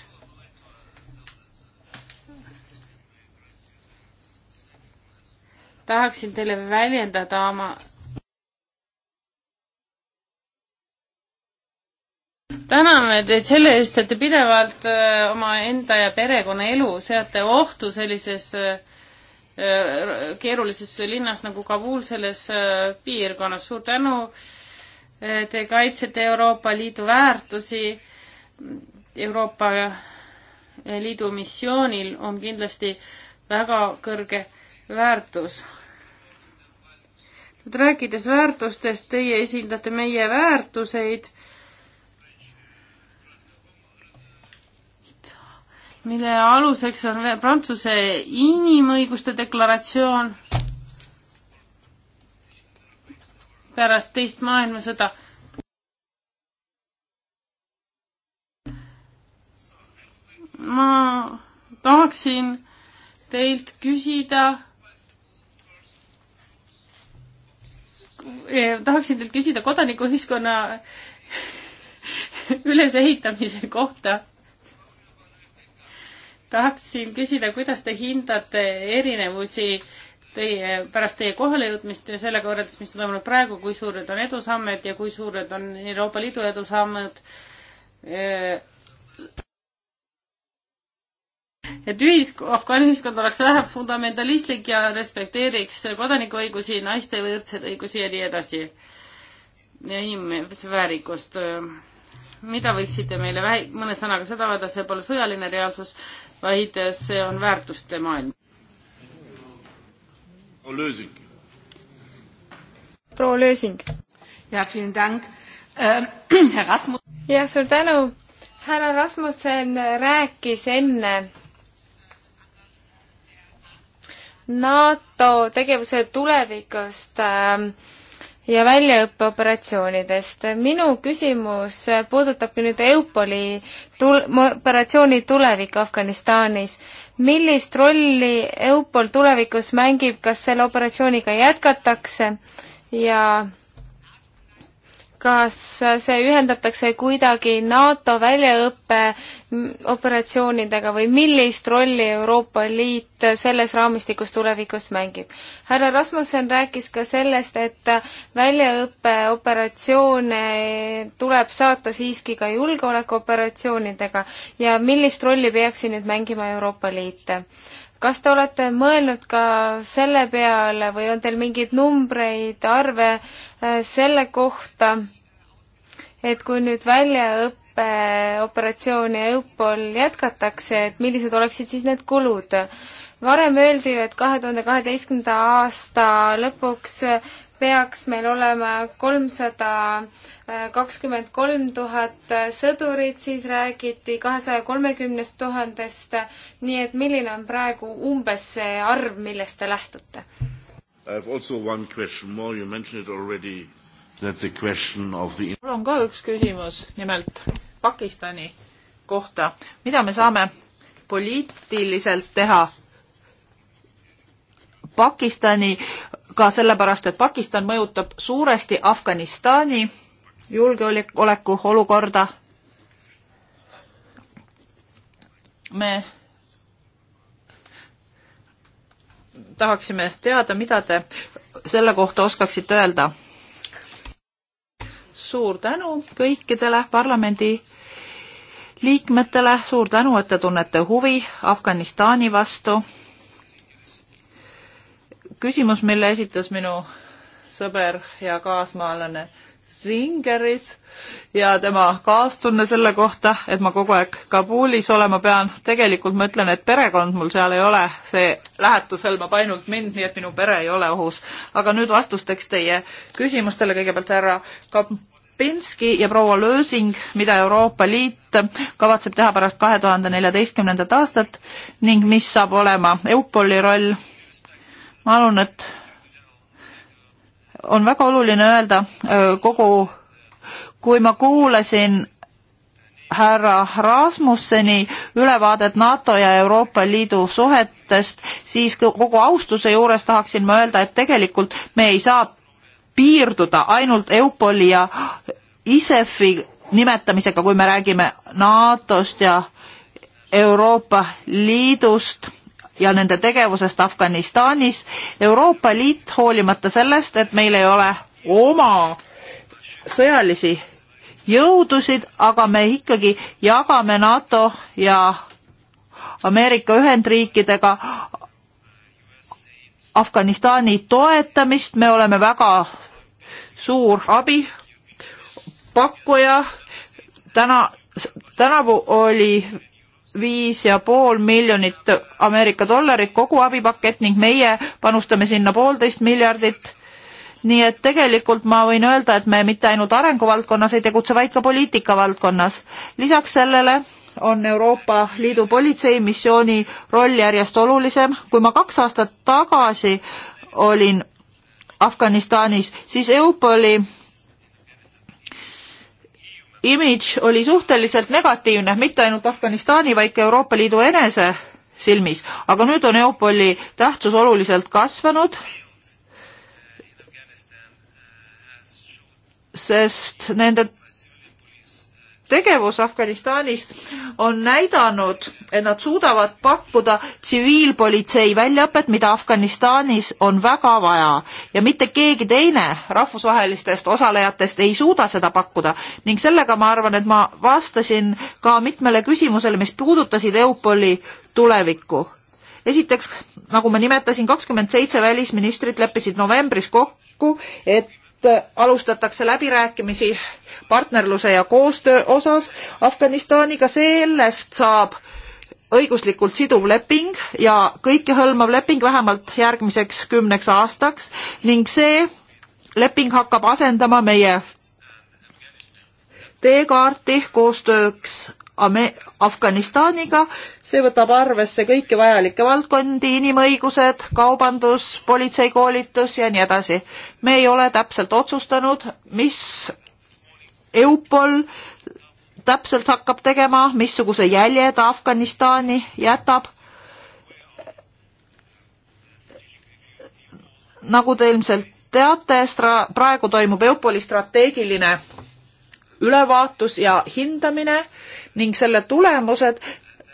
Speaker 2: tahaksin teile väljendada oma täname teid selle eest, et te pidevalt äh, omaenda ja perekonna elu seate ohtu sellises äh, äh, keerulises linnas nagu Kabul selles piirkonnas. suur tänu. Te kaitsete Euroopa Liidu väärtusi. Euroopa Liidu missioonil on kindlasti väga kõrge väärtus. nüüd rääkides väärtustest, teie esindate meie väärtuseid mille aluseks on Prantsuse inimõiguste deklaratsioon pärast teist maailmasõda. ma tahaksin teilt küsida eh,, tahaksin teilt küsida kodanikuühiskonna ülesehitamise kohta tahaksin küsida, kuidas te hindate erinevusi teie, pärast teie kohalejõudmist ja sellega võrreldes, mis on toimunud praegu, kui suured on edusammed ja kui suured on Euroopa Liidu edusammud? et ühis-, Afgaani ühiskond oleks vähem fundamentalistlik ja respekteeriks kodanikuõigusi, naiste võrdseid õigusi ja nii edasi. ja inimese väärikust mida võiksite meile väi-, mõne sõnaga seda öelda, see pole sõjaline reaalsus, vaid see on väärtuste maailm.
Speaker 1: proua Lösing. jah, ähm, suur tänu. härra Rasmussen rääkis enne NATO tegevuse tulevikust äh, ja väljaõppeoperatsioonidest. minu küsimus puudutabki nüüd EUPOL-i tul-, operatsiooni tulevik Afganistanis. millist rolli EUPOL tulevikus mängib, kas selle operatsiooniga jätkatakse ja kas see ühendatakse kuidagi NATO väljaõppe operatsioonidega või millist rolli Euroopa Liit selles raamistikus tulevikus mängib? härra Rasmussen rääkis ka sellest, et väljaõppeoperatsioone tuleb saata siiski ka julgeolekuoperatsioonidega ja millist rolli peaks siin nüüd mängima Euroopa Liit? kas te olete mõelnud ka selle peale või on teil mingeid numbreid, arve äh, selle kohta, et kui nüüd väljaõppeoperatsiooni EUPOL jätkatakse, et millised oleksid siis need kulud? varem öeldi ju, et kahe tuhande kaheteistkümnenda aasta lõpuks peaks meil olema kolmsada äh, kakskümmend kolm tuhat äh, sõdurit, siis räägiti kahesaja kolmekümnest tuhandest, nii et milline on praegu
Speaker 3: umbes see arv, millest te lähtute? mul on ka üks küsimus, nimelt Pakistani kohta. mida me saame poliitiliselt teha Pakistani ka sellepärast, et Pakistan mõjutab suuresti Afganistani julgeoleku olukorda. me tahaksime teada, mida te selle kohta oskaksite öelda. suur tänu kõikidele parlamendi liikmetele, suur tänu, et te tunnete huvi Afganistani vastu küsimus, mille esitas minu sõber ja kaasmaalane Zingeris ja tema kaastunne selle kohta, et ma kogu aeg Kabulis olema pean. tegelikult ma ütlen, et perekond mul seal ei ole, see lähetus hõlmab ainult mind, nii et minu pere ei ole ohus. aga nüüd vastusteks teie küsimustele kõigepealt härra Kapinski ja proua Lösing, mida Euroopa Liit kavatseb teha pärast kahe tuhande neljateistkümnendat aastat ning mis saab olema EUPOL-i roll ma arvan, et on väga oluline öelda äh, kogu, kui ma kuulasin härra Rasmusseni ülevaadet NATO ja Euroopa Liidu suhetest, siis kogu austuse juures tahaksin ma öelda, et tegelikult me ei saa piirduda ainult EUPOL-i ja ISEF-i nimetamisega, kui me räägime NATO-st ja Euroopa Liidust ja nende tegevusest Afganistanis. Euroopa Liit, hoolimata sellest, et meil ei ole oma sõjalisi jõudusid, aga me ikkagi jagame NATO ja Ameerika Ühendriikidega Afganistani toetamist, me oleme väga suur abipakkuja. täna, tänavu oli viis ja pool miljonit Ameerika dollarit kogu abipakett ning meie panustame sinna poolteist miljardit. nii et tegelikult ma võin öelda, et me mitte ainult arenguvaldkonnas ei tegutse, vaid ka poliitika valdkonnas. lisaks sellele on Euroopa Liidu politseimissiooni roll järjest olulisem. kui ma kaks aastat tagasi olin Afganistanis, siis EUPOL-i imidž oli suhteliselt negatiivne, mitte ainult Afganistani, vaid ka Euroopa Liidu enese silmis. aga nüüd on EUPOL-i tähtsus oluliselt kasvanud, sest nende tegevus Afganistanis on näidanud, et nad suudavad pakkuda tsiviilpolitsei väljaõpet, mida Afganistanis on väga vaja ja mitte keegi teine rahvusvahelistest osalejatest ei suuda seda pakkuda ning sellega ma arvan, et ma vastasin ka mitmele küsimusele, mis puudutasid EUPOL-i tulevikku. esiteks, nagu ma nimetasin, kakskümmend seitse välisministrit leppisid novembris kokku, et Äh, alustatakse läbirääkimisi partnerluse ja koostöö osas Afganistaniga, sellest saab õiguslikult siduv leping ja kõikehõlmav leping vähemalt järgmiseks kümneks aastaks ning see leping hakkab asendama meie teekaarti koostööks Afganistaniga, see võtab arvesse kõiki vajalikke valdkondi, inimõigused, kaubandus, politseikoolitus ja nii edasi. me ei ole täpselt otsustanud, mis EUPOL täpselt hakkab tegema, missuguse jälje ta Afganistani jätab. nagu te ilmselt teate, praegu toimub EUPOL-i strateegiline ülevaatus ja hindamine ning selle tulemused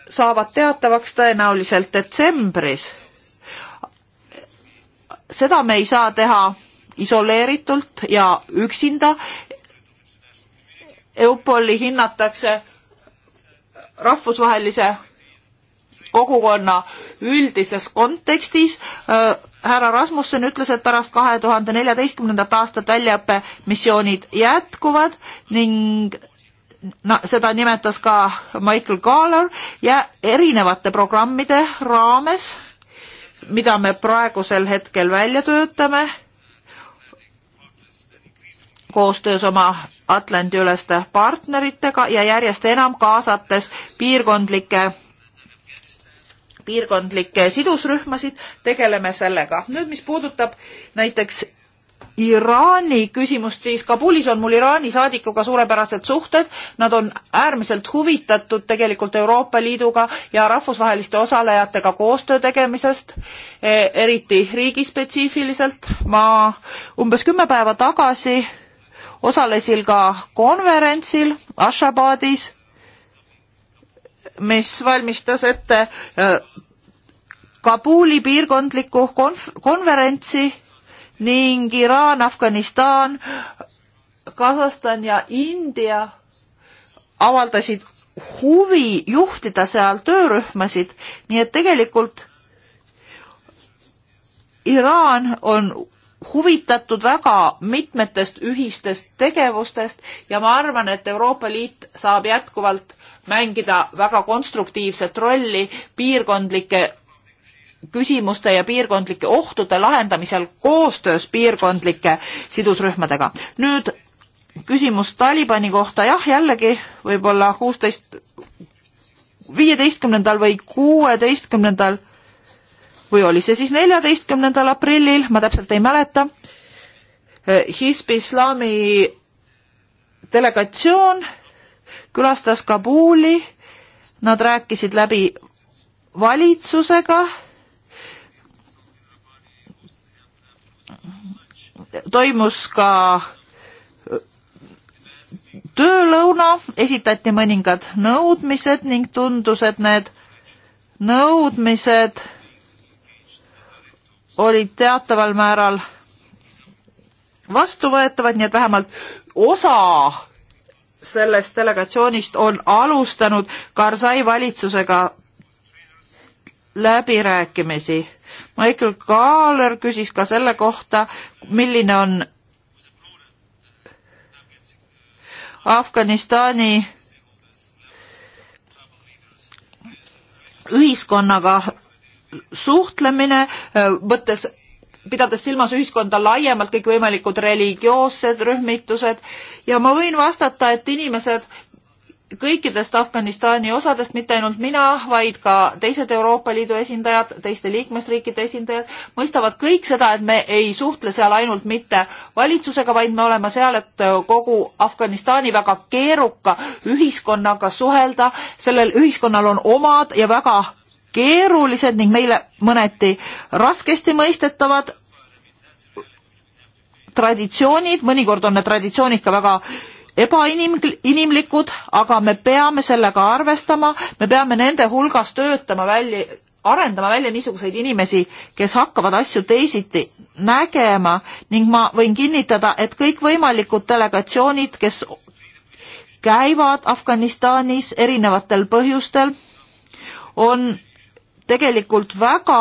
Speaker 3: saavad teatavaks tõenäoliselt detsembris. seda me ei saa teha isoleeritult ja üksinda. EUPOL-i hinnatakse rahvusvahelise kogukonna üldises kontekstis. Äh, härra Rasmussen ütles, et pärast kahe tuhande neljateistkümnendat aastat väljaõppemissioonid jätkuvad ning na, seda nimetas ka Michael Kaaler ja erinevate programmide raames, mida me praegusel hetkel välja töötame koostöös oma Atlandi-üleste partneritega ja järjest enam kaasates piirkondlike piirkondlikke sidusrühmasid, tegeleme sellega. nüüd, mis puudutab näiteks Iraani küsimust, siis Kabulis on mul Iraani saadikuga suurepärased suhted, nad on äärmiselt huvitatud tegelikult Euroopa Liiduga ja rahvusvaheliste osalejatega koostöö tegemisest, e, eriti riigispetsiifiliselt. ma umbes kümme päeva tagasi osalesin ka konverentsil Ashabadis mis valmistas ette äh, Kabuli piirkondliku konf-, konverentsi ning Iraan, Afganistan, Kasahstan ja India avaldasid huvi juhtida seal töörühmasid, nii et tegelikult Iraan on huvitatud väga mitmetest ühistest tegevustest ja ma arvan, et Euroopa Liit saab jätkuvalt mängida väga konstruktiivset rolli piirkondlike küsimuste ja piirkondlike ohtude lahendamisel koostöös piirkondlike sidusrühmadega. nüüd küsimus Talibani kohta, jah, jällegi võib-olla kuusteist, viieteistkümnendal või kuueteistkümnendal või oli see siis neljateistkümnendal aprillil, ma täpselt ei mäleta, eh, Hisbi islami delegatsioon külastas Kabuli, nad rääkisid läbi valitsusega, toimus ka töölõuna, esitati mõningad nõudmised ning tundus, et need nõudmised olid teataval määral vastuvõetavad, nii et vähemalt osa sellest delegatsioonist on alustanud Karzai valitsusega läbirääkimisi. Michael Kaaler küsis ka selle kohta, milline on Afganistani ühiskonnaga suhtlemine, võttes pidades silmas ühiskonda laiemalt, kõikvõimalikud religioossed rühmitused ja ma võin vastata, et inimesed kõikidest Afganistani osadest, mitte ainult mina, vaid ka teised Euroopa Liidu esindajad, teiste liikmesriikide esindajad, mõistavad kõik seda, et me ei suhtle seal ainult mitte valitsusega, vaid me oleme seal, et kogu Afganistani väga keeruka ühiskonnaga suhelda, sellel ühiskonnal on omad ja väga keerulised ning meile mõneti raskesti mõistetavad traditsioonid, mõnikord on need traditsioonid ka väga ebainimlikud, aga me peame sellega arvestama, me peame nende hulgas töötama välja, arendama välja niisuguseid inimesi, kes hakkavad asju teisiti nägema ning ma võin kinnitada, et kõikvõimalikud delegatsioonid, kes käivad Afganistanis erinevatel põhjustel, on tegelikult väga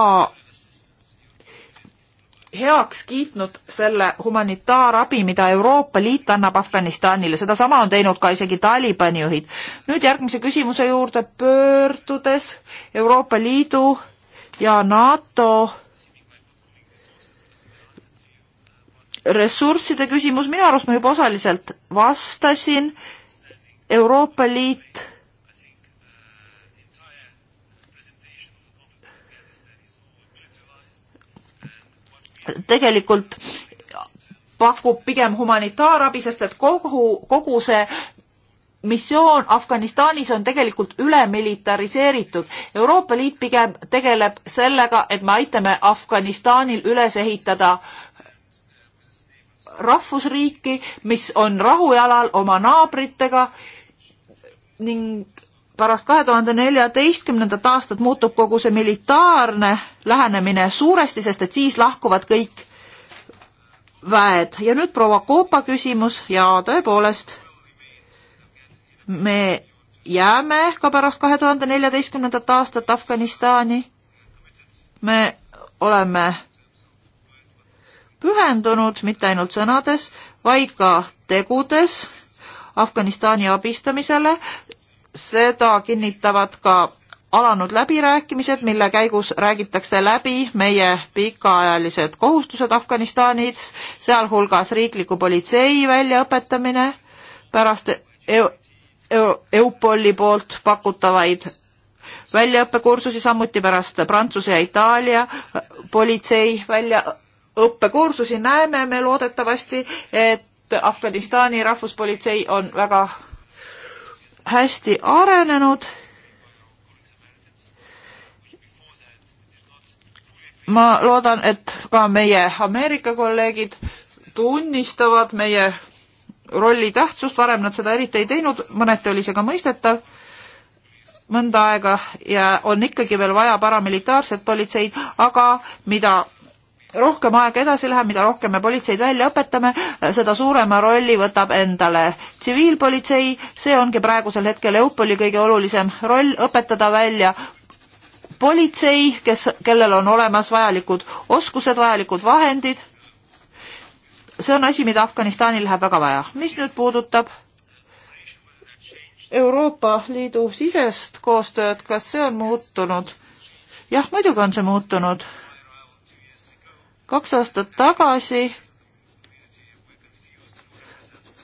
Speaker 3: heaks kiitnud selle humanitaarabi, mida Euroopa Liit annab Afganistanile, sedasama on teinud ka isegi Talibani juhid. nüüd järgmise küsimuse juurde pöördudes Euroopa Liidu ja NATO ressursside küsimus, minu arust ma juba osaliselt vastasin, Euroopa Liit tegelikult pakub pigem humanitaarabi, sest et kogu, kogu see missioon Afganistanis on tegelikult ülemilitariseeritud. Euroopa Liit pigem tegeleb sellega, et me aitame Afganistanil üles ehitada rahvusriiki, mis on rahujalal oma naabritega ning pärast kahe tuhande neljateistkümnendat aastat muutub kogu see militaarne lähenemine suuresti, sest et siis lahkuvad kõik väed. ja nüüd proua Koopa küsimus ja tõepoolest, me jääme ka pärast kahe tuhande neljateistkümnendat aastat Afganistani. me oleme pühendunud mitte ainult sõnades, vaid ka tegudes Afganistani abistamisele, seda kinnitavad ka alanud läbirääkimised, mille käigus räägitakse läbi meie pikaajalised kohustused Afganistanis, sealhulgas riikliku politsei väljaõpetamine pärast EU, EU, EUPOL-i poolt pakutavaid väljaõppekursusi, samuti pärast Prantsuse ja Itaalia politsei väljaõppekursusi näeme me loodetavasti, et Afganistani rahvuspolitsei on väga hästi arenenud. ma loodan, et ka meie Ameerika kolleegid tunnistavad meie rolli tähtsust, varem nad seda eriti ei teinud, mõneti oli see ka mõistetav mõnda aega ja on ikkagi veel vaja paramilitaarset politseid, aga mida rohkem aega edasi läheb, mida rohkem me politseid välja õpetame, seda suurema rolli võtab endale tsiviilpolitsei, see ongi praegusel hetkel EUPOL-i kõige olulisem roll, õpetada välja politsei, kes, kellel on olemas vajalikud oskused, vajalikud vahendid. see on asi, mida Afganistanil läheb väga vaja. mis nüüd puudutab Euroopa Liidu sisest koostööd, kas see on muutunud? jah, muidugi on see muutunud kaks aastat tagasi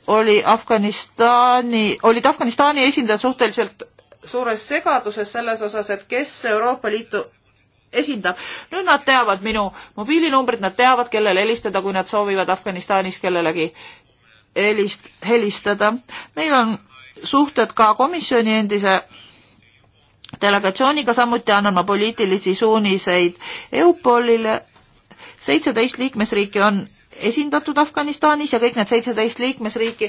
Speaker 3: oli Afganistani, olid Afganistani esindajad suhteliselt suures segaduses selles osas, et kes Euroopa Liitu esindab. nüüd nad teavad minu mobiilinumbrit, nad teavad, kellele helistada, kui nad soovivad Afganistanis kellelegi helist-, helistada. meil on suhted ka komisjoni endise delegatsiooniga, samuti annan ma poliitilisi suuniseid EUPOL-ile seitseteist liikmesriiki on esindatud Afganistanis ja kõik need seitseteist liikmesriiki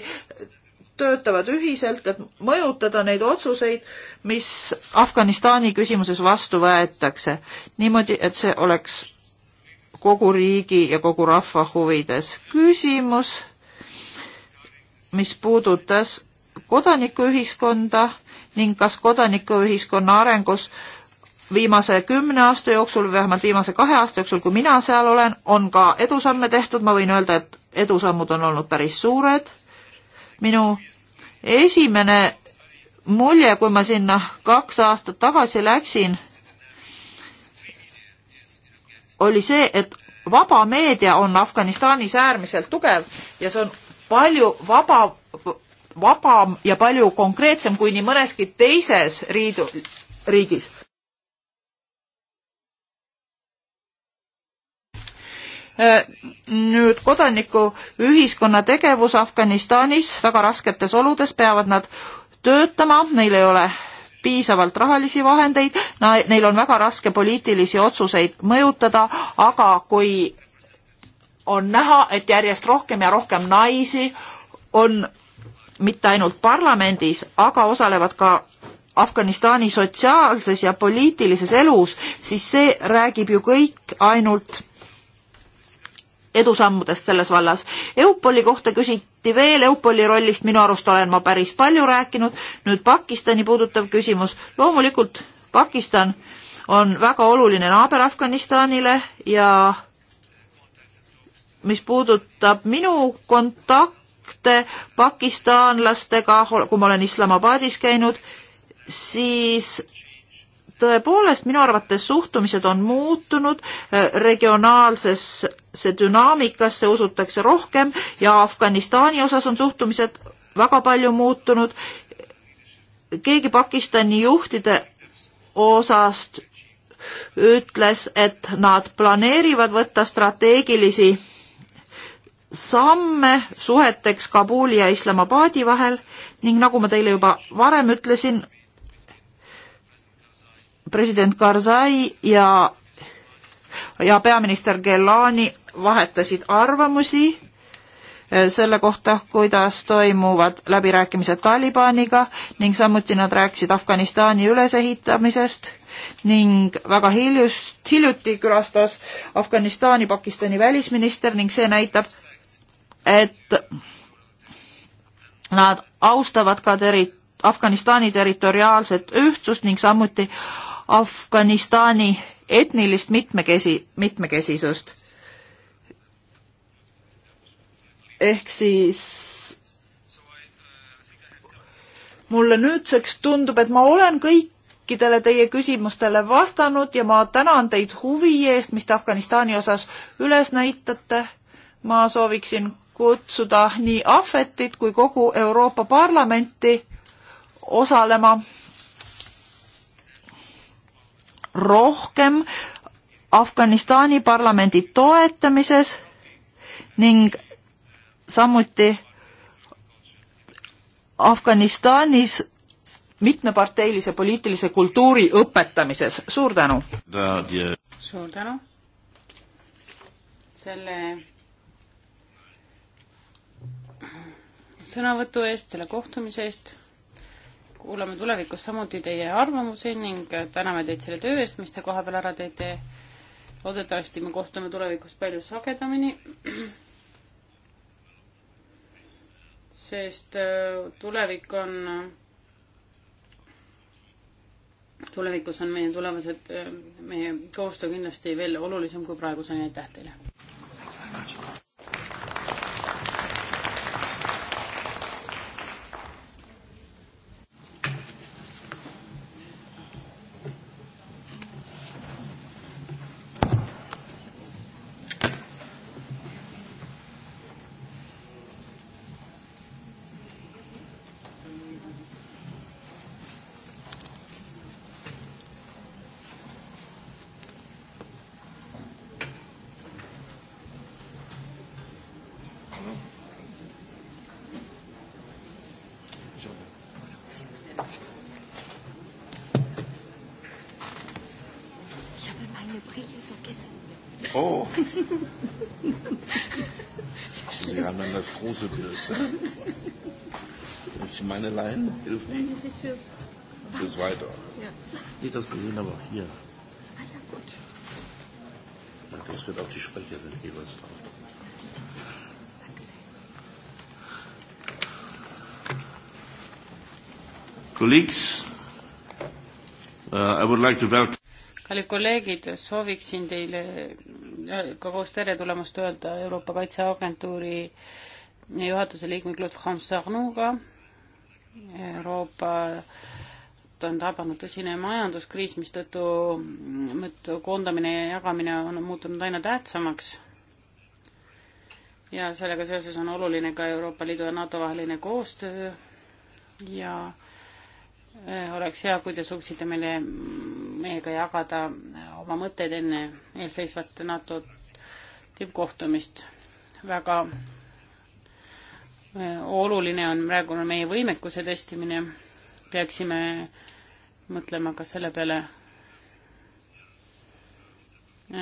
Speaker 3: töötavad ühiselt, et mõjutada neid otsuseid, mis Afganistani küsimuses vastu võetakse. niimoodi, et see oleks kogu riigi ja kogu rahva huvides. küsimus, mis puudutas kodanikuühiskonda ning kas kodanikuühiskonna arengus äh, viimase kümne aasta jooksul, vähemalt viimase kahe aasta jooksul, kui mina seal olen, on ka edusamme tehtud, ma võin öelda, et edusammud on olnud päris suured. minu esimene mulje, kui ma sinna kaks aastat tagasi läksin, oli see, et vaba meedia on Afganistanis äärmiselt tugev ja see on palju vaba, vabam ja palju konkreetsem kui nii mõneski teises riidu, riigis Eh, nüüd kodanikuühiskonna tegevus Afganistanis väga rasketes oludes peavad nad töötama, neil ei ole piisavalt rahalisi vahendeid, neil on väga raske poliitilisi otsuseid mõjutada, aga kui on näha, et järjest rohkem ja rohkem naisi on mitte ainult parlamendis, aga osalevad ka Afganistani sotsiaalses ja poliitilises elus, siis see räägib ju kõik ainult edusammudest selles vallas. Eupoli kohta küsiti veel, Eupoli rollist minu arust olen ma päris palju rääkinud, nüüd Pakistani puudutav küsimus, loomulikult Pakistan on väga oluline naaber Afganistanile ja mis puudutab minu kontakte pakistanlastega, kui ma olen Islamabadis käinud, siis tõepoolest minu arvates suhtumised on muutunud eh, regionaalses see dünaamikasse usutakse rohkem ja Afganistani osas on suhtumised väga palju muutunud. keegi Pakistani juhtide osast ütles, et nad planeerivad võtta strateegilisi samme suheteks Kabuli ja Islamabadi vahel ning nagu ma teile juba varem ütlesin, president Karzai ja, ja peaminister Gelani vahetasid arvamusi eh, selle kohta, kuidas toimuvad läbirääkimised Talibaniga ning samuti nad rääkisid Afganistani ülesehitamisest ning väga hiljust, hiljuti külastas Afganistani Pakistani välisminister ning see näitab, et nad austavad ka teri-, Afganistani territoriaalset ühtsust ning samuti Afganistani etnilist mitmekesi, mitmekesisust ehk siis mulle nüüdseks tundub, et ma olen kõikidele teie küsimustele vastanud ja ma tänan teid huvi eest, mis te Afganistani osas üles näitate. ma sooviksin kutsuda nii Ahvetit kui kogu Euroopa Parlamenti osalema rohkem Afganistani parlamendi toetamises ning samuti Afganistanis mitmeparteilise poliitilise kultuuri õpetamises. suur tänu!
Speaker 2: suur tänu selle sõnavõtu eest, selle kohtumise eest. kuulame tulevikus samuti teie arvamusi ning täname teid selle töö eest, mis te kohapeal ära teete. loodetavasti me kohtume tulevikus palju sagedamini sest äh, tulevik on, tulevikus on meie tulevased, äh, meie koostöö kindlasti veel olulisem kui praegu, see on aitäh teile! große
Speaker 1: Bild sein. Jetzt meine Laien hilft
Speaker 3: nicht. Das ist für Fürs Weiter. Ja.
Speaker 1: Nee, das wir sind aber auch hier. Ah ja, gut. Das wird auch die Sprecher sind jeweils drauf. Colleagues, uh, I would like to welcome
Speaker 2: kallid kolleegid, sooviksin teile äh, ka koos tere tulemast öelda Euroopa Kaitseagentuuri äh, juhatuse liikme Claude France Arnouga. Euroopat on tabanud tõsine majanduskriis, mistõttu mõttu koondamine ja jagamine on muutunud aina tähtsamaks. ja sellega seoses on oluline ka Euroopa Liidu ja NATO vaheline koostöö ja eh, oleks hea, kui te suutsite meile, meiega jagada oma mõtteid enne eelseisvat NATO tippkohtumist. väga oluline on praegune meie võimekuse testimine, peaksime mõtlema ka selle peale,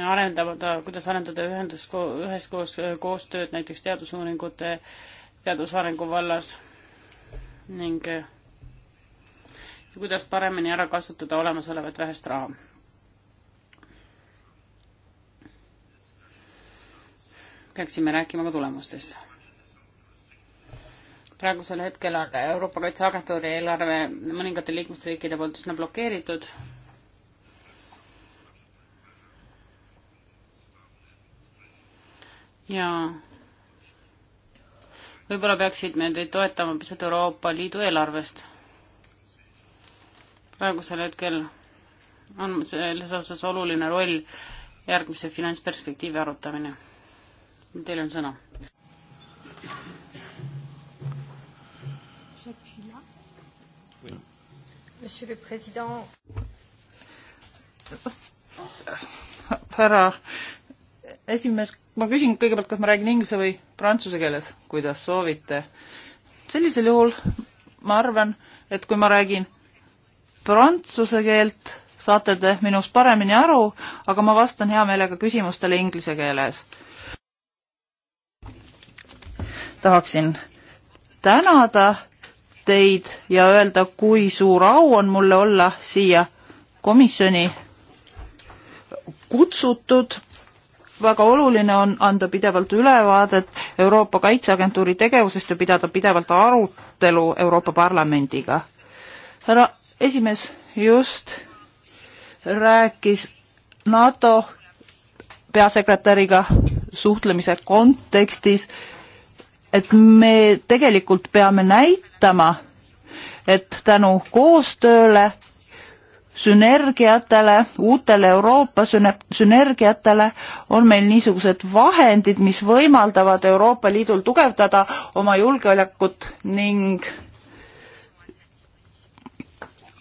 Speaker 2: arendada, kuidas arendada ühendus, üheskoos koostööd näiteks teadusuuringute, teadusarengu vallas ning kuidas paremini ära kasutada olemasolevat vähest raha. peaksime rääkima ka tulemustest praegusel hetkel on Euroopa Kaitseagentuuri eelarve mõningate liikmesriikide poolt üsna blokeeritud. ja võib-olla peaksid me teid toetama pisut Euroopa Liidu eelarvest. praegusel hetkel on selles osas oluline roll järgmise finantsperspektiivi arutamine. Teil on sõna
Speaker 3: härra esimees, ma küsin kõigepealt, kas ma räägin inglise või prantsuse keeles, kuidas soovite. sellisel juhul ma arvan, et kui ma räägin prantsuse keelt, saate te minust paremini aru, aga ma vastan hea meelega küsimustele inglise keeles. tahaksin tänada teid ja öelda, kui suur au on mulle olla siia komisjoni kutsutud. väga oluline on anda pidevalt ülevaadet Euroopa Kaitseagentuuri tegevusest ja pidada pidevalt arutelu Euroopa Parlamendiga. härra esimees just rääkis NATO peasekretäriga suhtlemise kontekstis et me tegelikult peame näitama, et tänu koostööle, sünergiatele, uutele Euroopa sünergiatele on meil niisugused vahendid, mis võimaldavad Euroopa Liidul tugevdada oma julgeolekut ning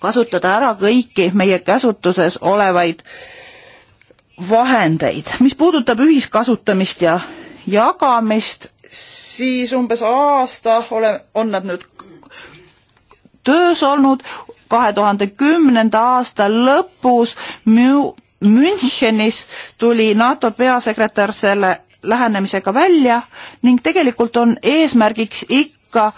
Speaker 3: kasutada ära kõiki meie käsutuses olevaid vahendeid. mis puudutab ühiskasutamist ja jagamist, siis umbes aasta ole, on nad nüüd töös olnud, kahe tuhande kümnenda aasta lõpus Mü-, Münchenis tuli NATO peasekretär selle lähenemisega välja ning tegelikult on eesmärgiks ikka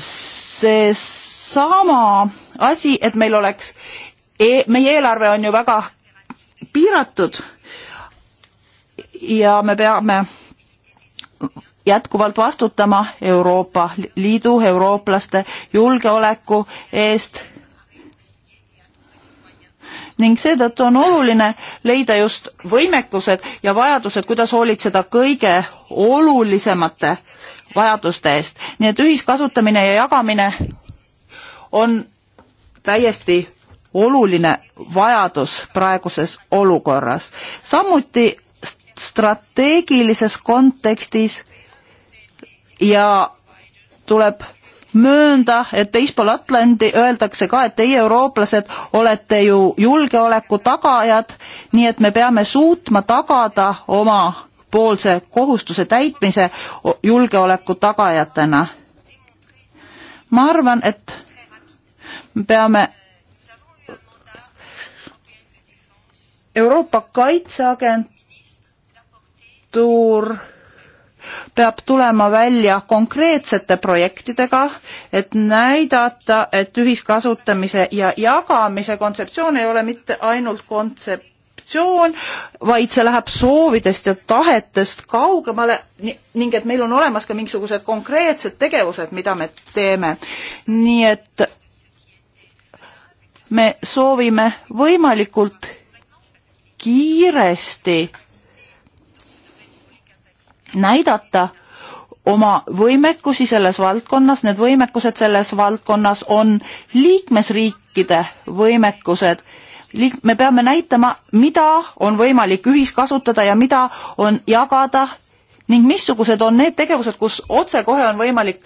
Speaker 3: seesama asi, et meil oleks e, meie eelarve on ju väga piiratud ja me peame jätkuvalt vastutama Euroopa Liidu, eurooplaste julgeoleku eest ning seetõttu on oluline leida just võimekused ja vajadused, kuidas hoolitseda kõige olulisemate vajaduste eest. nii et ühiskasutamine ja jagamine on täiesti oluline vajadus praeguses olukorras. samuti strateegilises kontekstis ja tuleb möönda, et teispool Atlandi öeldakse ka, et teie, eurooplased, olete ju julgeoleku tagajad, nii et me peame suutma tagada oma poolse kohustuse täitmise julgeoleku tagajatena. ma arvan, et me peame Euroopa Kaitseagentuur peab tulema välja konkreetsete projektidega, et näidata, et ühiskasutamise ja jagamise kontseptsioon ei ole mitte ainult kontseptsioon, vaid see läheb soovidest ja tahetest kaugemale ning et meil on olemas ka mingisugused konkreetsed tegevused, mida me teeme. nii et me soovime võimalikult kiiresti näidata oma võimekusi selles valdkonnas, need võimekused selles valdkonnas on liikmesriikide võimekused. Liik-, me peame näitama, mida on võimalik ühiskasutada ja mida on jagada ning missugused on need tegevused, kus otsekohe on võimalik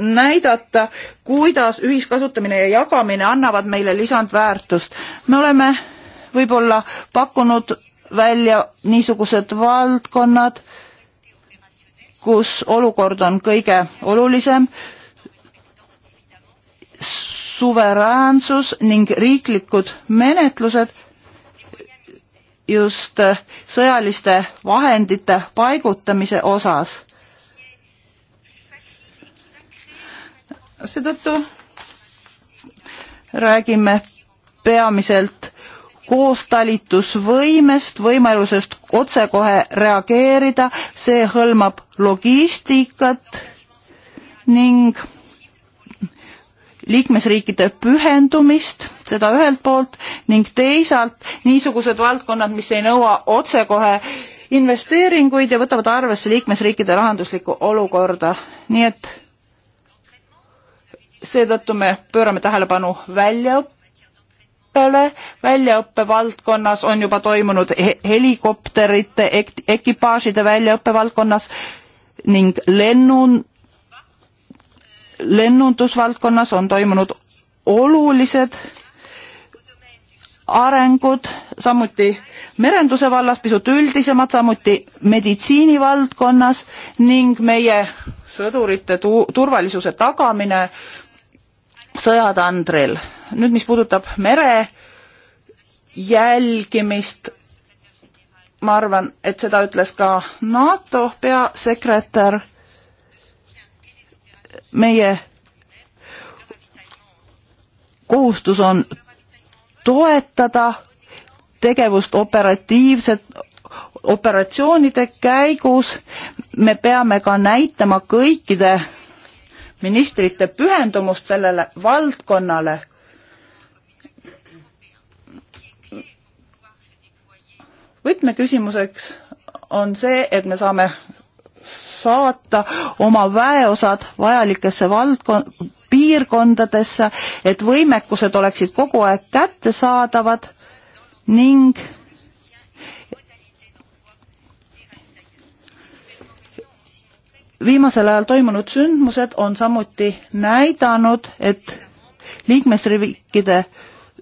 Speaker 3: näidata, kuidas ühiskasutamine ja jagamine annavad meile lisandväärtust. me oleme võib-olla pakkunud välja niisugused valdkonnad, kus olukord on kõige olulisem, suveräänsus ning riiklikud menetlused just sõjaliste vahendite paigutamise osas. seetõttu räägime peamiselt koostalitusvõimest, võimalusest otsekohe reageerida, see hõlmab logistikat ning liikmesriikide pühendumist, seda ühelt poolt, ning teisalt niisugused valdkonnad, mis ei nõua otsekohe investeeringuid ja võtavad arvesse liikmesriikide rahanduslikku olukorda, nii et seetõttu me pöörame tähelepanu väljaõppele, õppele. väljaõppe valdkonnas on juba toimunud helikopterite ek ekipaažide väljaõppe valdkonnas ning lennun, lennundusvaldkonnas on toimunud olulised arengud, samuti merenduse vallas pisut üldisemad, samuti meditsiinivaldkonnas ning meie sõdurite tu turvalisuse tagamine sõjatandril. nüüd, mis puudutab mere jälgimist, ma arvan, et seda ütles ka NATO peasekretär. meie kohustus on toetada tegevust operatiivset, operatsioonide käigus me peame ka näitama kõikide ministrite pühendumust sellele valdkonnale. võtmeküsimuseks on see, et me saame saata oma väeosad vajalikesse valdkon-, piirkondadesse, et võimekused oleksid kogu aeg kättesaadavad ning viimasel ajal toimunud sündmused on samuti näidanud, et liikmesriikide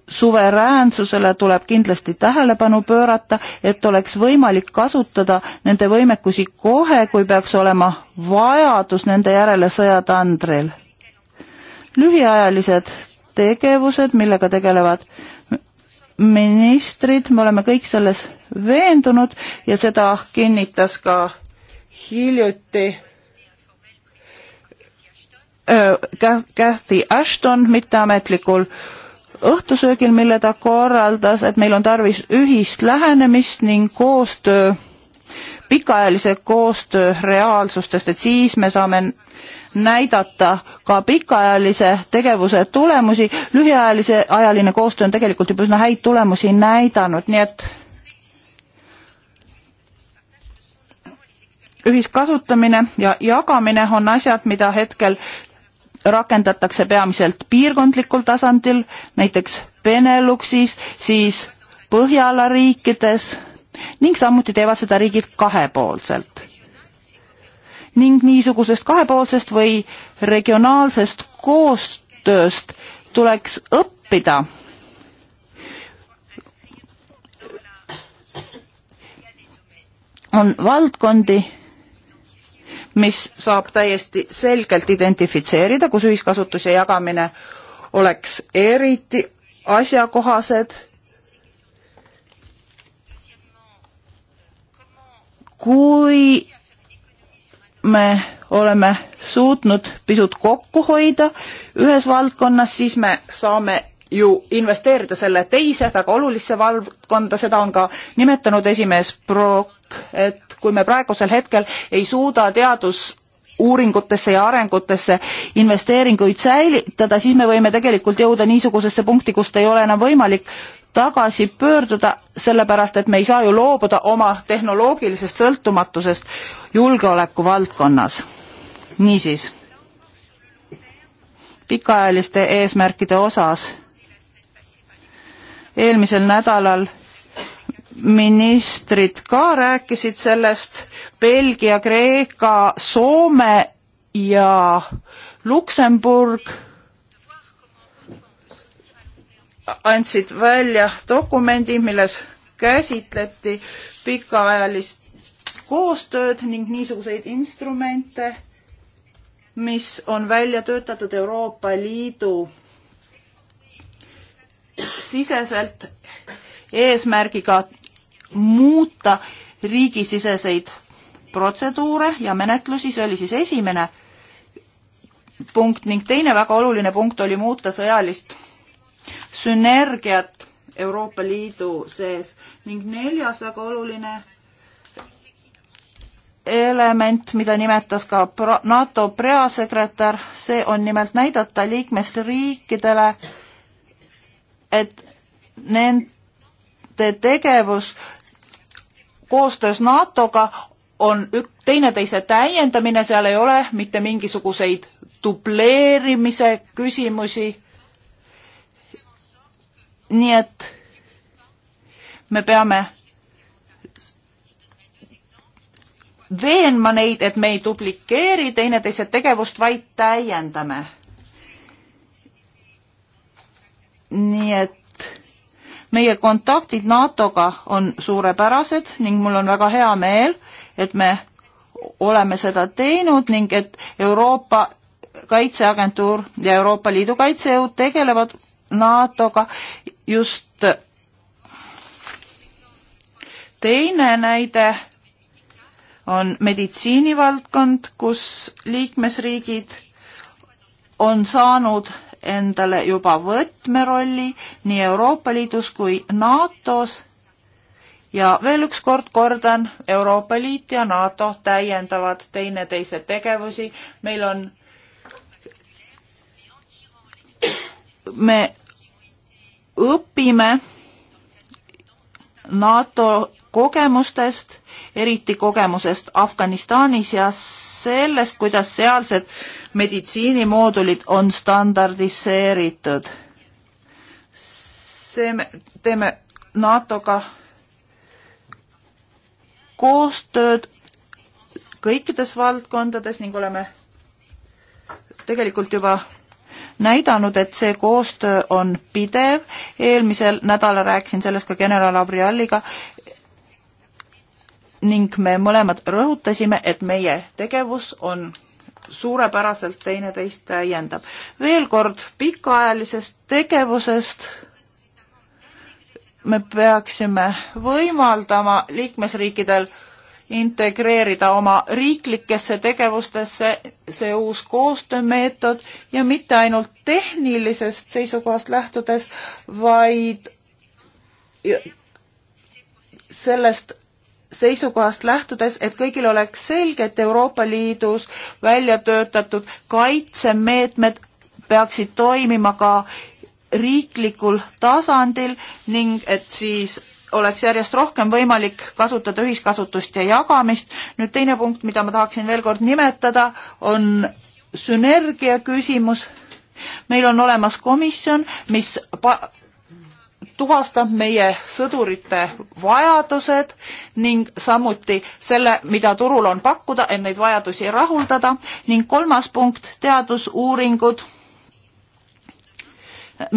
Speaker 3: suveräänsusele tuleb kindlasti tähelepanu pöörata, et oleks võimalik kasutada nende võimekusi kohe, kui peaks olema vajadus nende järele sõjatandril. lühiajalised tegevused, millega tegelevad ministrid, me oleme kõik selles veendunud ja seda kinnitas ka hiljuti Cathy Ashton mitteametlikul õhtusöögil, mille ta korraldas, et meil on tarvis ühist lähenemist ning koostöö, pikaajalise koostöö reaalsustest, et siis me saame näidata ka pikaajalise tegevuse tulemusi. lühiajalise ajaline koostöö on tegelikult juba üsna häid tulemusi näidanud, nii et ühiskasutamine ja jagamine on asjad, mida hetkel rakendatakse peamiselt piirkondlikul tasandil, näiteks Beneluxis, siis Põhjala riikides ning samuti teevad seda riigid kahepoolselt. ning niisugusest kahepoolsest või regionaalsest koostööst tuleks õppida on valdkondi, mis saab täiesti selgelt identifitseerida, kus ühiskasutus ja jagamine oleks eriti asjakohased. kui me oleme suutnud pisut kokku hoida ühes valdkonnas, siis me saame ju investeerida selle teise väga olulisse valdkonda, seda on ka nimetanud esimees Brock, et kui me praegusel hetkel ei suuda teadusuuringutesse ja arengutesse investeeringuid säilitada, siis me võime tegelikult jõuda niisugusesse punkti, kust ei ole enam võimalik tagasi pöörduda, sellepärast et me ei saa ju loobuda oma tehnoloogilisest sõltumatusest julgeoleku valdkonnas. niisiis, pikaajaliste eesmärkide osas eelmisel nädalal ministrid ka rääkisid sellest, Belgia, Kreeka, Soome ja Luksemburg andsid välja dokumendi, milles käsitleti pikaajalist koostööd ning niisuguseid instrumente, mis on välja töötatud Euroopa Liidu siseselt eesmärgiga muuta riigisiseseid protseduure ja menetlusi, see oli siis esimene punkt ning teine väga oluline punkt oli muuta sõjalist sünergiat Euroopa Liidu sees ning neljas väga oluline element, mida nimetas ka NATO peasekretär, see on nimelt näidata liikmesriikidele, et nende tegevus koostöös NATO-ga on ük-, teineteise täiendamine, seal ei ole mitte mingisuguseid dubleerimise küsimusi. nii et me peame veenma neid, et me ei dublikeeri teineteise tegevust, vaid täiendame nii et meie kontaktid NATO-ga on suurepärased ning mul on väga hea meel, et me oleme seda teinud ning et Euroopa Kaitseagentuur ja Euroopa Liidu kaitsejõud tegelevad NATO-ga just teine näide on meditsiinivaldkond, kus liikmesriigid on saanud endale juba võtmerolli nii Euroopa Liidus kui NATO-s ja veel üks kord kordan, Euroopa Liit ja NATO täiendavad teineteise tegevusi, meil on, me õpime NATO kogemustest, eriti kogemusest Afganistanis ja sellest, kuidas sealsed meditsiinimoodulid on standardiseeritud. see me teeme NATO-ga koostööd kõikides valdkondades ning oleme tegelikult juba näidanud, et see koostöö on pidev. eelmisel nädalal rääkisin sellest ka general Abrialliga ning me mõlemad rõhutasime, et meie tegevus on suurepäraselt teineteist täiendab. veel kord, pikaajalisest tegevusest me peaksime võimaldama liikmesriikidel integreerida oma riiklikesse tegevustesse see uus koostöömeetod ja mitte ainult tehnilisest seisukohast lähtudes, vaid sellest seisukohast lähtudes, et kõigil oleks selge, et Euroopa Liidus välja töötatud kaitsemeetmed peaksid toimima ka riiklikul tasandil ning et siis oleks järjest rohkem võimalik kasutada ühiskasutust ja jagamist. nüüd teine punkt, mida ma tahaksin veel kord nimetada, on sünergia küsimus. meil on olemas komisjon, mis pa-, tuvastab meie sõdurite vajadused ning samuti selle, mida turul on pakkuda, et neid vajadusi rahuldada ning kolmas punkt, teadusuuringud,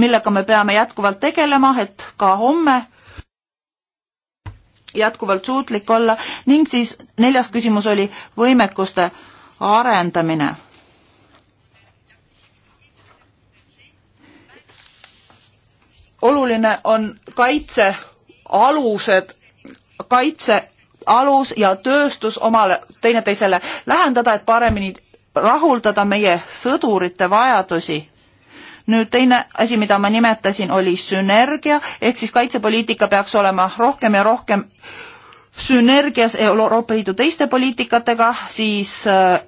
Speaker 3: millega me peame jätkuvalt tegelema, et ka homme jätkuvalt suutlik olla ning siis neljas küsimus oli võimekuste arendamine oluline on kaitsealused, kaitse alus ja tööstus omale teineteisele lähendada, et paremini rahuldada meie sõdurite vajadusi. nüüd teine asi, mida ma nimetasin, oli sünergia, ehk siis kaitsepoliitika peaks olema rohkem ja rohkem sünergias Euroopa Liidu teiste poliitikatega, siis äh,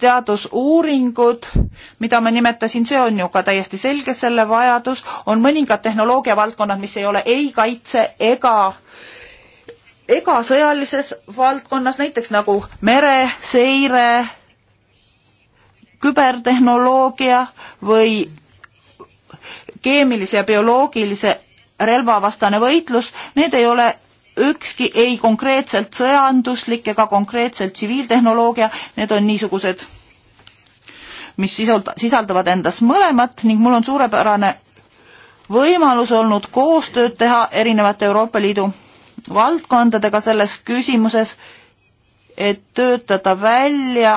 Speaker 3: teadusuuringud, mida ma nimetasin, see on ju ka täiesti selge, selle vajadus, on mõningad tehnoloogiavaldkonnad, mis ei ole ei kaitse ega ega sõjalises valdkonnas, näiteks nagu mereseire, kübertehnoloogia või keemilise ja bioloogilise relvavastane võitlus, need ei ole ükski ei konkreetselt sõjanduslik ega konkreetselt tsiviiltehnoloogia, need on niisugused, mis sisalda, sisaldavad endas mõlemat ning mul on suurepärane võimalus olnud koostööd teha erinevate Euroopa Liidu valdkondadega selles küsimuses, et töötada välja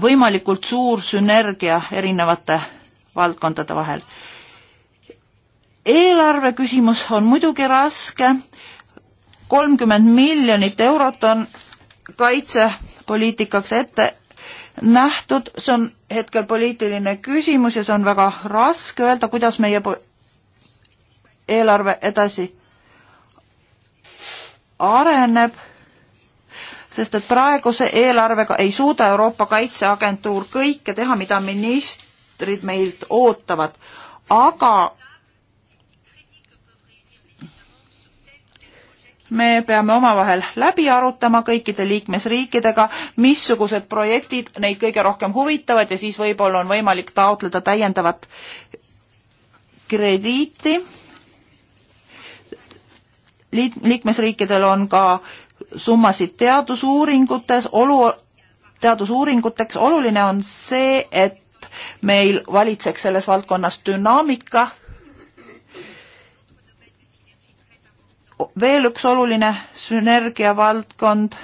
Speaker 3: võimalikult suur sünergia erinevate valdkondade vahel eelarve küsimus on muidugi raske. kolmkümmend miljonit eurot on kaitsepoliitikaks ette nähtud, see on hetkel poliitiline küsimus ja see on väga raske öelda, kuidas meie eelarve edasi areneb, sest et praeguse eelarvega ei suuda Euroopa Kaitseagentuur kõike teha, mida ministrid meilt ootavad, aga me peame omavahel läbi arutama kõikide liikmesriikidega, missugused projektid neid kõige rohkem huvitavad ja siis võib-olla on võimalik taotleda täiendavat krediiti. liikmesriikidel on ka summasid teadusuuringutes, olu, teadusuuringuteks oluline on see, et meil valitseks selles valdkonnas dünaamika veel üks oluline sünergiavaldkond,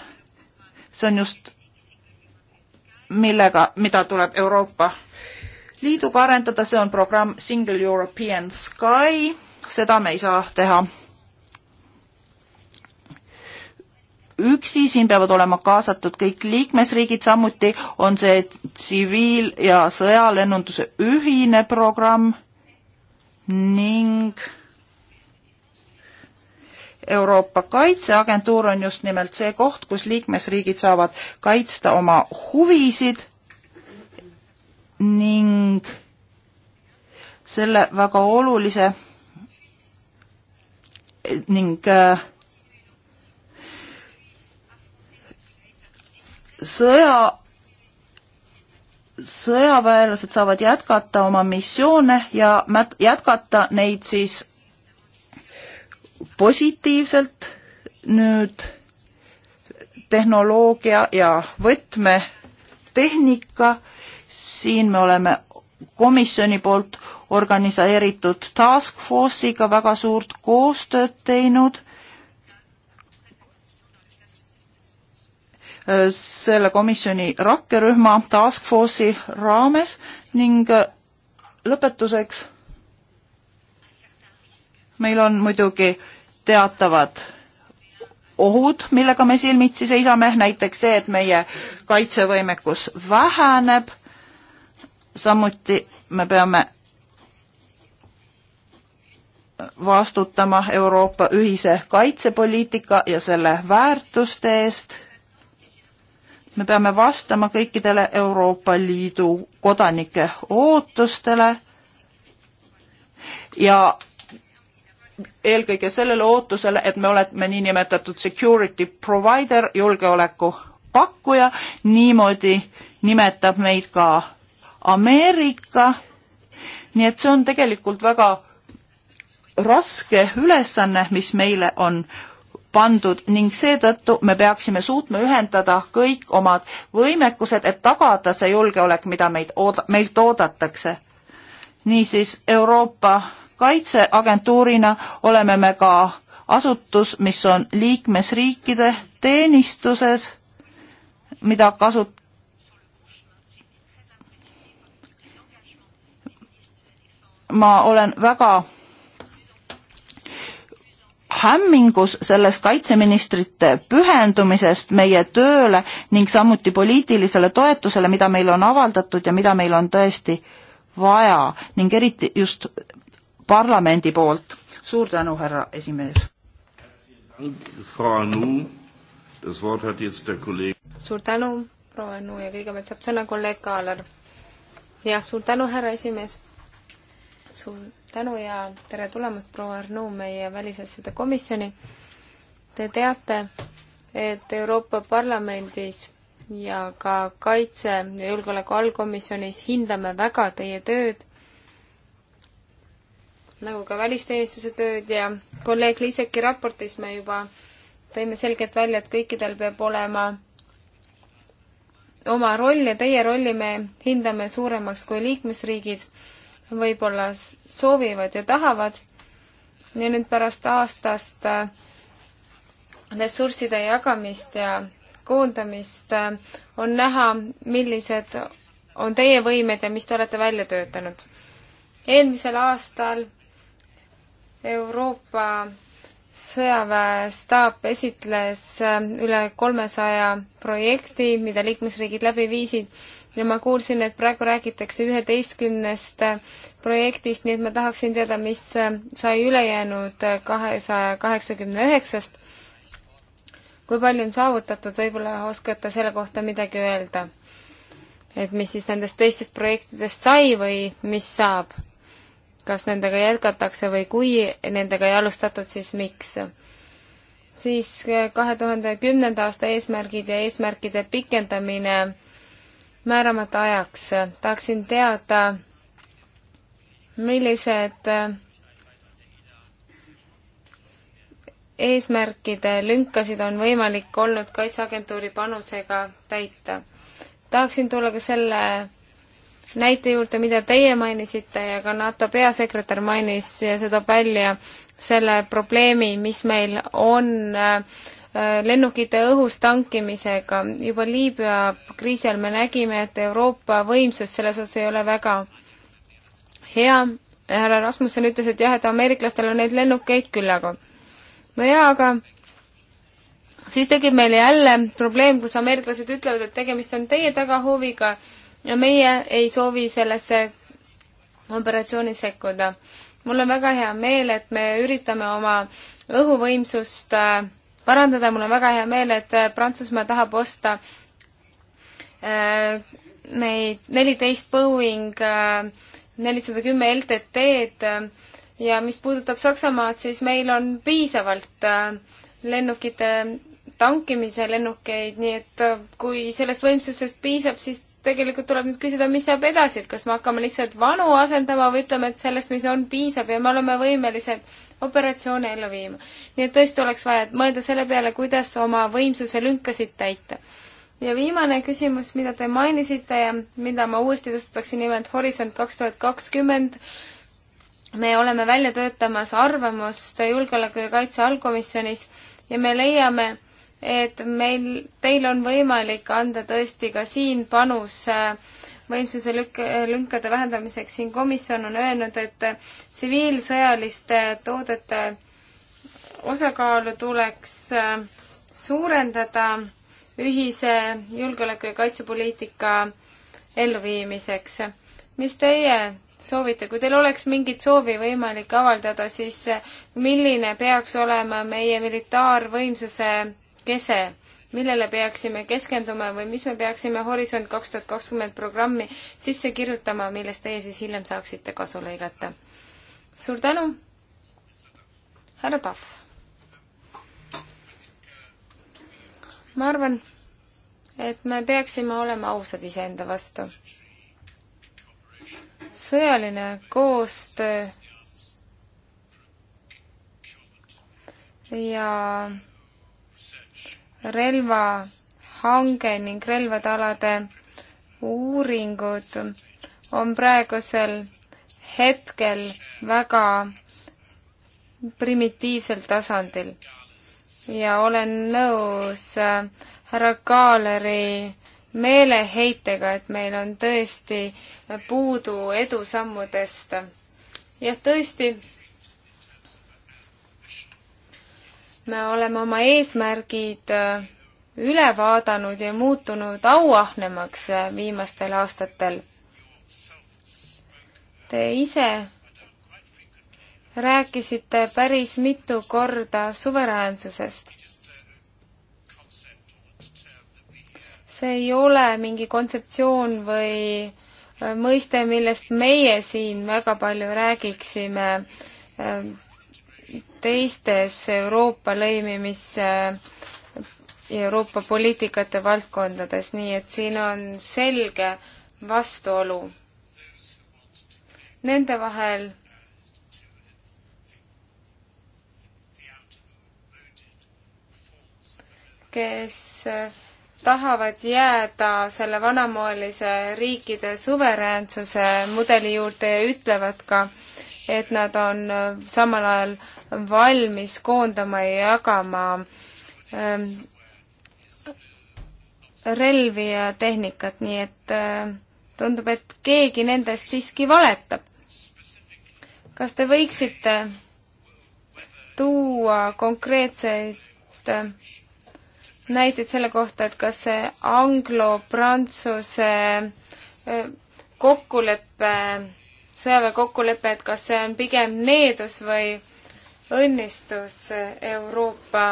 Speaker 3: see on just millega, mida tuleb Euroopa Liiduga arendada, see on programm Single European Sky, seda me ei saa teha üksi, siin peavad olema kaasatud kõik liikmesriigid, samuti on see tsiviil- ja sõjalennunduse ühine programm ning Euroopa Kaitseagentuur on just nimelt see koht, kus liikmesriigid saavad kaitsta oma huvisid ning selle väga olulise ning äh, sõja, sõjaväelased saavad jätkata oma missioone ja jätkata neid siis positiivselt nüüd tehnoloogia ja võtmetehnika. siin me oleme komisjoni poolt organiseeritud task force'iga väga suurt koostööd teinud. selle komisjoni rakkerühma task force'i raames ning lõpetuseks meil on muidugi teatavad ohud, millega me silmitsi seisame, näiteks see, et meie kaitsevõimekus väheneb. samuti me peame vastutama Euroopa ühise kaitsepoliitika ja selle väärtuste eest. me peame vastama kõikidele Euroopa Liidu kodanike ootustele ja eelkõige sellele ootusele, et me oleme niinimetatud security provider, julgeoleku pakkuja, niimoodi nimetab meid ka Ameerika. nii et see on tegelikult väga raske ülesanne, mis meile on pandud ning seetõttu me peaksime suutma ühendada kõik omad võimekused, et tagada see julgeolek, mida meid ooda-, meilt oodatakse. niisiis Euroopa kaitseagentuurina oleme me ka asutus, mis on liikmesriikide teenistuses, mida kasut-, ma olen väga hämmingus sellest kaitseministrite pühendumisest meie tööle ning samuti poliitilisele toetusele, mida meil on avaldatud ja mida meil on tõesti vaja ning eriti just parlamendi poolt. suur tänu, härra esimees. suur tänu, proua Anu ja kõigepealt saab sõna kolleeg Kaalar.
Speaker 1: jah, suur tänu, härra esimees. suur tänu ja tere tulemast, proua Arnu, meie välisasjade komisjoni. Te teate, et Euroopa Parlamendis ja ka kaitse- ja julgeoleku allkomisjonis hindame väga teie tööd nagu ka välisteenistuse tööd ja kolleeg Liiseki raportis me juba tõime selgelt välja, et kõikidel peab olema oma roll ja teie rolli me hindame suuremaks, kui liikmesriigid võib-olla soovivad ja tahavad. ja nüüd pärast aastast äh, ressursside jagamist ja koondamist äh, on näha, millised on teie võimed ja mis te olete välja töötanud. eelmisel aastal Euroopa sõjaväestaap esitles äh, üle kolmesaja projekti, mida liikmesriigid läbi viisid ja ma kuulsin, et praegu räägitakse üheteistkümnest äh, projektist, nii et ma tahaksin teada, mis äh, sai ülejäänud kahesaja kaheksakümne üheksast. kui palju on saavutatud, võib-olla oskate selle kohta midagi öelda? et mis siis nendest teistest projektidest sai või mis saab? kas nendega jätkatakse või kui nendega ei alustatud, siis miks? siis äh, kahe tuhande kümnenda aasta eesmärgid ja eesmärkide pikendamine määramata ajaks. tahaksin teada, millised äh, eesmärkide lünkasid on võimalik olnud Kaitseagentuuri panusega täita. tahaksin tulla ka selle näite juurde, mida teie mainisite ja ka NATO peasekretär mainis ja see toob välja selle probleemi, mis meil on äh, äh, lennukite õhus tankimisega. juba Liibüa kriisi ajal me nägime, et Euroopa võimsus selles osas ei ole väga hea. härra Rasmussen ütles, et jah, et ameeriklastel on neid lennukeid küllaga. no jaa, aga siis tekib meil jälle probleem, kus ameeriklased ütlevad, et tegemist on teie tagahooviga ja meie ei soovi sellesse operatsiooni sekkuda. mul on väga hea meel, et me üritame oma õhuvõimsust äh, parandada, mul on väga hea meel, et äh, Prantsusmaa tahab osta äh, neid neliteist Boeing nelisada kümme LTT-d ja mis puudutab Saksamaad, siis meil on piisavalt lennukite tankimise lennukeid, nii et kui sellest võimsusest piisab, siis tegelikult tuleb nüüd küsida, mis saab edasi, et kas me hakkame lihtsalt vanu asendama või ütleme, et sellest, mis on, piisab ja me oleme võimelised operatsioone ellu viima. nii et tõesti oleks vaja mõelda selle peale, kuidas oma võimsuse lünkasid täita. ja viimane küsimus, mida te mainisite ja mida ma uuesti tõstataksin nimelt Horisont kaks tuhat kakskümmend, me oleme välja töötamas arvamust julgeoleku ja kaitse allkomisjonis ja me leiame, et meil, teil on võimalik anda tõesti ka siin panus äh, võimsuse lük-, lünkade vähendamiseks, siin komisjon on öelnud, et tsiviilsõjaliste toodete osakaalu tuleks äh, suurendada ühise julgeoleku- ja kaitsepoliitika elluviimiseks. mis teie soovite, kui teil oleks mingit soovi võimalik avaldada, siis äh, milline peaks olema meie militaarvõimsuse kese, millele peaksime keskenduma või mis me peaksime Horisont kaks tuhat kakskümmend programmi sisse kirjutama, millest teie siis hiljem saaksite kasu lõigata. suur tänu, härra Tahv. ma arvan, et me peaksime olema ausad iseenda vastu. sõjaline koostöö ja relvahange ning relvatalade uuringud on praegusel hetkel väga primitiivsel tasandil ja olen nõus äh, härra Kaaleri meeleheitega, et meil on tõesti puudu edusammudest. jah, tõesti me oleme oma eesmärgid äh, üle vaadanud ja muutunud auahnemaks äh, viimastel aastatel. Te ise rääkisite päris mitu korda suveräänsusest. see ei ole mingi kontseptsioon või äh, mõiste, millest meie siin väga palju räägiksime teistes Euroopa lõimimise ja Euroopa poliitikate valdkondades, nii et siin on selge vastuolu nende vahel, kes tahavad jääda selle vanamoelise riikide suveräänsuse mudeli juurde ja ütlevad ka, et nad on äh, samal ajal valmis koondama ja jagama ähm, relvi ja tehnikat, nii et äh, tundub, et keegi nendest siiski valetab. kas te võiksite tuua konkreetseid äh, näiteid selle kohta, et kas see anglo-prantsuse kokkulepe sõjaväekokkulepe, et kas see on pigem needus või õnnistus Euroopa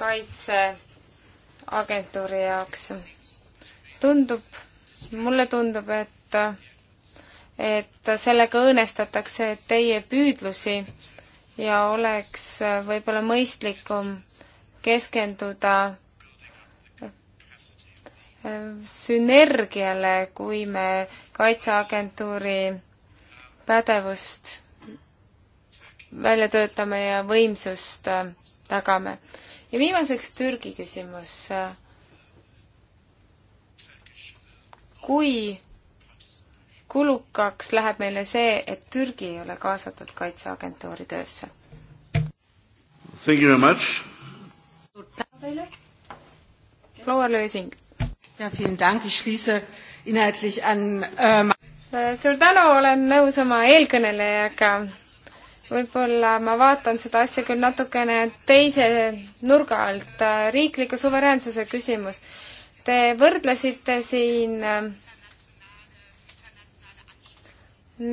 Speaker 1: kaitseagentuuri jaoks? tundub, mulle tundub, et, et sellega õõnestatakse teie püüdlusi ja oleks võib-olla mõistlikum keskenduda sünergiale, kui me kaitseagentuuri pädevust välja töötame ja võimsust äh, tagame. ja viimaseks Türgi küsimus. kui kulukaks läheb meile see, et Türgi ei ole kaasatud kaitseagentuuri töösse?
Speaker 2: suur
Speaker 1: tänu teile. proua Lösing. ja, vielen Dank, ich schließe inhaltlich an ähm, Äh, suur tänu, olen nõus oma eelkõnelejaga. võib-olla ma vaatan seda asja küll natukene teise nurga alt, äh, riikliku suveräänsuse küsimus. Te võrdlesite siin äh,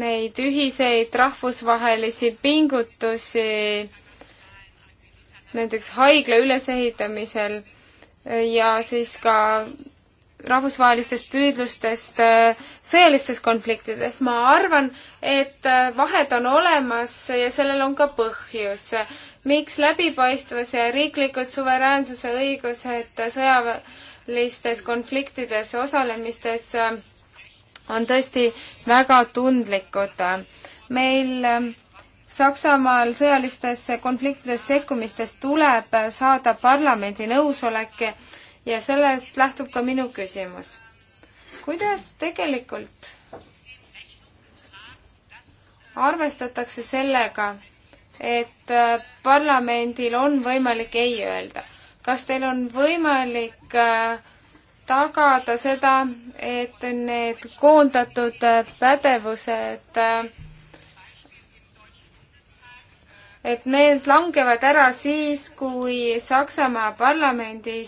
Speaker 1: neid ühiseid rahvusvahelisi pingutusi näiteks haigla ülesehitamisel ja siis ka rahvusvahelistest püüdlustest äh, sõjalistes konfliktides. ma arvan, et äh, vahed on olemas ja sellel on ka põhjus, miks läbipaistvus ja riiklikud suveräänsuse õigused sõjalistes konfliktides osalemistes äh, on tõesti väga tundlikud. meil Saksamaal sõjalistesse konfliktidesse sekkumistest tuleb saada parlamendi nõusolek ja sellest lähtub ka minu küsimus. kuidas tegelikult arvestatakse sellega, et äh, parlamendil on võimalik ei öelda. kas teil on võimalik äh, tagada seda, et need koondatud äh, pädevused et need langevad ära siis, kui Saksamaa parlamendis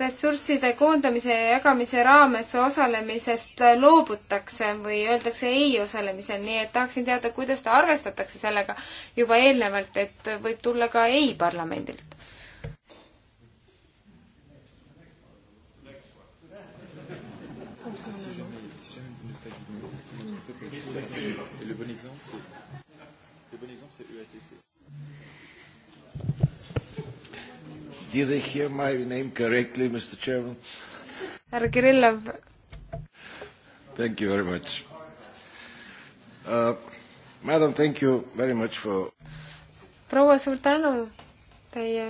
Speaker 1: ressursside koondamise ja jagamise raames osalemisest loobutakse või öeldakse ei osalemisel, nii et tahaksin teada, kuidas ta arvestatakse sellega juba eelnevalt, et võib tulla ka ei parlamendilt. Et le bon exemple
Speaker 3: Did I hear my name correctly, Mr Chairman?
Speaker 1: härra Kirillov.
Speaker 3: Thank you very much uh,. Madam, thank you very much for.
Speaker 1: proua, suur tänu teie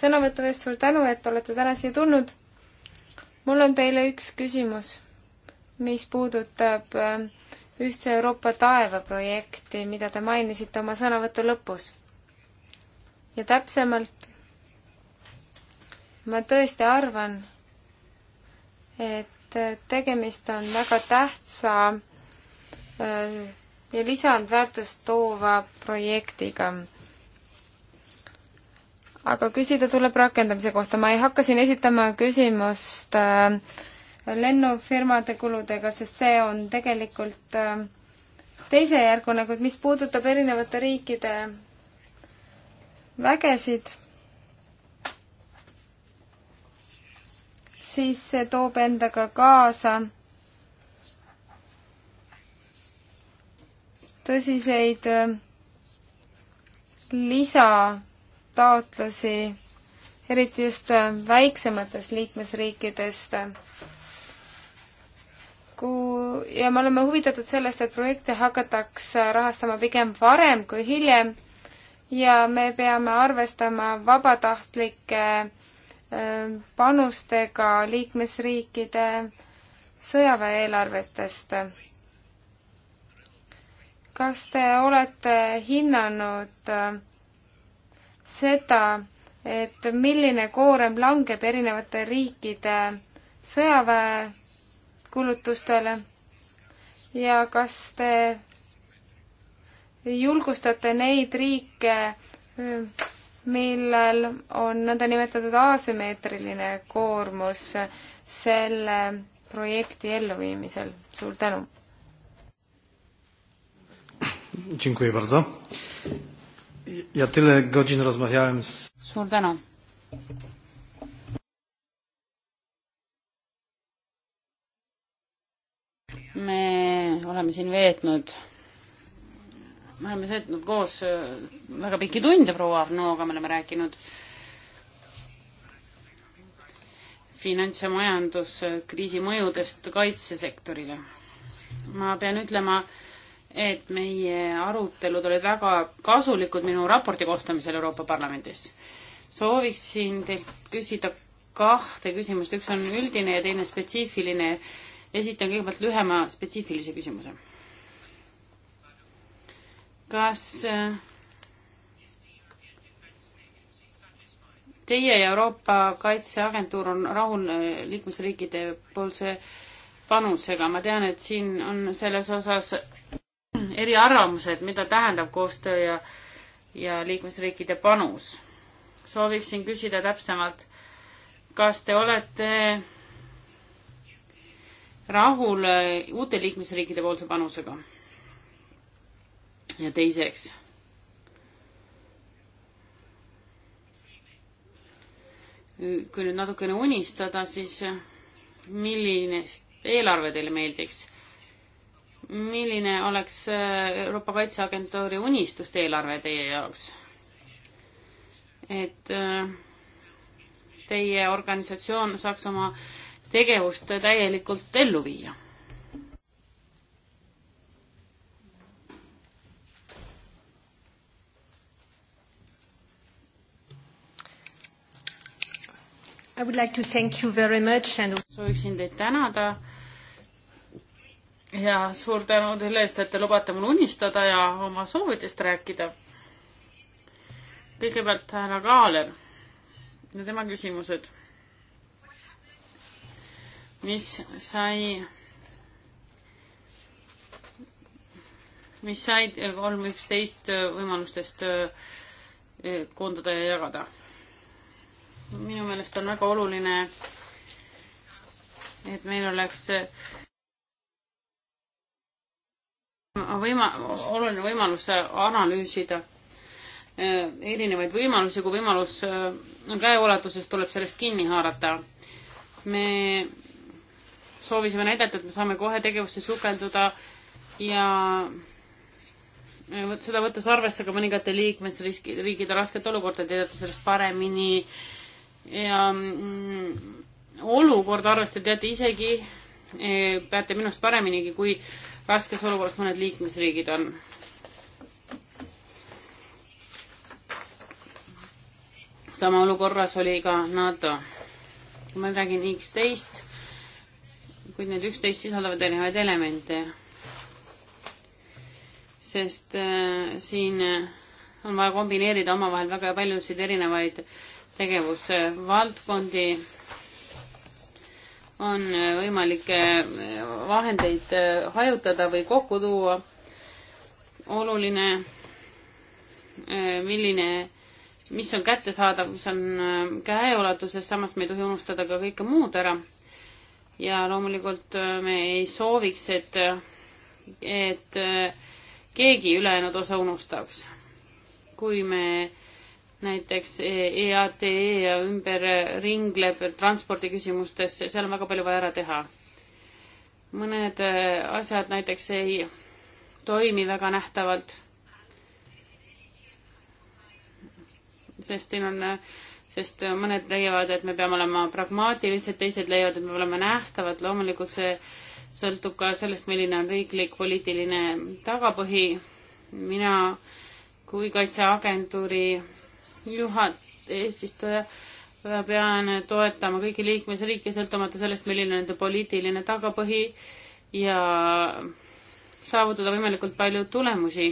Speaker 1: sõnavõtu eest, suur tänu, et olete täna siia tulnud. mul on teile üks küsimus, mis puudutab äh, ühtse Euroopa taeva projekti, mida te mainisite oma sõnavõtu lõpus. ja täpsemalt ma tõesti arvan, et tegemist on väga tähtsa äh, ja lisandväärtust toova projektiga. aga küsida tuleb rakendamise kohta, ma ei hakka siin esitama küsimust äh, lennufirmade kuludega, sest see on tegelikult äh, teisejärguline, kuid mis puudutab erinevate riikide vägesid siis see toob endaga kaasa tõsiseid äh, lisataotlusi, eriti just äh, väiksematest liikmesriikidest. Ku-, ja me oleme huvitatud sellest, et projekte hakataks äh, rahastama pigem varem kui hiljem ja me peame arvestama vabatahtlike Ehm, panustega liikmesriikide sõjaväeelarvetest. kas te olete hinnanud ehm, seda, et milline koorem langeb erinevate riikide sõjaväekulutustele ja kas te julgustate neid riike ehm, millel on nõndanimetatud asümmeetriline koormus selle projekti elluviimisel. suur tänu! Dziękuję bardzo. Ja tyle godzin rozmawiałem z...
Speaker 2: Suur tänu! me oleme siin veetnud me oleme sõitnud koos äh, väga pikki tunde proua Arnoga, me oleme rääkinud finants- ja majanduskriisi mõjudest kaitsesektorile. ma pean ütlema, et meie arutelud olid väga kasulikud minu raporti koostamisel Euroopa Parlamendis. sooviksin teilt küsida kahte küsimust, üks on üldine ja teine spetsiifiline. esitan kõigepealt lühema spetsiifilise küsimuse kas äh, teie ja Euroopa Kaitseagentuur on rahul äh, liikmesriikide poolse panusega, ma tean, et siin on selles osas eriarvamused, mida tähendab koostöö ja, ja liikmesriikide panus. sooviksin küsida täpsemalt, kas te olete rahul äh, uute liikmesriikide poolse panusega? ja teiseks kui nüüd natukene unistada, siis milline eelarve teile meeldiks? milline oleks äh, Euroopa Kaitseagentuuri unistuste eelarve teie jaoks? et äh, teie organisatsioon saaks oma tegevust täielikult ellu viia I would
Speaker 1: like to thank you
Speaker 2: very much and sooviksin teid tänada ja suur tänu teile eest, et te lubate mul unistada ja oma soovidest rääkida. kõigepealt härra Kaaler ja tema küsimused. mis sai, mis sai kolm üksteist võimalustest eh, koondada ja jagada? minu meelest on väga oluline, et meil oleks äh, võima-, oluline võimalus äh, analüüsida äh, erinevaid võimalusi, kui võimalus on käeulatuses, tuleb sellest kinni haarata. me soovisime näidata, et me saame kohe tegevusse sukelduda ja seda võttes arvesse ka mõningate liikmesriikide rasket olukorda, teadvustada sellest paremini äh, ja mm, olukord arvesse teate isegi, e, peate minust pareminigi, kui raskes olukorras mõned liikmesriigid on. sama olukorras oli ka NATO. kui ma räägin X-teist, kuid need üksteist sisaldavad erinevaid elemente. sest äh, siin e, on vaja kombineerida omavahel väga paljusid erinevaid äh, tegevusvaldkondi, on võimalik eh, vahendeid eh, hajutada või kokku tuua. oluline, eh, milline, mis on kättesaadav, mis on käeulatuses, samas me ei tohi unustada ka kõike muud ära. ja loomulikult me ei sooviks, et, et keegi ülejäänud osa unustaks. kui me näiteks EATE ümber ringleb transpordiküsimustes, seal on väga palju vaja ära teha. mõned äh, asjad näiteks ei toimi väga nähtavalt, sest siin on, äh, sest mõned leiavad, et me peame olema pragmaatilised, teised leiavad, et me peame olema nähtavad, loomulikult see sõltub ka sellest, milline on riiklik poliitiline tagapõhi. mina kui kaitseagentuuri juhat-, eesistuja, pean toetama kõiki liikmesriike, sõltumata sellest, milline on nende poliitiline tagapõhi ja saavutada võimalikult palju tulemusi.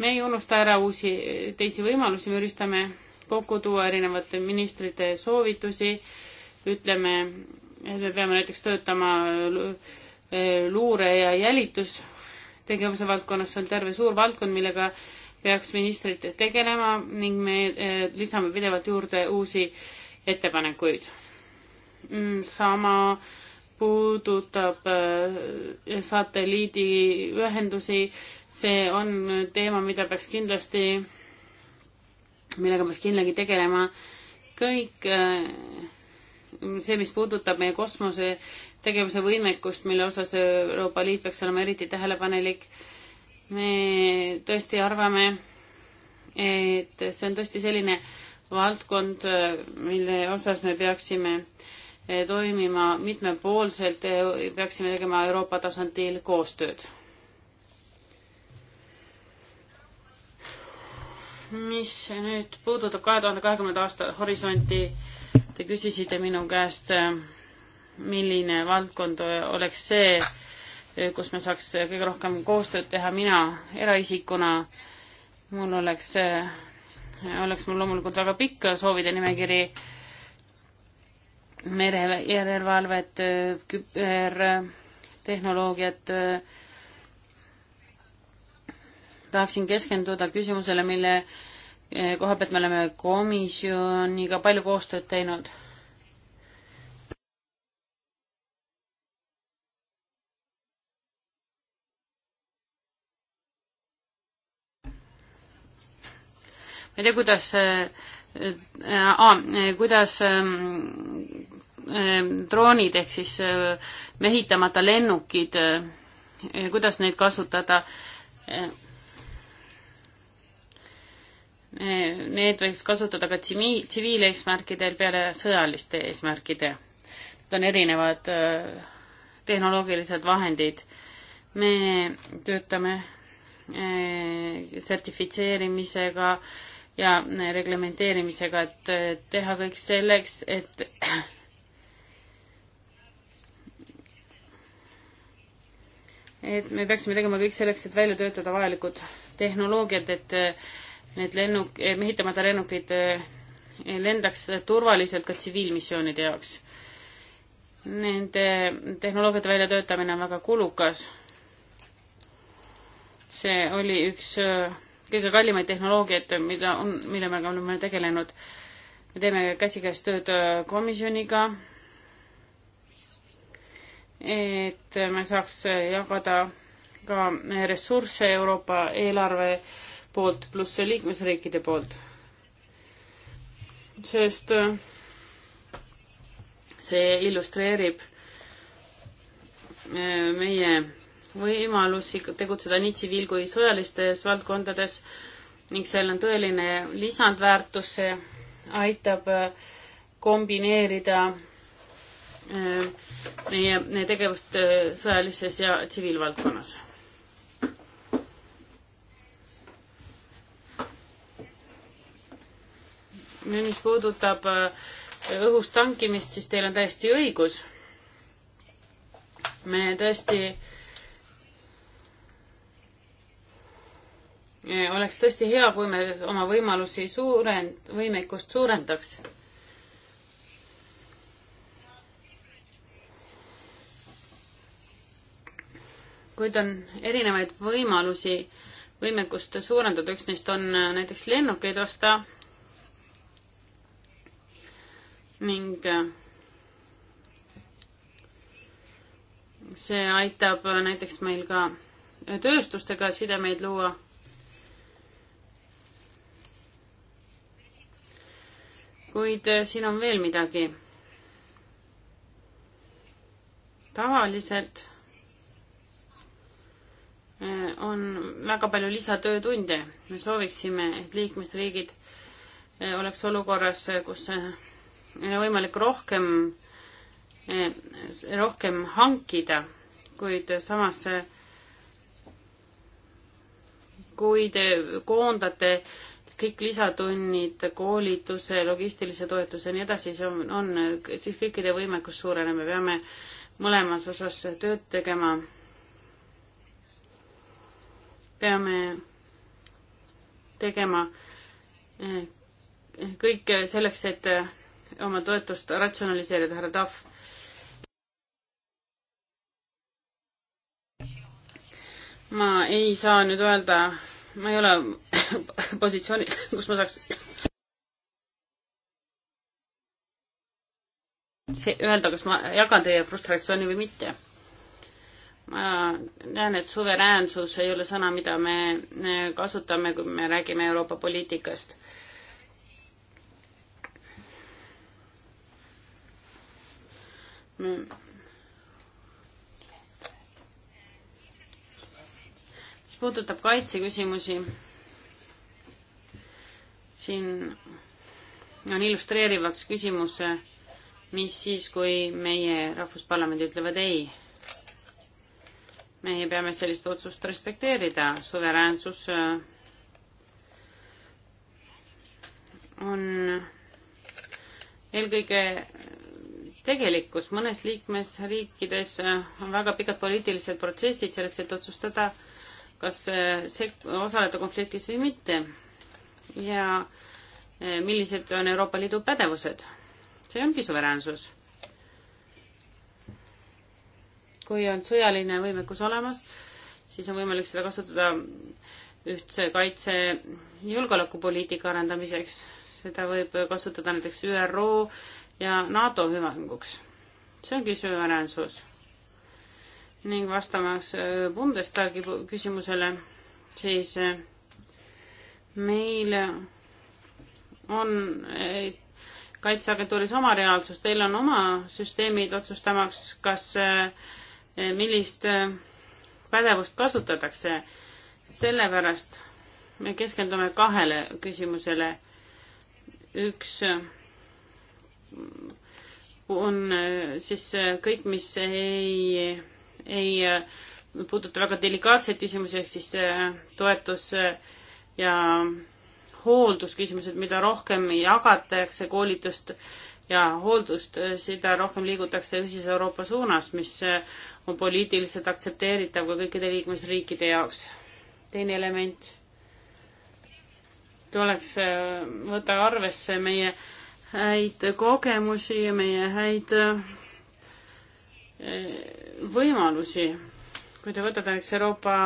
Speaker 2: me ei unusta ära uusi, teisi võimalusi, me üritame kokku tuua erinevate ministrite soovitusi, ütleme, et me peame näiteks töötama luure ja jälitustegevuse valdkonnas, see on terve suur valdkond, millega peaks ministrid tegelema ning me eh, lisame pidevalt juurde uusi ettepanekuid. Mm, sama puudutab eh, satelliidiühendusi, see on teema, mida peaks kindlasti, millega peaks kindlasti tegelema kõik eh, see, mis puudutab meie kosmose tegevuse võimekust, mille osas Euroopa Liit peaks olema eriti tähelepanelik me tõesti arvame, et see on tõesti selline valdkond, mille osas me peaksime eh, toimima mitmepoolselt, eh, peaksime tegema Euroopa tasandil koostööd. mis nüüd puudutab kahe tuhande kahekümnenda aasta horisonti, te küsisite minu käest, eh, milline valdkond oleks see, kus me saaks kõige rohkem koostööd teha, mina eraisikuna, mul oleks, oleks mul loomulikult väga pikk soovide nimekiri, merejärelevalvet, kübertehnoloogiat, tahaksin keskenduda küsimusele, mille koha pealt me oleme komisjoniga palju koostööd teinud ma ei tea, kuidas äh,, äh, äh kuidas ähm, ähm, droonid ehk siis äh, mehitamata lennukid, kuidas neid kasutada. Need võiks kasutada ka tsivi-, tsiviileesmärkidel peale sõjaliste eesmärkide. Need on erinevad tehnoloogilised vahendid. me töötame sertifitseerimisega äh, ja eh, reglementeerimisega, et eh, teha kõik selleks, et et me peaksime tegema kõik selleks, et välja töötada vajalikud tehnoloogiad, et eh, need lennuk, mehitamata lennukid lendaks turvaliselt ka tsiviilmissioonide jaoks. Nende tehnoloogiate väljatöötamine on väga kulukas. see oli üks kõige kallimaid tehnoloogiaid, mida on, mille me oleme tegelenud. me teeme käsikäes tööd äh, komisjoniga, et me saaks äh, jagada ka äh, ressursse Euroopa eelarve poolt pluss liikmesriikide poolt. sest see illustreerib meie võimalusi tegutseda nii tsiviil- kui sõjalistes valdkondades ning seal on tõeline lisandväärtus, see aitab äh, kombineerida äh, meie, meie tegevust äh, sõjalises ja tsiviilvaldkonnas. nüüd, mis puudutab õhus tankimist, siis teil on täiesti õigus. me tõesti Äh, oleks tõesti hea, kui me oma võimalusi suurend-, võimekust suurendaks. kuid on erinevaid võimalusi võimekust suurendada, üks neist on äh, näiteks lennukeid osta ning äh, see aitab näiteks meil ka tööstustega sidemeid luua kuid äh, siin on veel midagi. tavaliselt äh, on väga palju lisatöötunde. me sooviksime, et liikmesriigid äh, oleks olukorras, kus võimalik rohkem, rohkem hankida, kuid samas kui te koondate kõik lisatunnid, koolituse, logistilise toetuse ja nii edasi, see on, on siis kõikide võimekus suureneb, me peame mõlemas osas tööd tegema. peame tegema eh, kõik selleks, et oma toetust ratsionaliseerida, härra Tahv. ma ei saa nüüd öelda ma ei ole positsioonis, kus ma saaks see, öelda, kas ma jagan teie frustratsiooni või mitte. ma näen, et suveräänsus ei ole sõna, mida me kasutame, kui me räägime Euroopa poliitikast. Mm. puudutab kaitseküsimusi, siin on illustreerivaks küsimus, mis siis, kui meie rahvusparlamendid ütlevad ei. meie peame sellist otsust respekteerida, suveräänsus äh, on eelkõige tegelikkus, mõnes liikmesriikides äh, on väga pikad poliitilised protsessid selleks, et otsustada, kas eh, sek-, osaleda konfliktis või mitte ja eh, millised on Euroopa Liidu pädevused. see ongi suveräänsus. kui on sõjaline võimekus olemas, siis on võimalik seda kasutada ühtse kaitse julgeolekupoliitika arendamiseks. seda võib kasutada näiteks ÜRO ja NATO hüvanguks. see ongi suveräänsus ning vastamas äh, Bundestagi küsimusele, siis äh, meil on äh, kaitseagentuuris oma reaalsus, teil on oma süsteemid otsustamaks, kas, millist pädevust kasutatakse. sellepärast me keskendume kahele küsimusele. üks on siis kõik, mis ei ei äh, puuduta väga delikaatseid küsimusi, ehk siis äh, toetus äh, ja hooldusküsimused, mida rohkem jagatakse koolitust ja hooldust, seda rohkem liigutakse ühises Euroopa suunas, mis on poliitiliselt aktsepteeritav ka kõikide liikmesriikide jaoks. teine element tuleks võtta arvesse meie häid kogemusi ja meie häid võimalusi. kui te võtate näiteks Euroopa,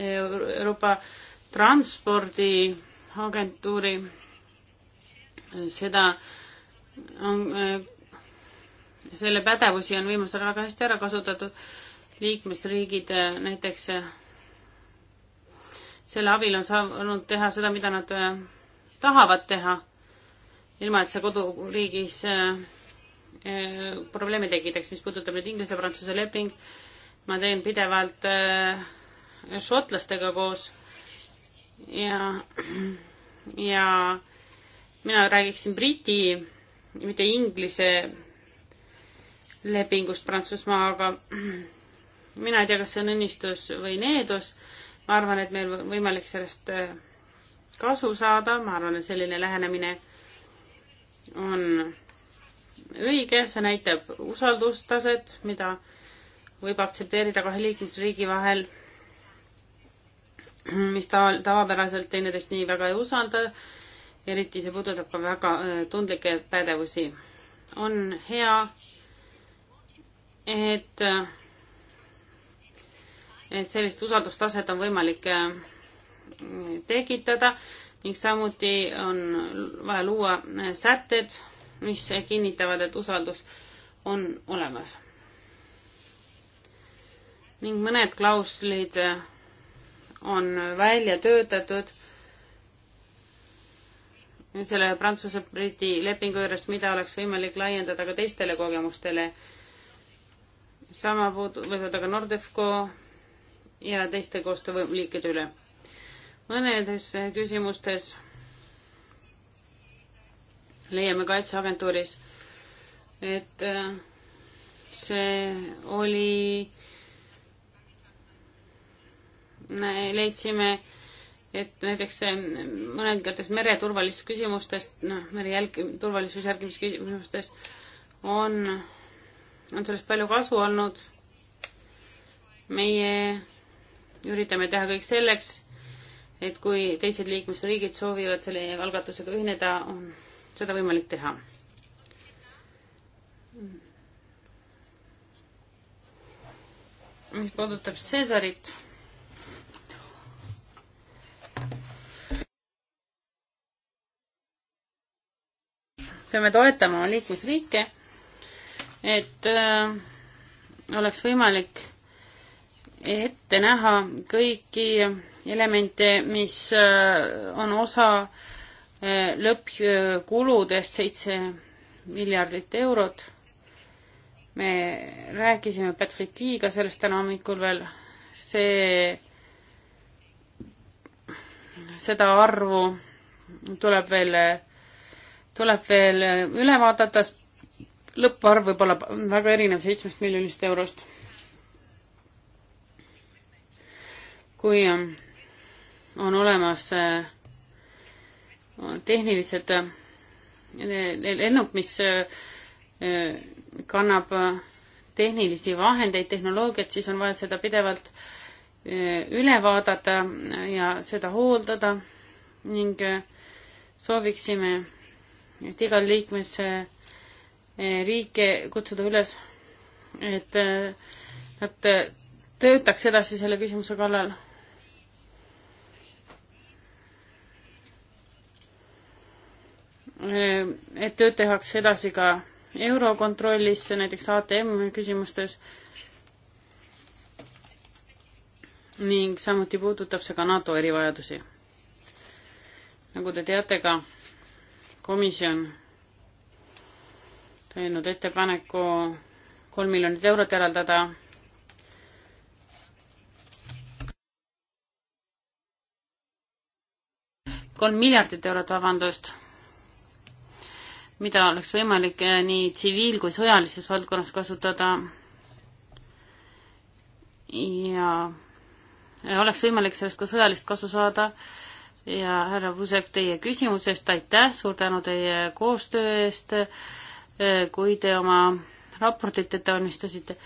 Speaker 2: Euroopa transpordiagentuuri, seda on, selle pädevusi on viimasel ajal väga hästi ära kasutatud. liikmesriigid näiteks selle abil on saanud teha seda, mida nad tahavad teha, ilma et see koduriigis äh, Äh, probleeme tekitaks, mis puudutab nüüd Inglise-Prantsuse leping. ma teen pidevalt äh, šotlastega koos ja, ja mina räägiksin Briti, mitte Inglise lepingust Prantsusmaaga. mina ei tea, kas see on õnnistus või needus. ma arvan, et meil võimalik sellest äh, kasu saada, ma arvan, et selline lähenemine on õige, see näitab usaldustaset, mida võib aktsepteerida kahe liikmesriigi vahel, mis taval, tavapäraselt teineteist nii väga ei usalda, eriti see puudutab ka väga äh, tundlikke pädevusi. on hea, et, äh, et sellist usaldustaset on võimalik äh, tekitada ning samuti on vaja luua sätted, mis kinnitavad, et usaldus on olemas. ning mõned klauslid on välja töötatud selle Prantsuse-Briti lepingu juures, mida oleks võimalik laiendada ka teistele kogemustele. sama puudu-, võib-olla ka Nordefco ja teiste koostööliikide üle. mõnedes küsimustes leiame Kaitseagentuuris, et äh, see oli, leidsime, et näiteks äh, mõningates mereturvalisuse küsimustest, noh, mere jälg-, turvalisuse jälgimisküsimustest on, on sellest palju kasu olnud. meie üritame teha kõik selleks, et kui teised liikmesriigid soovivad selle algatusega ühineda, on seda võimalik teha. mis puudutab Cesarit, peame toetama oma liikmesriike, et öö, äh, oleks võimalik ette näha kõiki elemente, mis äh, on osa lõppkuludest seitse miljardit eurot. me rääkisime Patrick Kiiga sellest täna hommikul veel, see, seda arvu tuleb veel, tuleb veel üle vaadata, lõpparv võib olla väga erinev seitsmest miljonist eurost. kui on olemas äh, tehnilised äh, lennuk, mis äh, äh, kannab tehnilisi vahendeid, tehnoloogiat, siis on vaja seda pidevalt üle vaadata ja seda hooldada ning sooviksime, et igal liikmes riike kutsuda üles, et nad töötaks edasi selle küsimuse kallal et tööd tehakse edasi ka Eurokontrollis, näiteks ATM küsimustes. ning samuti puudutab see ka NATO erivajadusi. nagu te teate ka, komisjon teinud ettepaneku kolm miljonit eurot eraldada kolm miljardit eurot, vabandust mida oleks võimalik eh, nii tsiviil- kui sõjalises valdkonnas kasutada ja eh, oleks võimalik sellest ka sõjalist kasu saada ja härra Vusek, teie küsimuse eest aitäh, suur tänu teie koostöö eest, eh, kui te oma raportit ette valmistasite.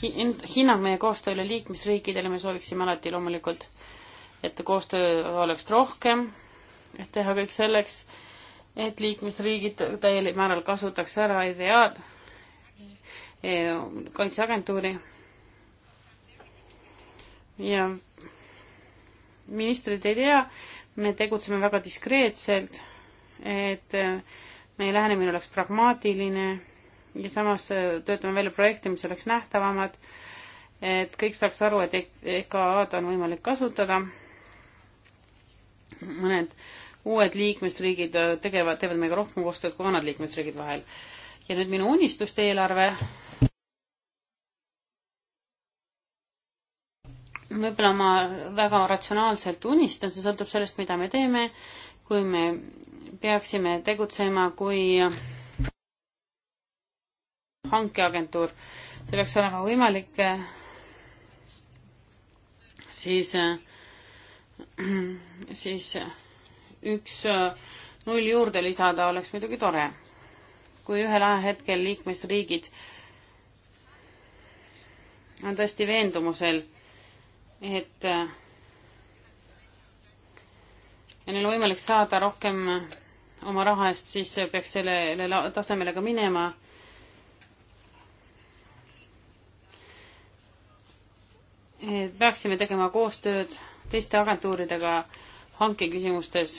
Speaker 2: hinnang meie koostööle liikmesriikidele me sooviksime alati loomulikult äh, et koostöö oleks rohkem, et teha kõik selleks, et liikmesriigid täiel määral kasutaks ära ideaal e, kaitseagentuuri ja ministrid ei tea, me tegutseme väga diskreetselt, et meie lähenemine oleks pragmaatiline ja samas töötame välja projekte, mis oleks nähtavamad, et kõik saaks aru, et EKA-d on võimalik kasutada mõned uued liikmesriigid äh, tegevad, teevad meiega rohkem koostööd kui vanad liikmesriigid vahel. ja nüüd minu unistuste eelarve. võib-olla ma väga ratsionaalselt unistan, see sõltub sellest, mida me teeme, kui me peaksime tegutsema kui hankeagentuur, see peaks olema võimalik, siis äh, siis üks äh, null juurde lisada oleks muidugi tore. kui ühel hetkel liikmesriigid on tõesti veendumusel, et äh, ja neil on võimalik saada rohkem oma raha eest, siis peaks sellele tasemele ka minema. peaksime tegema koostööd teiste agentuuridega hankeküsimustes.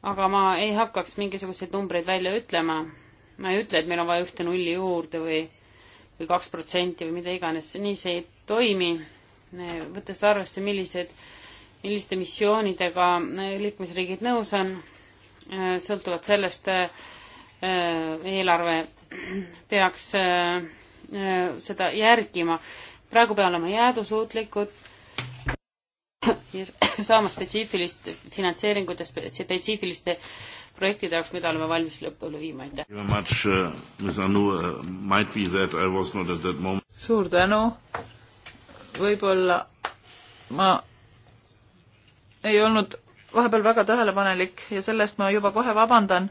Speaker 2: aga ma ei hakkaks mingisuguseid numbreid välja ütlema. ma ei ütle, et meil on vaja ühte nulli juurde või, või kaks protsenti või mida iganes, nii see ei toimi. võttes arvesse, millised, milliste missioonidega liikmesriigid nõus on, äh, sõltuvalt sellest äh, eelarve peaks äh, seda järgima praegu peame olema jäädusuutlikud ja saama spetsiifilist finantseeringut ja spetsiifiliste projektide jaoks, mida oleme valmis lõpule viima,
Speaker 3: aitäh.
Speaker 1: Uh, uh,
Speaker 3: suur tänu, võib-olla ma ei olnud vahepeal väga tähelepanelik ja selle eest ma juba kohe vabandan,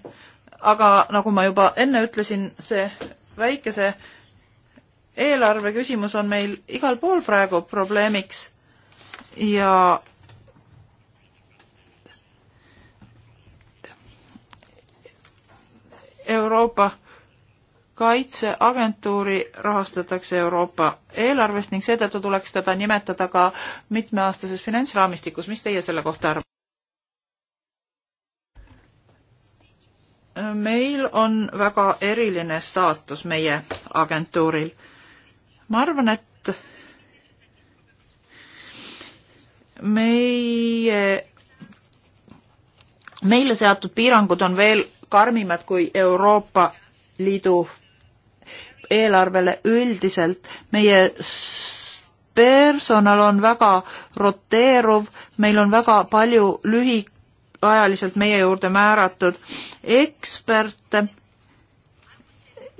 Speaker 3: aga nagu ma juba enne ütlesin, see väikese eelarve küsimus on meil igal pool praegu probleemiks ja Euroopa kaitseagentuuri rahastatakse Euroopa eelarvest ning seetõttu tuleks teda nimetada ka mitmeaastases finantsraamistikus. mis teie selle kohta arvate? meil on väga eriline staatus meie agentuuril ma arvan, et meie, meile seatud piirangud on veel karmimad kui Euroopa Liidu eelarvele üldiselt. meie personal on väga roteeruv, meil on väga palju lühiajaliselt meie juurde määratud eksperte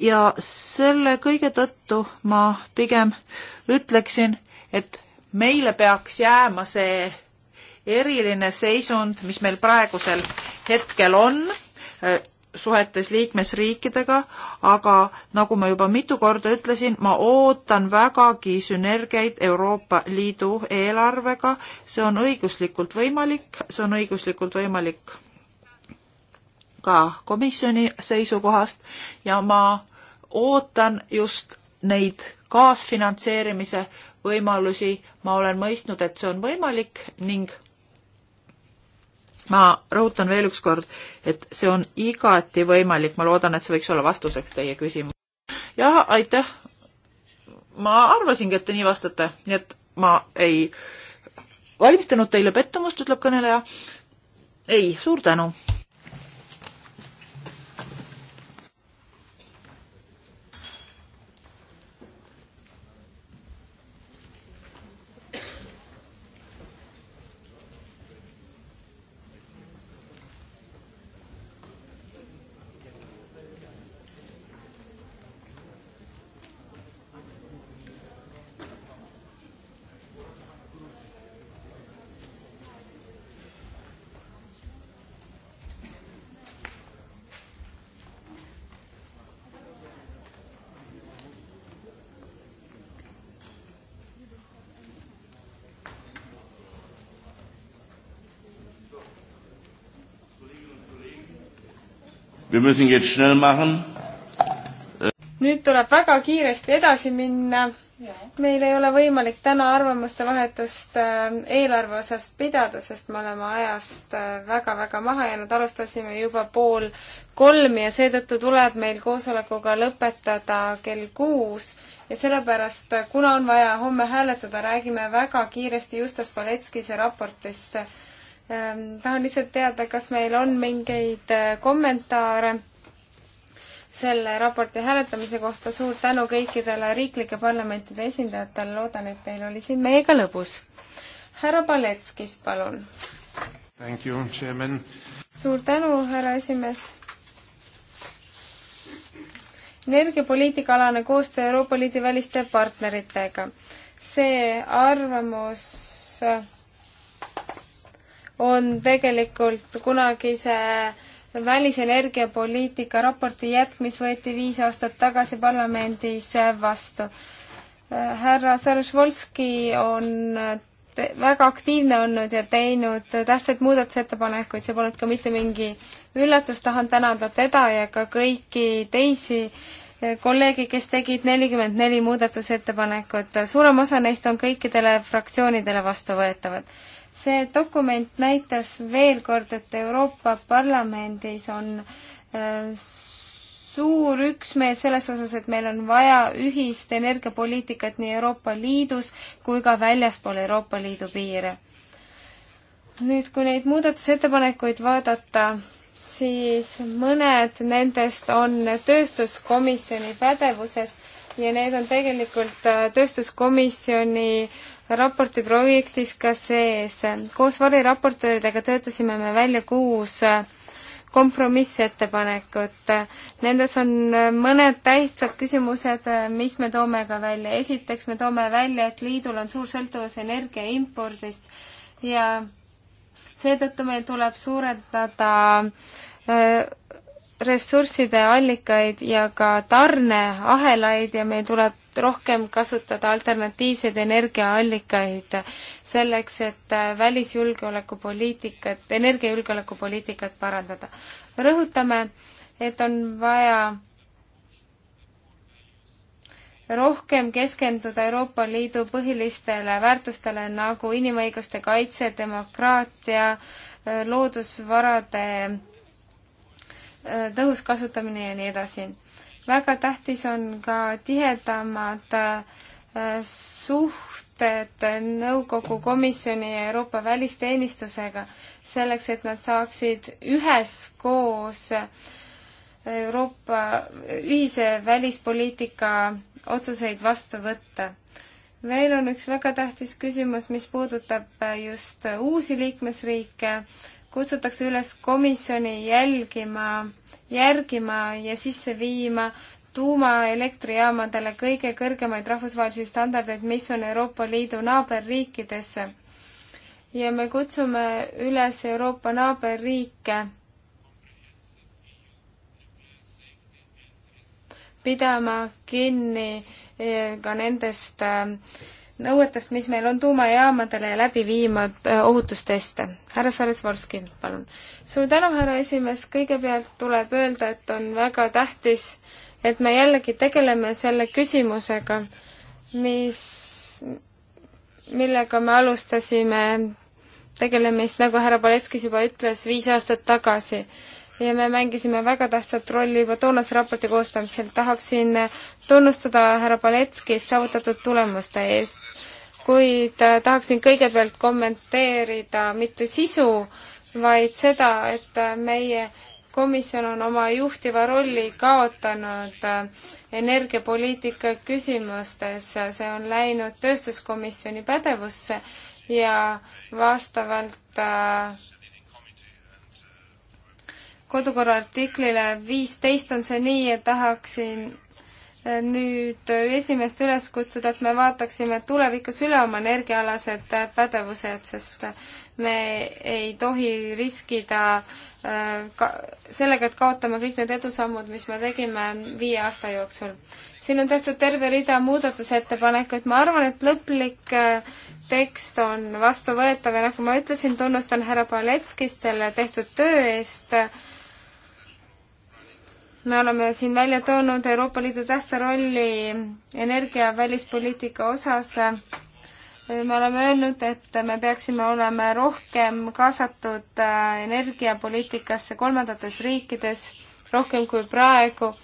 Speaker 3: ja selle kõige tõttu ma pigem ütleksin, et meile peaks jääma see eriline seisund, mis meil praegusel hetkel on äh, suhetes liikmesriikidega, aga nagu ma juba mitu korda ütlesin, ma ootan vägagi sünergiaid Euroopa Liidu eelarvega, see on õiguslikult võimalik, see on õiguslikult võimalik ka komisjoni seisukohast ja ma ootan just neid kaasfinantseerimise võimalusi. ma olen mõistnud, et see on võimalik ning ma rõhutan veel ükskord, et see on igati võimalik, ma loodan, et see võiks olla vastuseks teie küsimusele. jah, aitäh. ma arvasingi, et te nii vastate, nii et ma ei valmistanud teile pettumust, ütleb kõneleja. ei, suur tänu
Speaker 1: Wir müssen jetzt schnell machen. nüüd tuleb väga kiiresti edasi minna. meil ei ole võimalik täna arvamuste vahetust äh, eelarve osas pidada, sest me oleme ajast väga-väga äh, maha jäänud, alustasime juba pool kolmi ja seetõttu tuleb meil koosolekuga lõpetada kell kuus ja sellepärast, äh, kuna on vaja homme hääletada, räägime väga kiiresti Justas Paletskise raportist Ehm, tahan lihtsalt teada, kas meil on mingeid äh, kommentaare selle raporti hääletamise kohta. suur tänu kõikidele riiklike parlamentide esindajatele, loodan, et teil oli siin meiega lõbus. härra Paletskis, palun. suur tänu, härra esimees energiapoliitikaalane koostöö Euroopa Liidu väliste partneritega. see arvamus on tegelikult kunagise välisenergiapoliitika raporti jätk, mis võeti viis aastat tagasi parlamendis vastu. härra Sarasvolski on väga aktiivne olnud ja teinud tähtsaid muudatusettepanekuid, see polnud ka mitte mingi üllatus, tahan tänada teda ja ka kõiki teisi kolleege, kes tegid nelikümmend neli muudatusettepanekut, suurem osa neist on kõikidele fraktsioonidele vastuvõetavad see dokument näitas veel kord, et Euroopa Parlamendis on äh, suur üksmeel selles osas, et meil on vaja ühist energiapoliitikat nii Euroopa Liidus kui ka väljaspool Euroopa Liidu piire. nüüd, kui neid muudatusettepanekuid vaadata, siis mõned nendest on tööstuskomisjoni pädevuses ja need on tegelikult äh, tööstuskomisjoni äh, raporti projektis ka sees. koos variraportööridega töötasime me välja kuus kompromissettepanekut. Nendes on mõned tähtsad küsimused, mis me toome ka välja. esiteks me toome välja, et liidul on suur sõltuvus energia impordist ja seetõttu meil tuleb suurendada ressursside allikaid ja ka tarneahelaid ja meil tuleb rohkem kasutada alternatiivseid energiaallikaid selleks, et äh, välisjulgeolekupoliitikat, energiajulgeolekupoliitikat parandada. rõhutame, et on vaja rohkem keskenduda Euroopa Liidu põhilistele väärtustele nagu inimõiguste kaitse, demokraatia, äh, loodusvarade äh, tõhus kasutamine ja nii edasi väga tähtis on ka tihedamad äh, suhted nõukogu komisjoni ja Euroopa välisteenistusega, selleks et nad saaksid üheskoos Euroopa ühise välispoliitika otsuseid vastu võtta. veel on üks väga tähtis küsimus, mis puudutab just uusi liikmesriike. kutsutakse üles komisjoni jälgima järgima ja sisse viima tuumaelektrijaamadele kõige kõrgemaid rahvusvahelisi standardeid, mis on Euroopa Liidu naaberriikidesse. ja me kutsume üles Euroopa naaberriike pidama kinni eh, ka nendest äh, nõuetest, mis meil on tuumajaamadele ja läbi viima äh, ohutusteste. härra Sarasvorski, palun. suur tänu, härra esimees, kõigepealt tuleb öelda, et on väga tähtis, et me jällegi tegeleme selle küsimusega, mis, millega me alustasime tegelemist, nagu härra Paleskis juba ütles, viis aastat tagasi ja me mängisime väga tähtsat rolli juba toonase raporti koostamisel. tahaksin tunnustada härra Paletskis saavutatud tulemuste eest, kuid tahaksin kõigepealt kommenteerida mitte sisu, vaid seda, et meie komisjon on oma juhtiva rolli kaotanud energiapoliitika küsimustes, see on läinud tööstuskomisjoni pädevusse ja vastavalt äh, kodukorra artiklile viisteist on see nii, et tahaksin äh, nüüd esimest üles kutsuda, et me vaataksime tulevikus üle oma energiaalased äh, pädevused, sest äh, me ei tohi riskida ka sellega, et kaotame kõik need edusammud, mis me tegime viie aasta jooksul. siin on tehtud terve rida muudatusettepanekuid, ma arvan, et lõplik tekst on vastuvõetav ja nagu ma ütlesin, tunnustan härra Paletskist selle tehtud töö eest äh, me oleme siin välja toonud Euroopa Liidu tähtsa rolli energia välispoliitika osas. me oleme öelnud, et me peaksime olema rohkem kaasatud äh, energiapoliitikasse kolmandates riikides, rohkem kui praegu.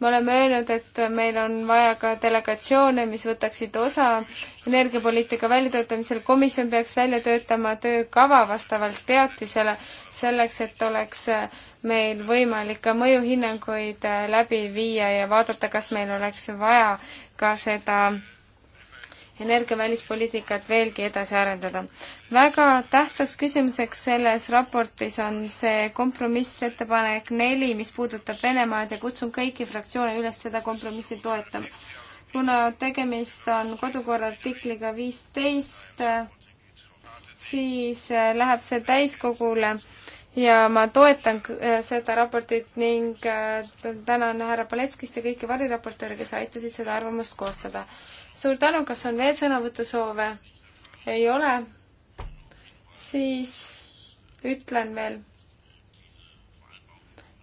Speaker 1: me oleme öelnud, et meil on vaja ka delegatsioone, mis võtaksid osa energiapoliitika väljatöötamisel. komisjon peaks välja töötama töökava vastavalt teatisele, selleks et oleks meil võimalik ka mõjuhinnanguid äh, läbi viia ja vaadata, kas meil oleks vaja ka seda energiavälispoliitikat veelgi edasi arendada. väga tähtsaks küsimuseks selles raportis on see kompromissettepanek neli, mis puudutab Venemaad ja kutsun kõiki fraktsioone üles seda kompromissi toetama. kuna tegemist on kodukorra artikliga viisteist, siis äh, läheb see täiskogule ja ma toetan äh, seda raportit ning äh, tänan härra Paletskist ja kõiki variraportööre, kes aitasid seda arvamust koostada. suur tänu, kas on veel sõnavõtusoove? ei ole? siis ütlen veel,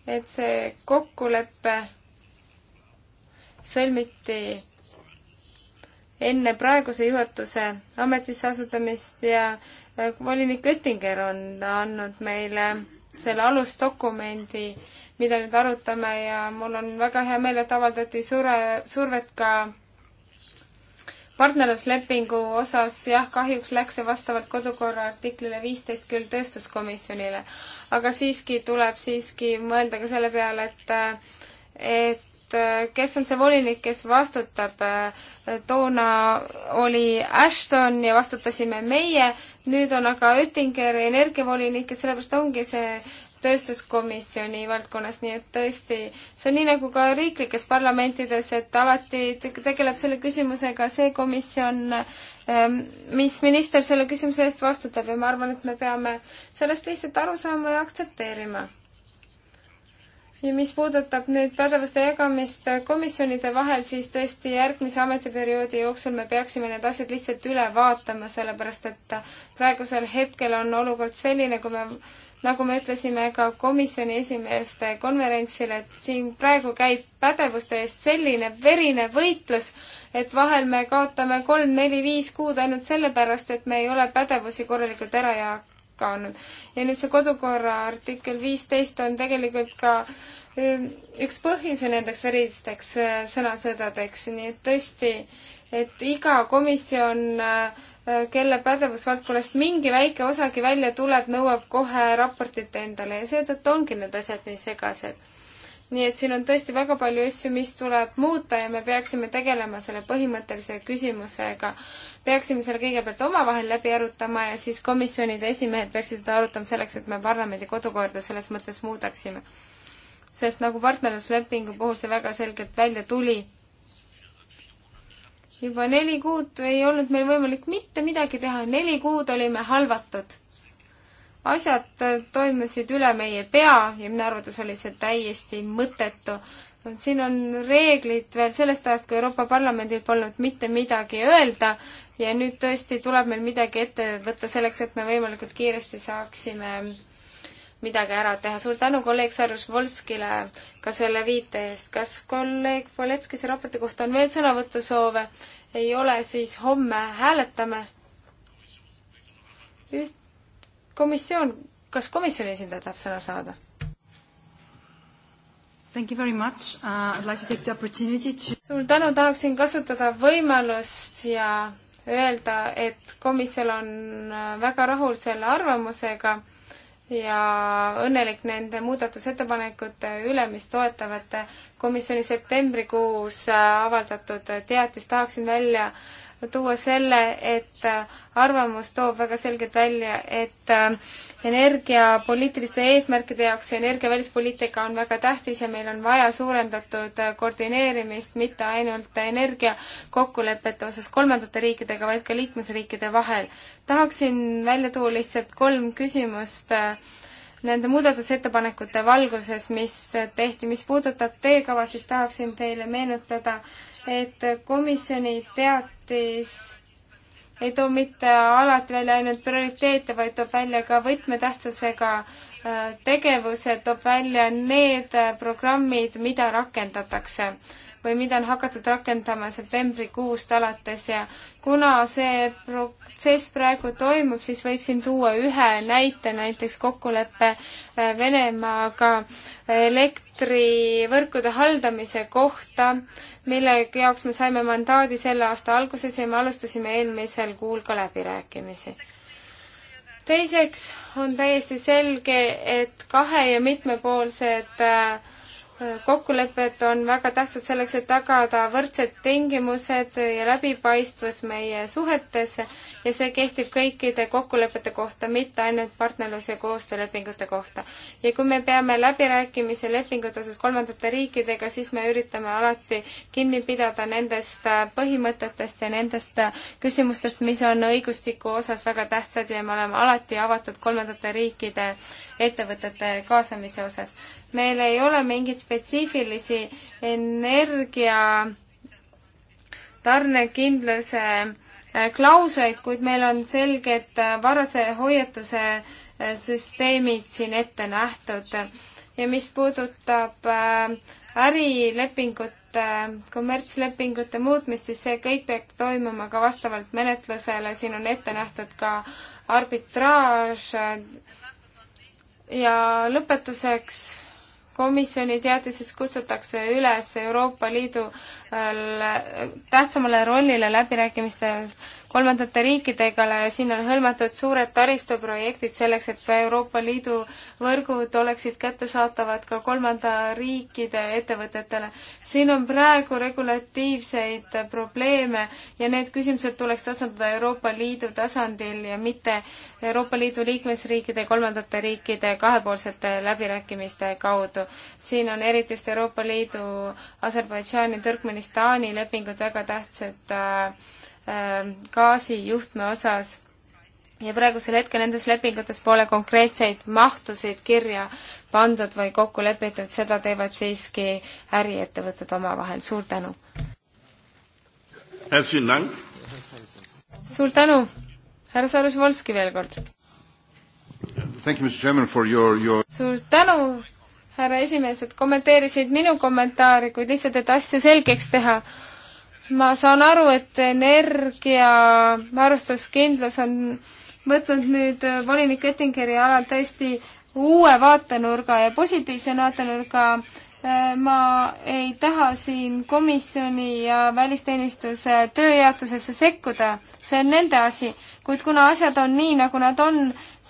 Speaker 1: et see kokkulepe sõlmiti enne praeguse juhatuse ametisse asutamist ja volinik Oettinger on andnud meile selle alusdokumendi, mida nüüd arutame ja mul on väga hea meel, et avaldati sure, survet ka partnerluslepingu osas jah, kahjuks läks see vastavalt kodukorra artiklile viisteist küll tööstuskomisjonile, aga siiski tuleb siiski mõelda ka selle peale, et et Äh, kes on see volinik, kes vastutab. Äh, toona oli Ashton ja vastutasime meie, nüüd on aga Oettinger energiavolinik ja sellepärast ongi see tööstuskomisjoni valdkonnas, nii et tõesti, see on nii nagu ka riiklikes parlamentides, et alati tegeleb selle küsimusega see komisjon, ähm, mis minister selle küsimuse eest vastutab ja ma arvan, et me peame sellest lihtsalt aru saama ja aktsepteerima ja mis puudutab nüüd pädevuste jagamist komisjonide vahel, siis tõesti järgmise ametiperioodi jooksul me peaksime need asjad lihtsalt üle vaatama, sellepärast et praegusel hetkel on olukord selline, kui me, nagu me ütlesime ka komisjoni esimeeste konverentsil, et siin praegu käib pädevuste eest selline verine võitlus, et vahel me kaotame kolm, neli, viis kuud ainult sellepärast, et me ei ole pädevusi korralikult ära ja lükanud. ja nüüd see kodukorra artikkel viisteist on tegelikult ka ähm, üks põhjusi nendeks veristeks äh, sõnasõdadeks, nii et tõesti, et iga komisjon, äh, äh, kelle pädevusvaldkonnast mingi väike osagi välja tuleb, nõuab kohe raportit endale ja seetõttu ongi need asjad nii segased nii et siin on tõesti väga palju asju, mis tuleb muuta ja me peaksime tegelema selle põhimõttelise küsimusega. peaksime selle kõigepealt omavahel läbi arutama ja siis komisjonide esimehed peaksid seda arutama selleks, et me parlamendi kodukorda selles mõttes muudaksime. sest nagu partnerluslepingu puhul see väga selgelt välja tuli, juba neli kuud ei olnud meil võimalik mitte midagi teha, neli kuud olime halvatud asjad toimusid üle meie pea ja minu arvates oli see täiesti mõttetu. siin on reeglid veel sellest ajast, kui Euroopa Parlamendil polnud mitte midagi öelda ja nüüd tõesti tuleb meil midagi ette võtta selleks, et me võimalikult kiiresti saaksime midagi ära teha. suur tänu kolleeg Sarjus Volskile ka selle viite eest. kas kolleeg Voletskise raporti kohta on veel sõnavõtusoove? ei ole, siis homme hääletame. üht komisjon, kas komisjoni esindaja tahab sõna saada?
Speaker 3: Thank you very much uh,. I'd like to take the opportunity to
Speaker 1: suur tänu, tahaksin kasutada võimalust ja öelda, et komisjon on uh, väga rahul selle arvamusega ja õnnelik nende muudatusettepanekute üle, mis toetavad komisjoni septembrikuus uh, avaldatud teatist. tahaksin välja tuua selle, et äh, arvamus toob väga selgelt välja, et äh, energiapoliitiliste eesmärkide jaoks ja energiavälispoliitika on väga tähtis ja meil on vaja suurendatud äh, koordineerimist mitte ainult energiakokkulepete osas kolmandate riikidega, vaid ka liikmesriikide vahel. tahaksin välja tuua lihtsalt kolm küsimust nende muudatusettepanekute valguses, mis tehti. mis puudutab teekava, siis tahaksin teile meenutada, et komisjoni teatis ei too mitte alati välja ainult prioriteete, vaid toob välja ka võtmetähtsusega äh, tegevused, toob välja need äh, programmid, mida rakendatakse või mida on hakatud rakendama septembrikuust alates ja kuna see protsess praegu toimub, siis võiksin tuua ühe näite, näiteks kokkulepe äh, Venemaaga elektrivõrkude haldamise kohta, mille jaoks me saime mandaadi selle aasta alguses ja me alustasime eelmisel kuul ka läbirääkimisi teiseks on täiesti selge, et kahe- ja mitmepoolsed äh, kokkulepped on väga tähtsad selleks, et tagada võrdsed tingimused ja läbipaistvus meie suhetes ja see kehtib kõikide kokkulepete kohta, mitte ainult partnerlus- ja koostöölepingute kohta. ja kui me peame läbirääkimisi lepingute osas kolmandate riikidega, siis me üritame alati kinni pidada nendest põhimõtetest ja nendest küsimustest, mis on õigustiku osas väga tähtsad ja me oleme alati avatud kolmandate riikide ettevõtete kaasamise osas meil ei ole mingeid spetsiifilisi energia tarnekindluse äh, klauseid, kuid meil on selged äh, varase hoiatuse äh, süsteemid siin ette nähtud. ja mis puudutab ärilepingute, kommertslepingute muutmist, siis see kõik peab toimuma ka vastavalt menetlusele, siin on ette nähtud ka arbitraaž ja lõpetuseks komisjoni teatises kutsutakse üles Euroopa Liidu äh, tähtsamale rollile läbirääkimistel kolmandate riikidega, siin on hõlmatud suured taristuprojektid selleks, et Euroopa Liidu võrgud oleksid kättesaadavad ka kolmanda riikide ettevõtetele. siin on praegu regulatiivseid probleeme ja need küsimused tuleks tasandada Euroopa Liidu tasandil ja mitte Euroopa Liidu liikmesriikide ja kolmandate riikide kahepoolsete läbirääkimiste kaudu. siin on eriti just Euroopa Liidu Aserbaidžaani, Türkmenistani lepingud väga tähtsad äh, Äh, gaasijuhtme osas ja praegusel hetkel nendes lepingutes pole konkreetseid mahtusid kirja pandud või kokku lepitud, seda teevad siiski äriettevõtted omavahel, suur tänu! suur tänu, härra Sarus-Volski veel kord!
Speaker 2: Your... suur
Speaker 1: tänu, härra esimees, et kommenteerisid minu kommentaari, kuid lihtsalt, et asju selgeks teha ma saan aru, et energia varustuskindlus on võtnud nüüd äh, volinik Oettingeri alal tõesti uue vaatenurga ja positiivse vaatenurga. Äh, ma ei taha siin komisjoni ja välisteenistuse tööjaotusesse sekkuda, see on nende asi, kuid kuna asjad on nii, nagu nad on,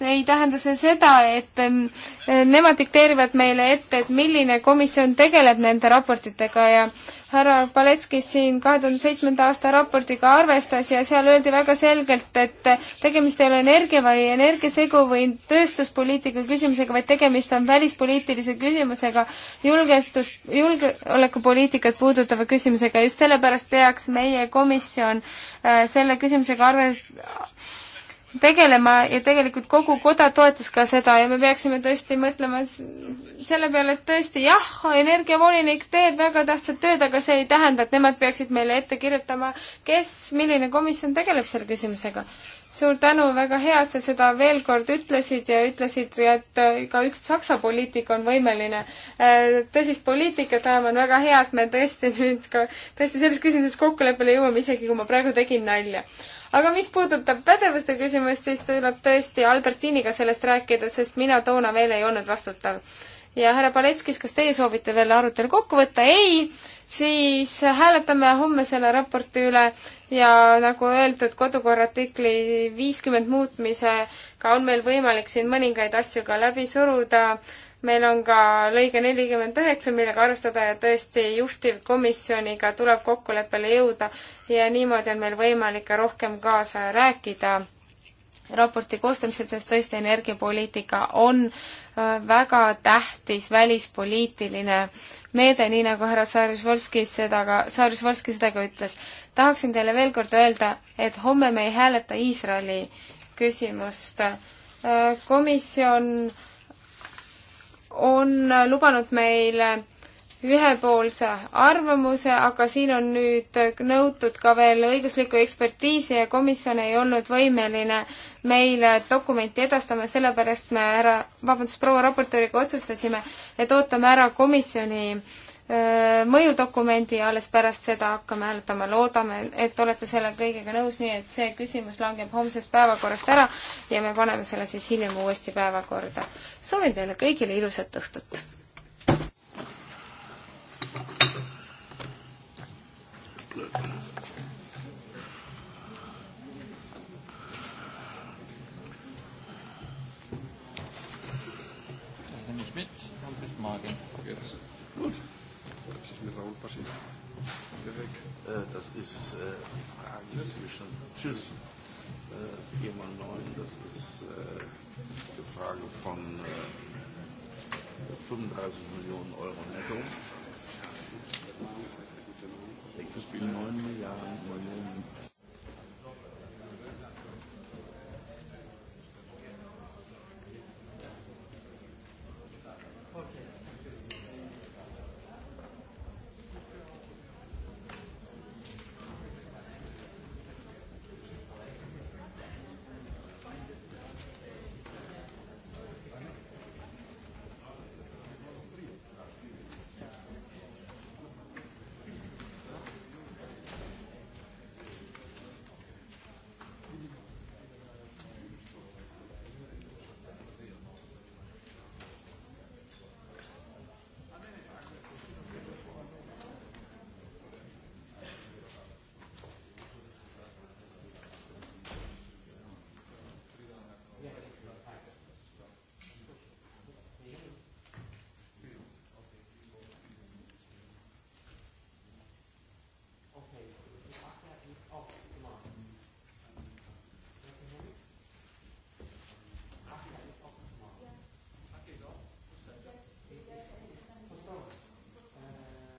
Speaker 1: ei tähenda see seda, et eh, nemad dikteerivad meile ette, et milline komisjon tegeleb nende raportitega ja härra Paletskis siin kahe tuhande seitsmenda aasta raportiga arvestas ja seal öeldi väga selgelt, et tegemist ei ole energia või energiasegu või tööstuspoliitika küsimusega, vaid tegemist on välispoliitilise küsimusega, julgestus, julgeolekupoliitikat puudutava küsimusega, just sellepärast peaks meie komisjon eh, selle küsimusega arves-, tegelema ja tegelikult kogu koda toetas ka seda ja me peaksime tõesti mõtlema selle peale, et tõesti jah, energiavolinik teeb väga tähtsat tööd, aga see ei tähenda, et nemad peaksid meile ette kirjutama, kes, milline komisjon tegeleb selle küsimusega. suur tänu, väga hea, et sa seda veel kord ütlesid ja ütlesid, et äh, ka üks Saksa poliitik on võimeline äh, tõsist poliitikat ajama, on väga hea, et me tõesti nüüd ka tõesti selles küsimuses kokkuleppele jõuame, isegi kui ma praegu tegin nalja aga mis puudutab pädevuste küsimust, siis tuleb tõesti Albertiniga sellest rääkida, sest mina toona veel ei olnud vastutav. ja härra Paletskis, kas teie soovite veel arutelu kokku võtta? ei, siis hääletame homme selle raporti üle ja nagu öeldud, kodukorra artikli viiskümmend muutmisega on meil võimalik siin mõningaid asju ka läbi suruda meil on ka lõige nelikümmend üheksa, millega arvestada ja tõesti juhtivkomisjoniga tuleb kokkuleppele jõuda ja niimoodi on meil võimalik ka rohkem kaasa rääkida raporti koostamisel, sest tõesti energiapoliitika on äh, väga tähtis välispoliitiline meede, nii nagu härra Saarjus-Volski seda ka, Saarjus-Volski seda ka ütles. tahaksin teile veel kord öelda, et homme me ei hääleta Iisraeli küsimust. Äh, komisjon äh, on lubanud meile ühepoolse arvamuse, aga siin on nüüd nõutud ka veel õiguslikku ekspertiisi ja komisjon ei olnud võimeline meile dokumenti edastama, sellepärast me härra, vabandust, proua raportööriga otsustasime, et ootame ära komisjoni äh, Äh, mõjudokumendi ja alles pärast seda hakkame hääletama. loodame, et olete selle kõigega nõus, nii et see küsimus langeb homsest päevakorrast ära ja me paneme selle siis hiljem uuesti päevakorda. soovin teile kõigile ilusat õhtut!
Speaker 2: Das nehme ich mit und bis morgen. Äh, das ist äh, zwischen Tschüss äh, 4x9, das ist äh, eine Frage von äh, 35 Millionen Euro netto. Das spielen 9 Milliarden Euro.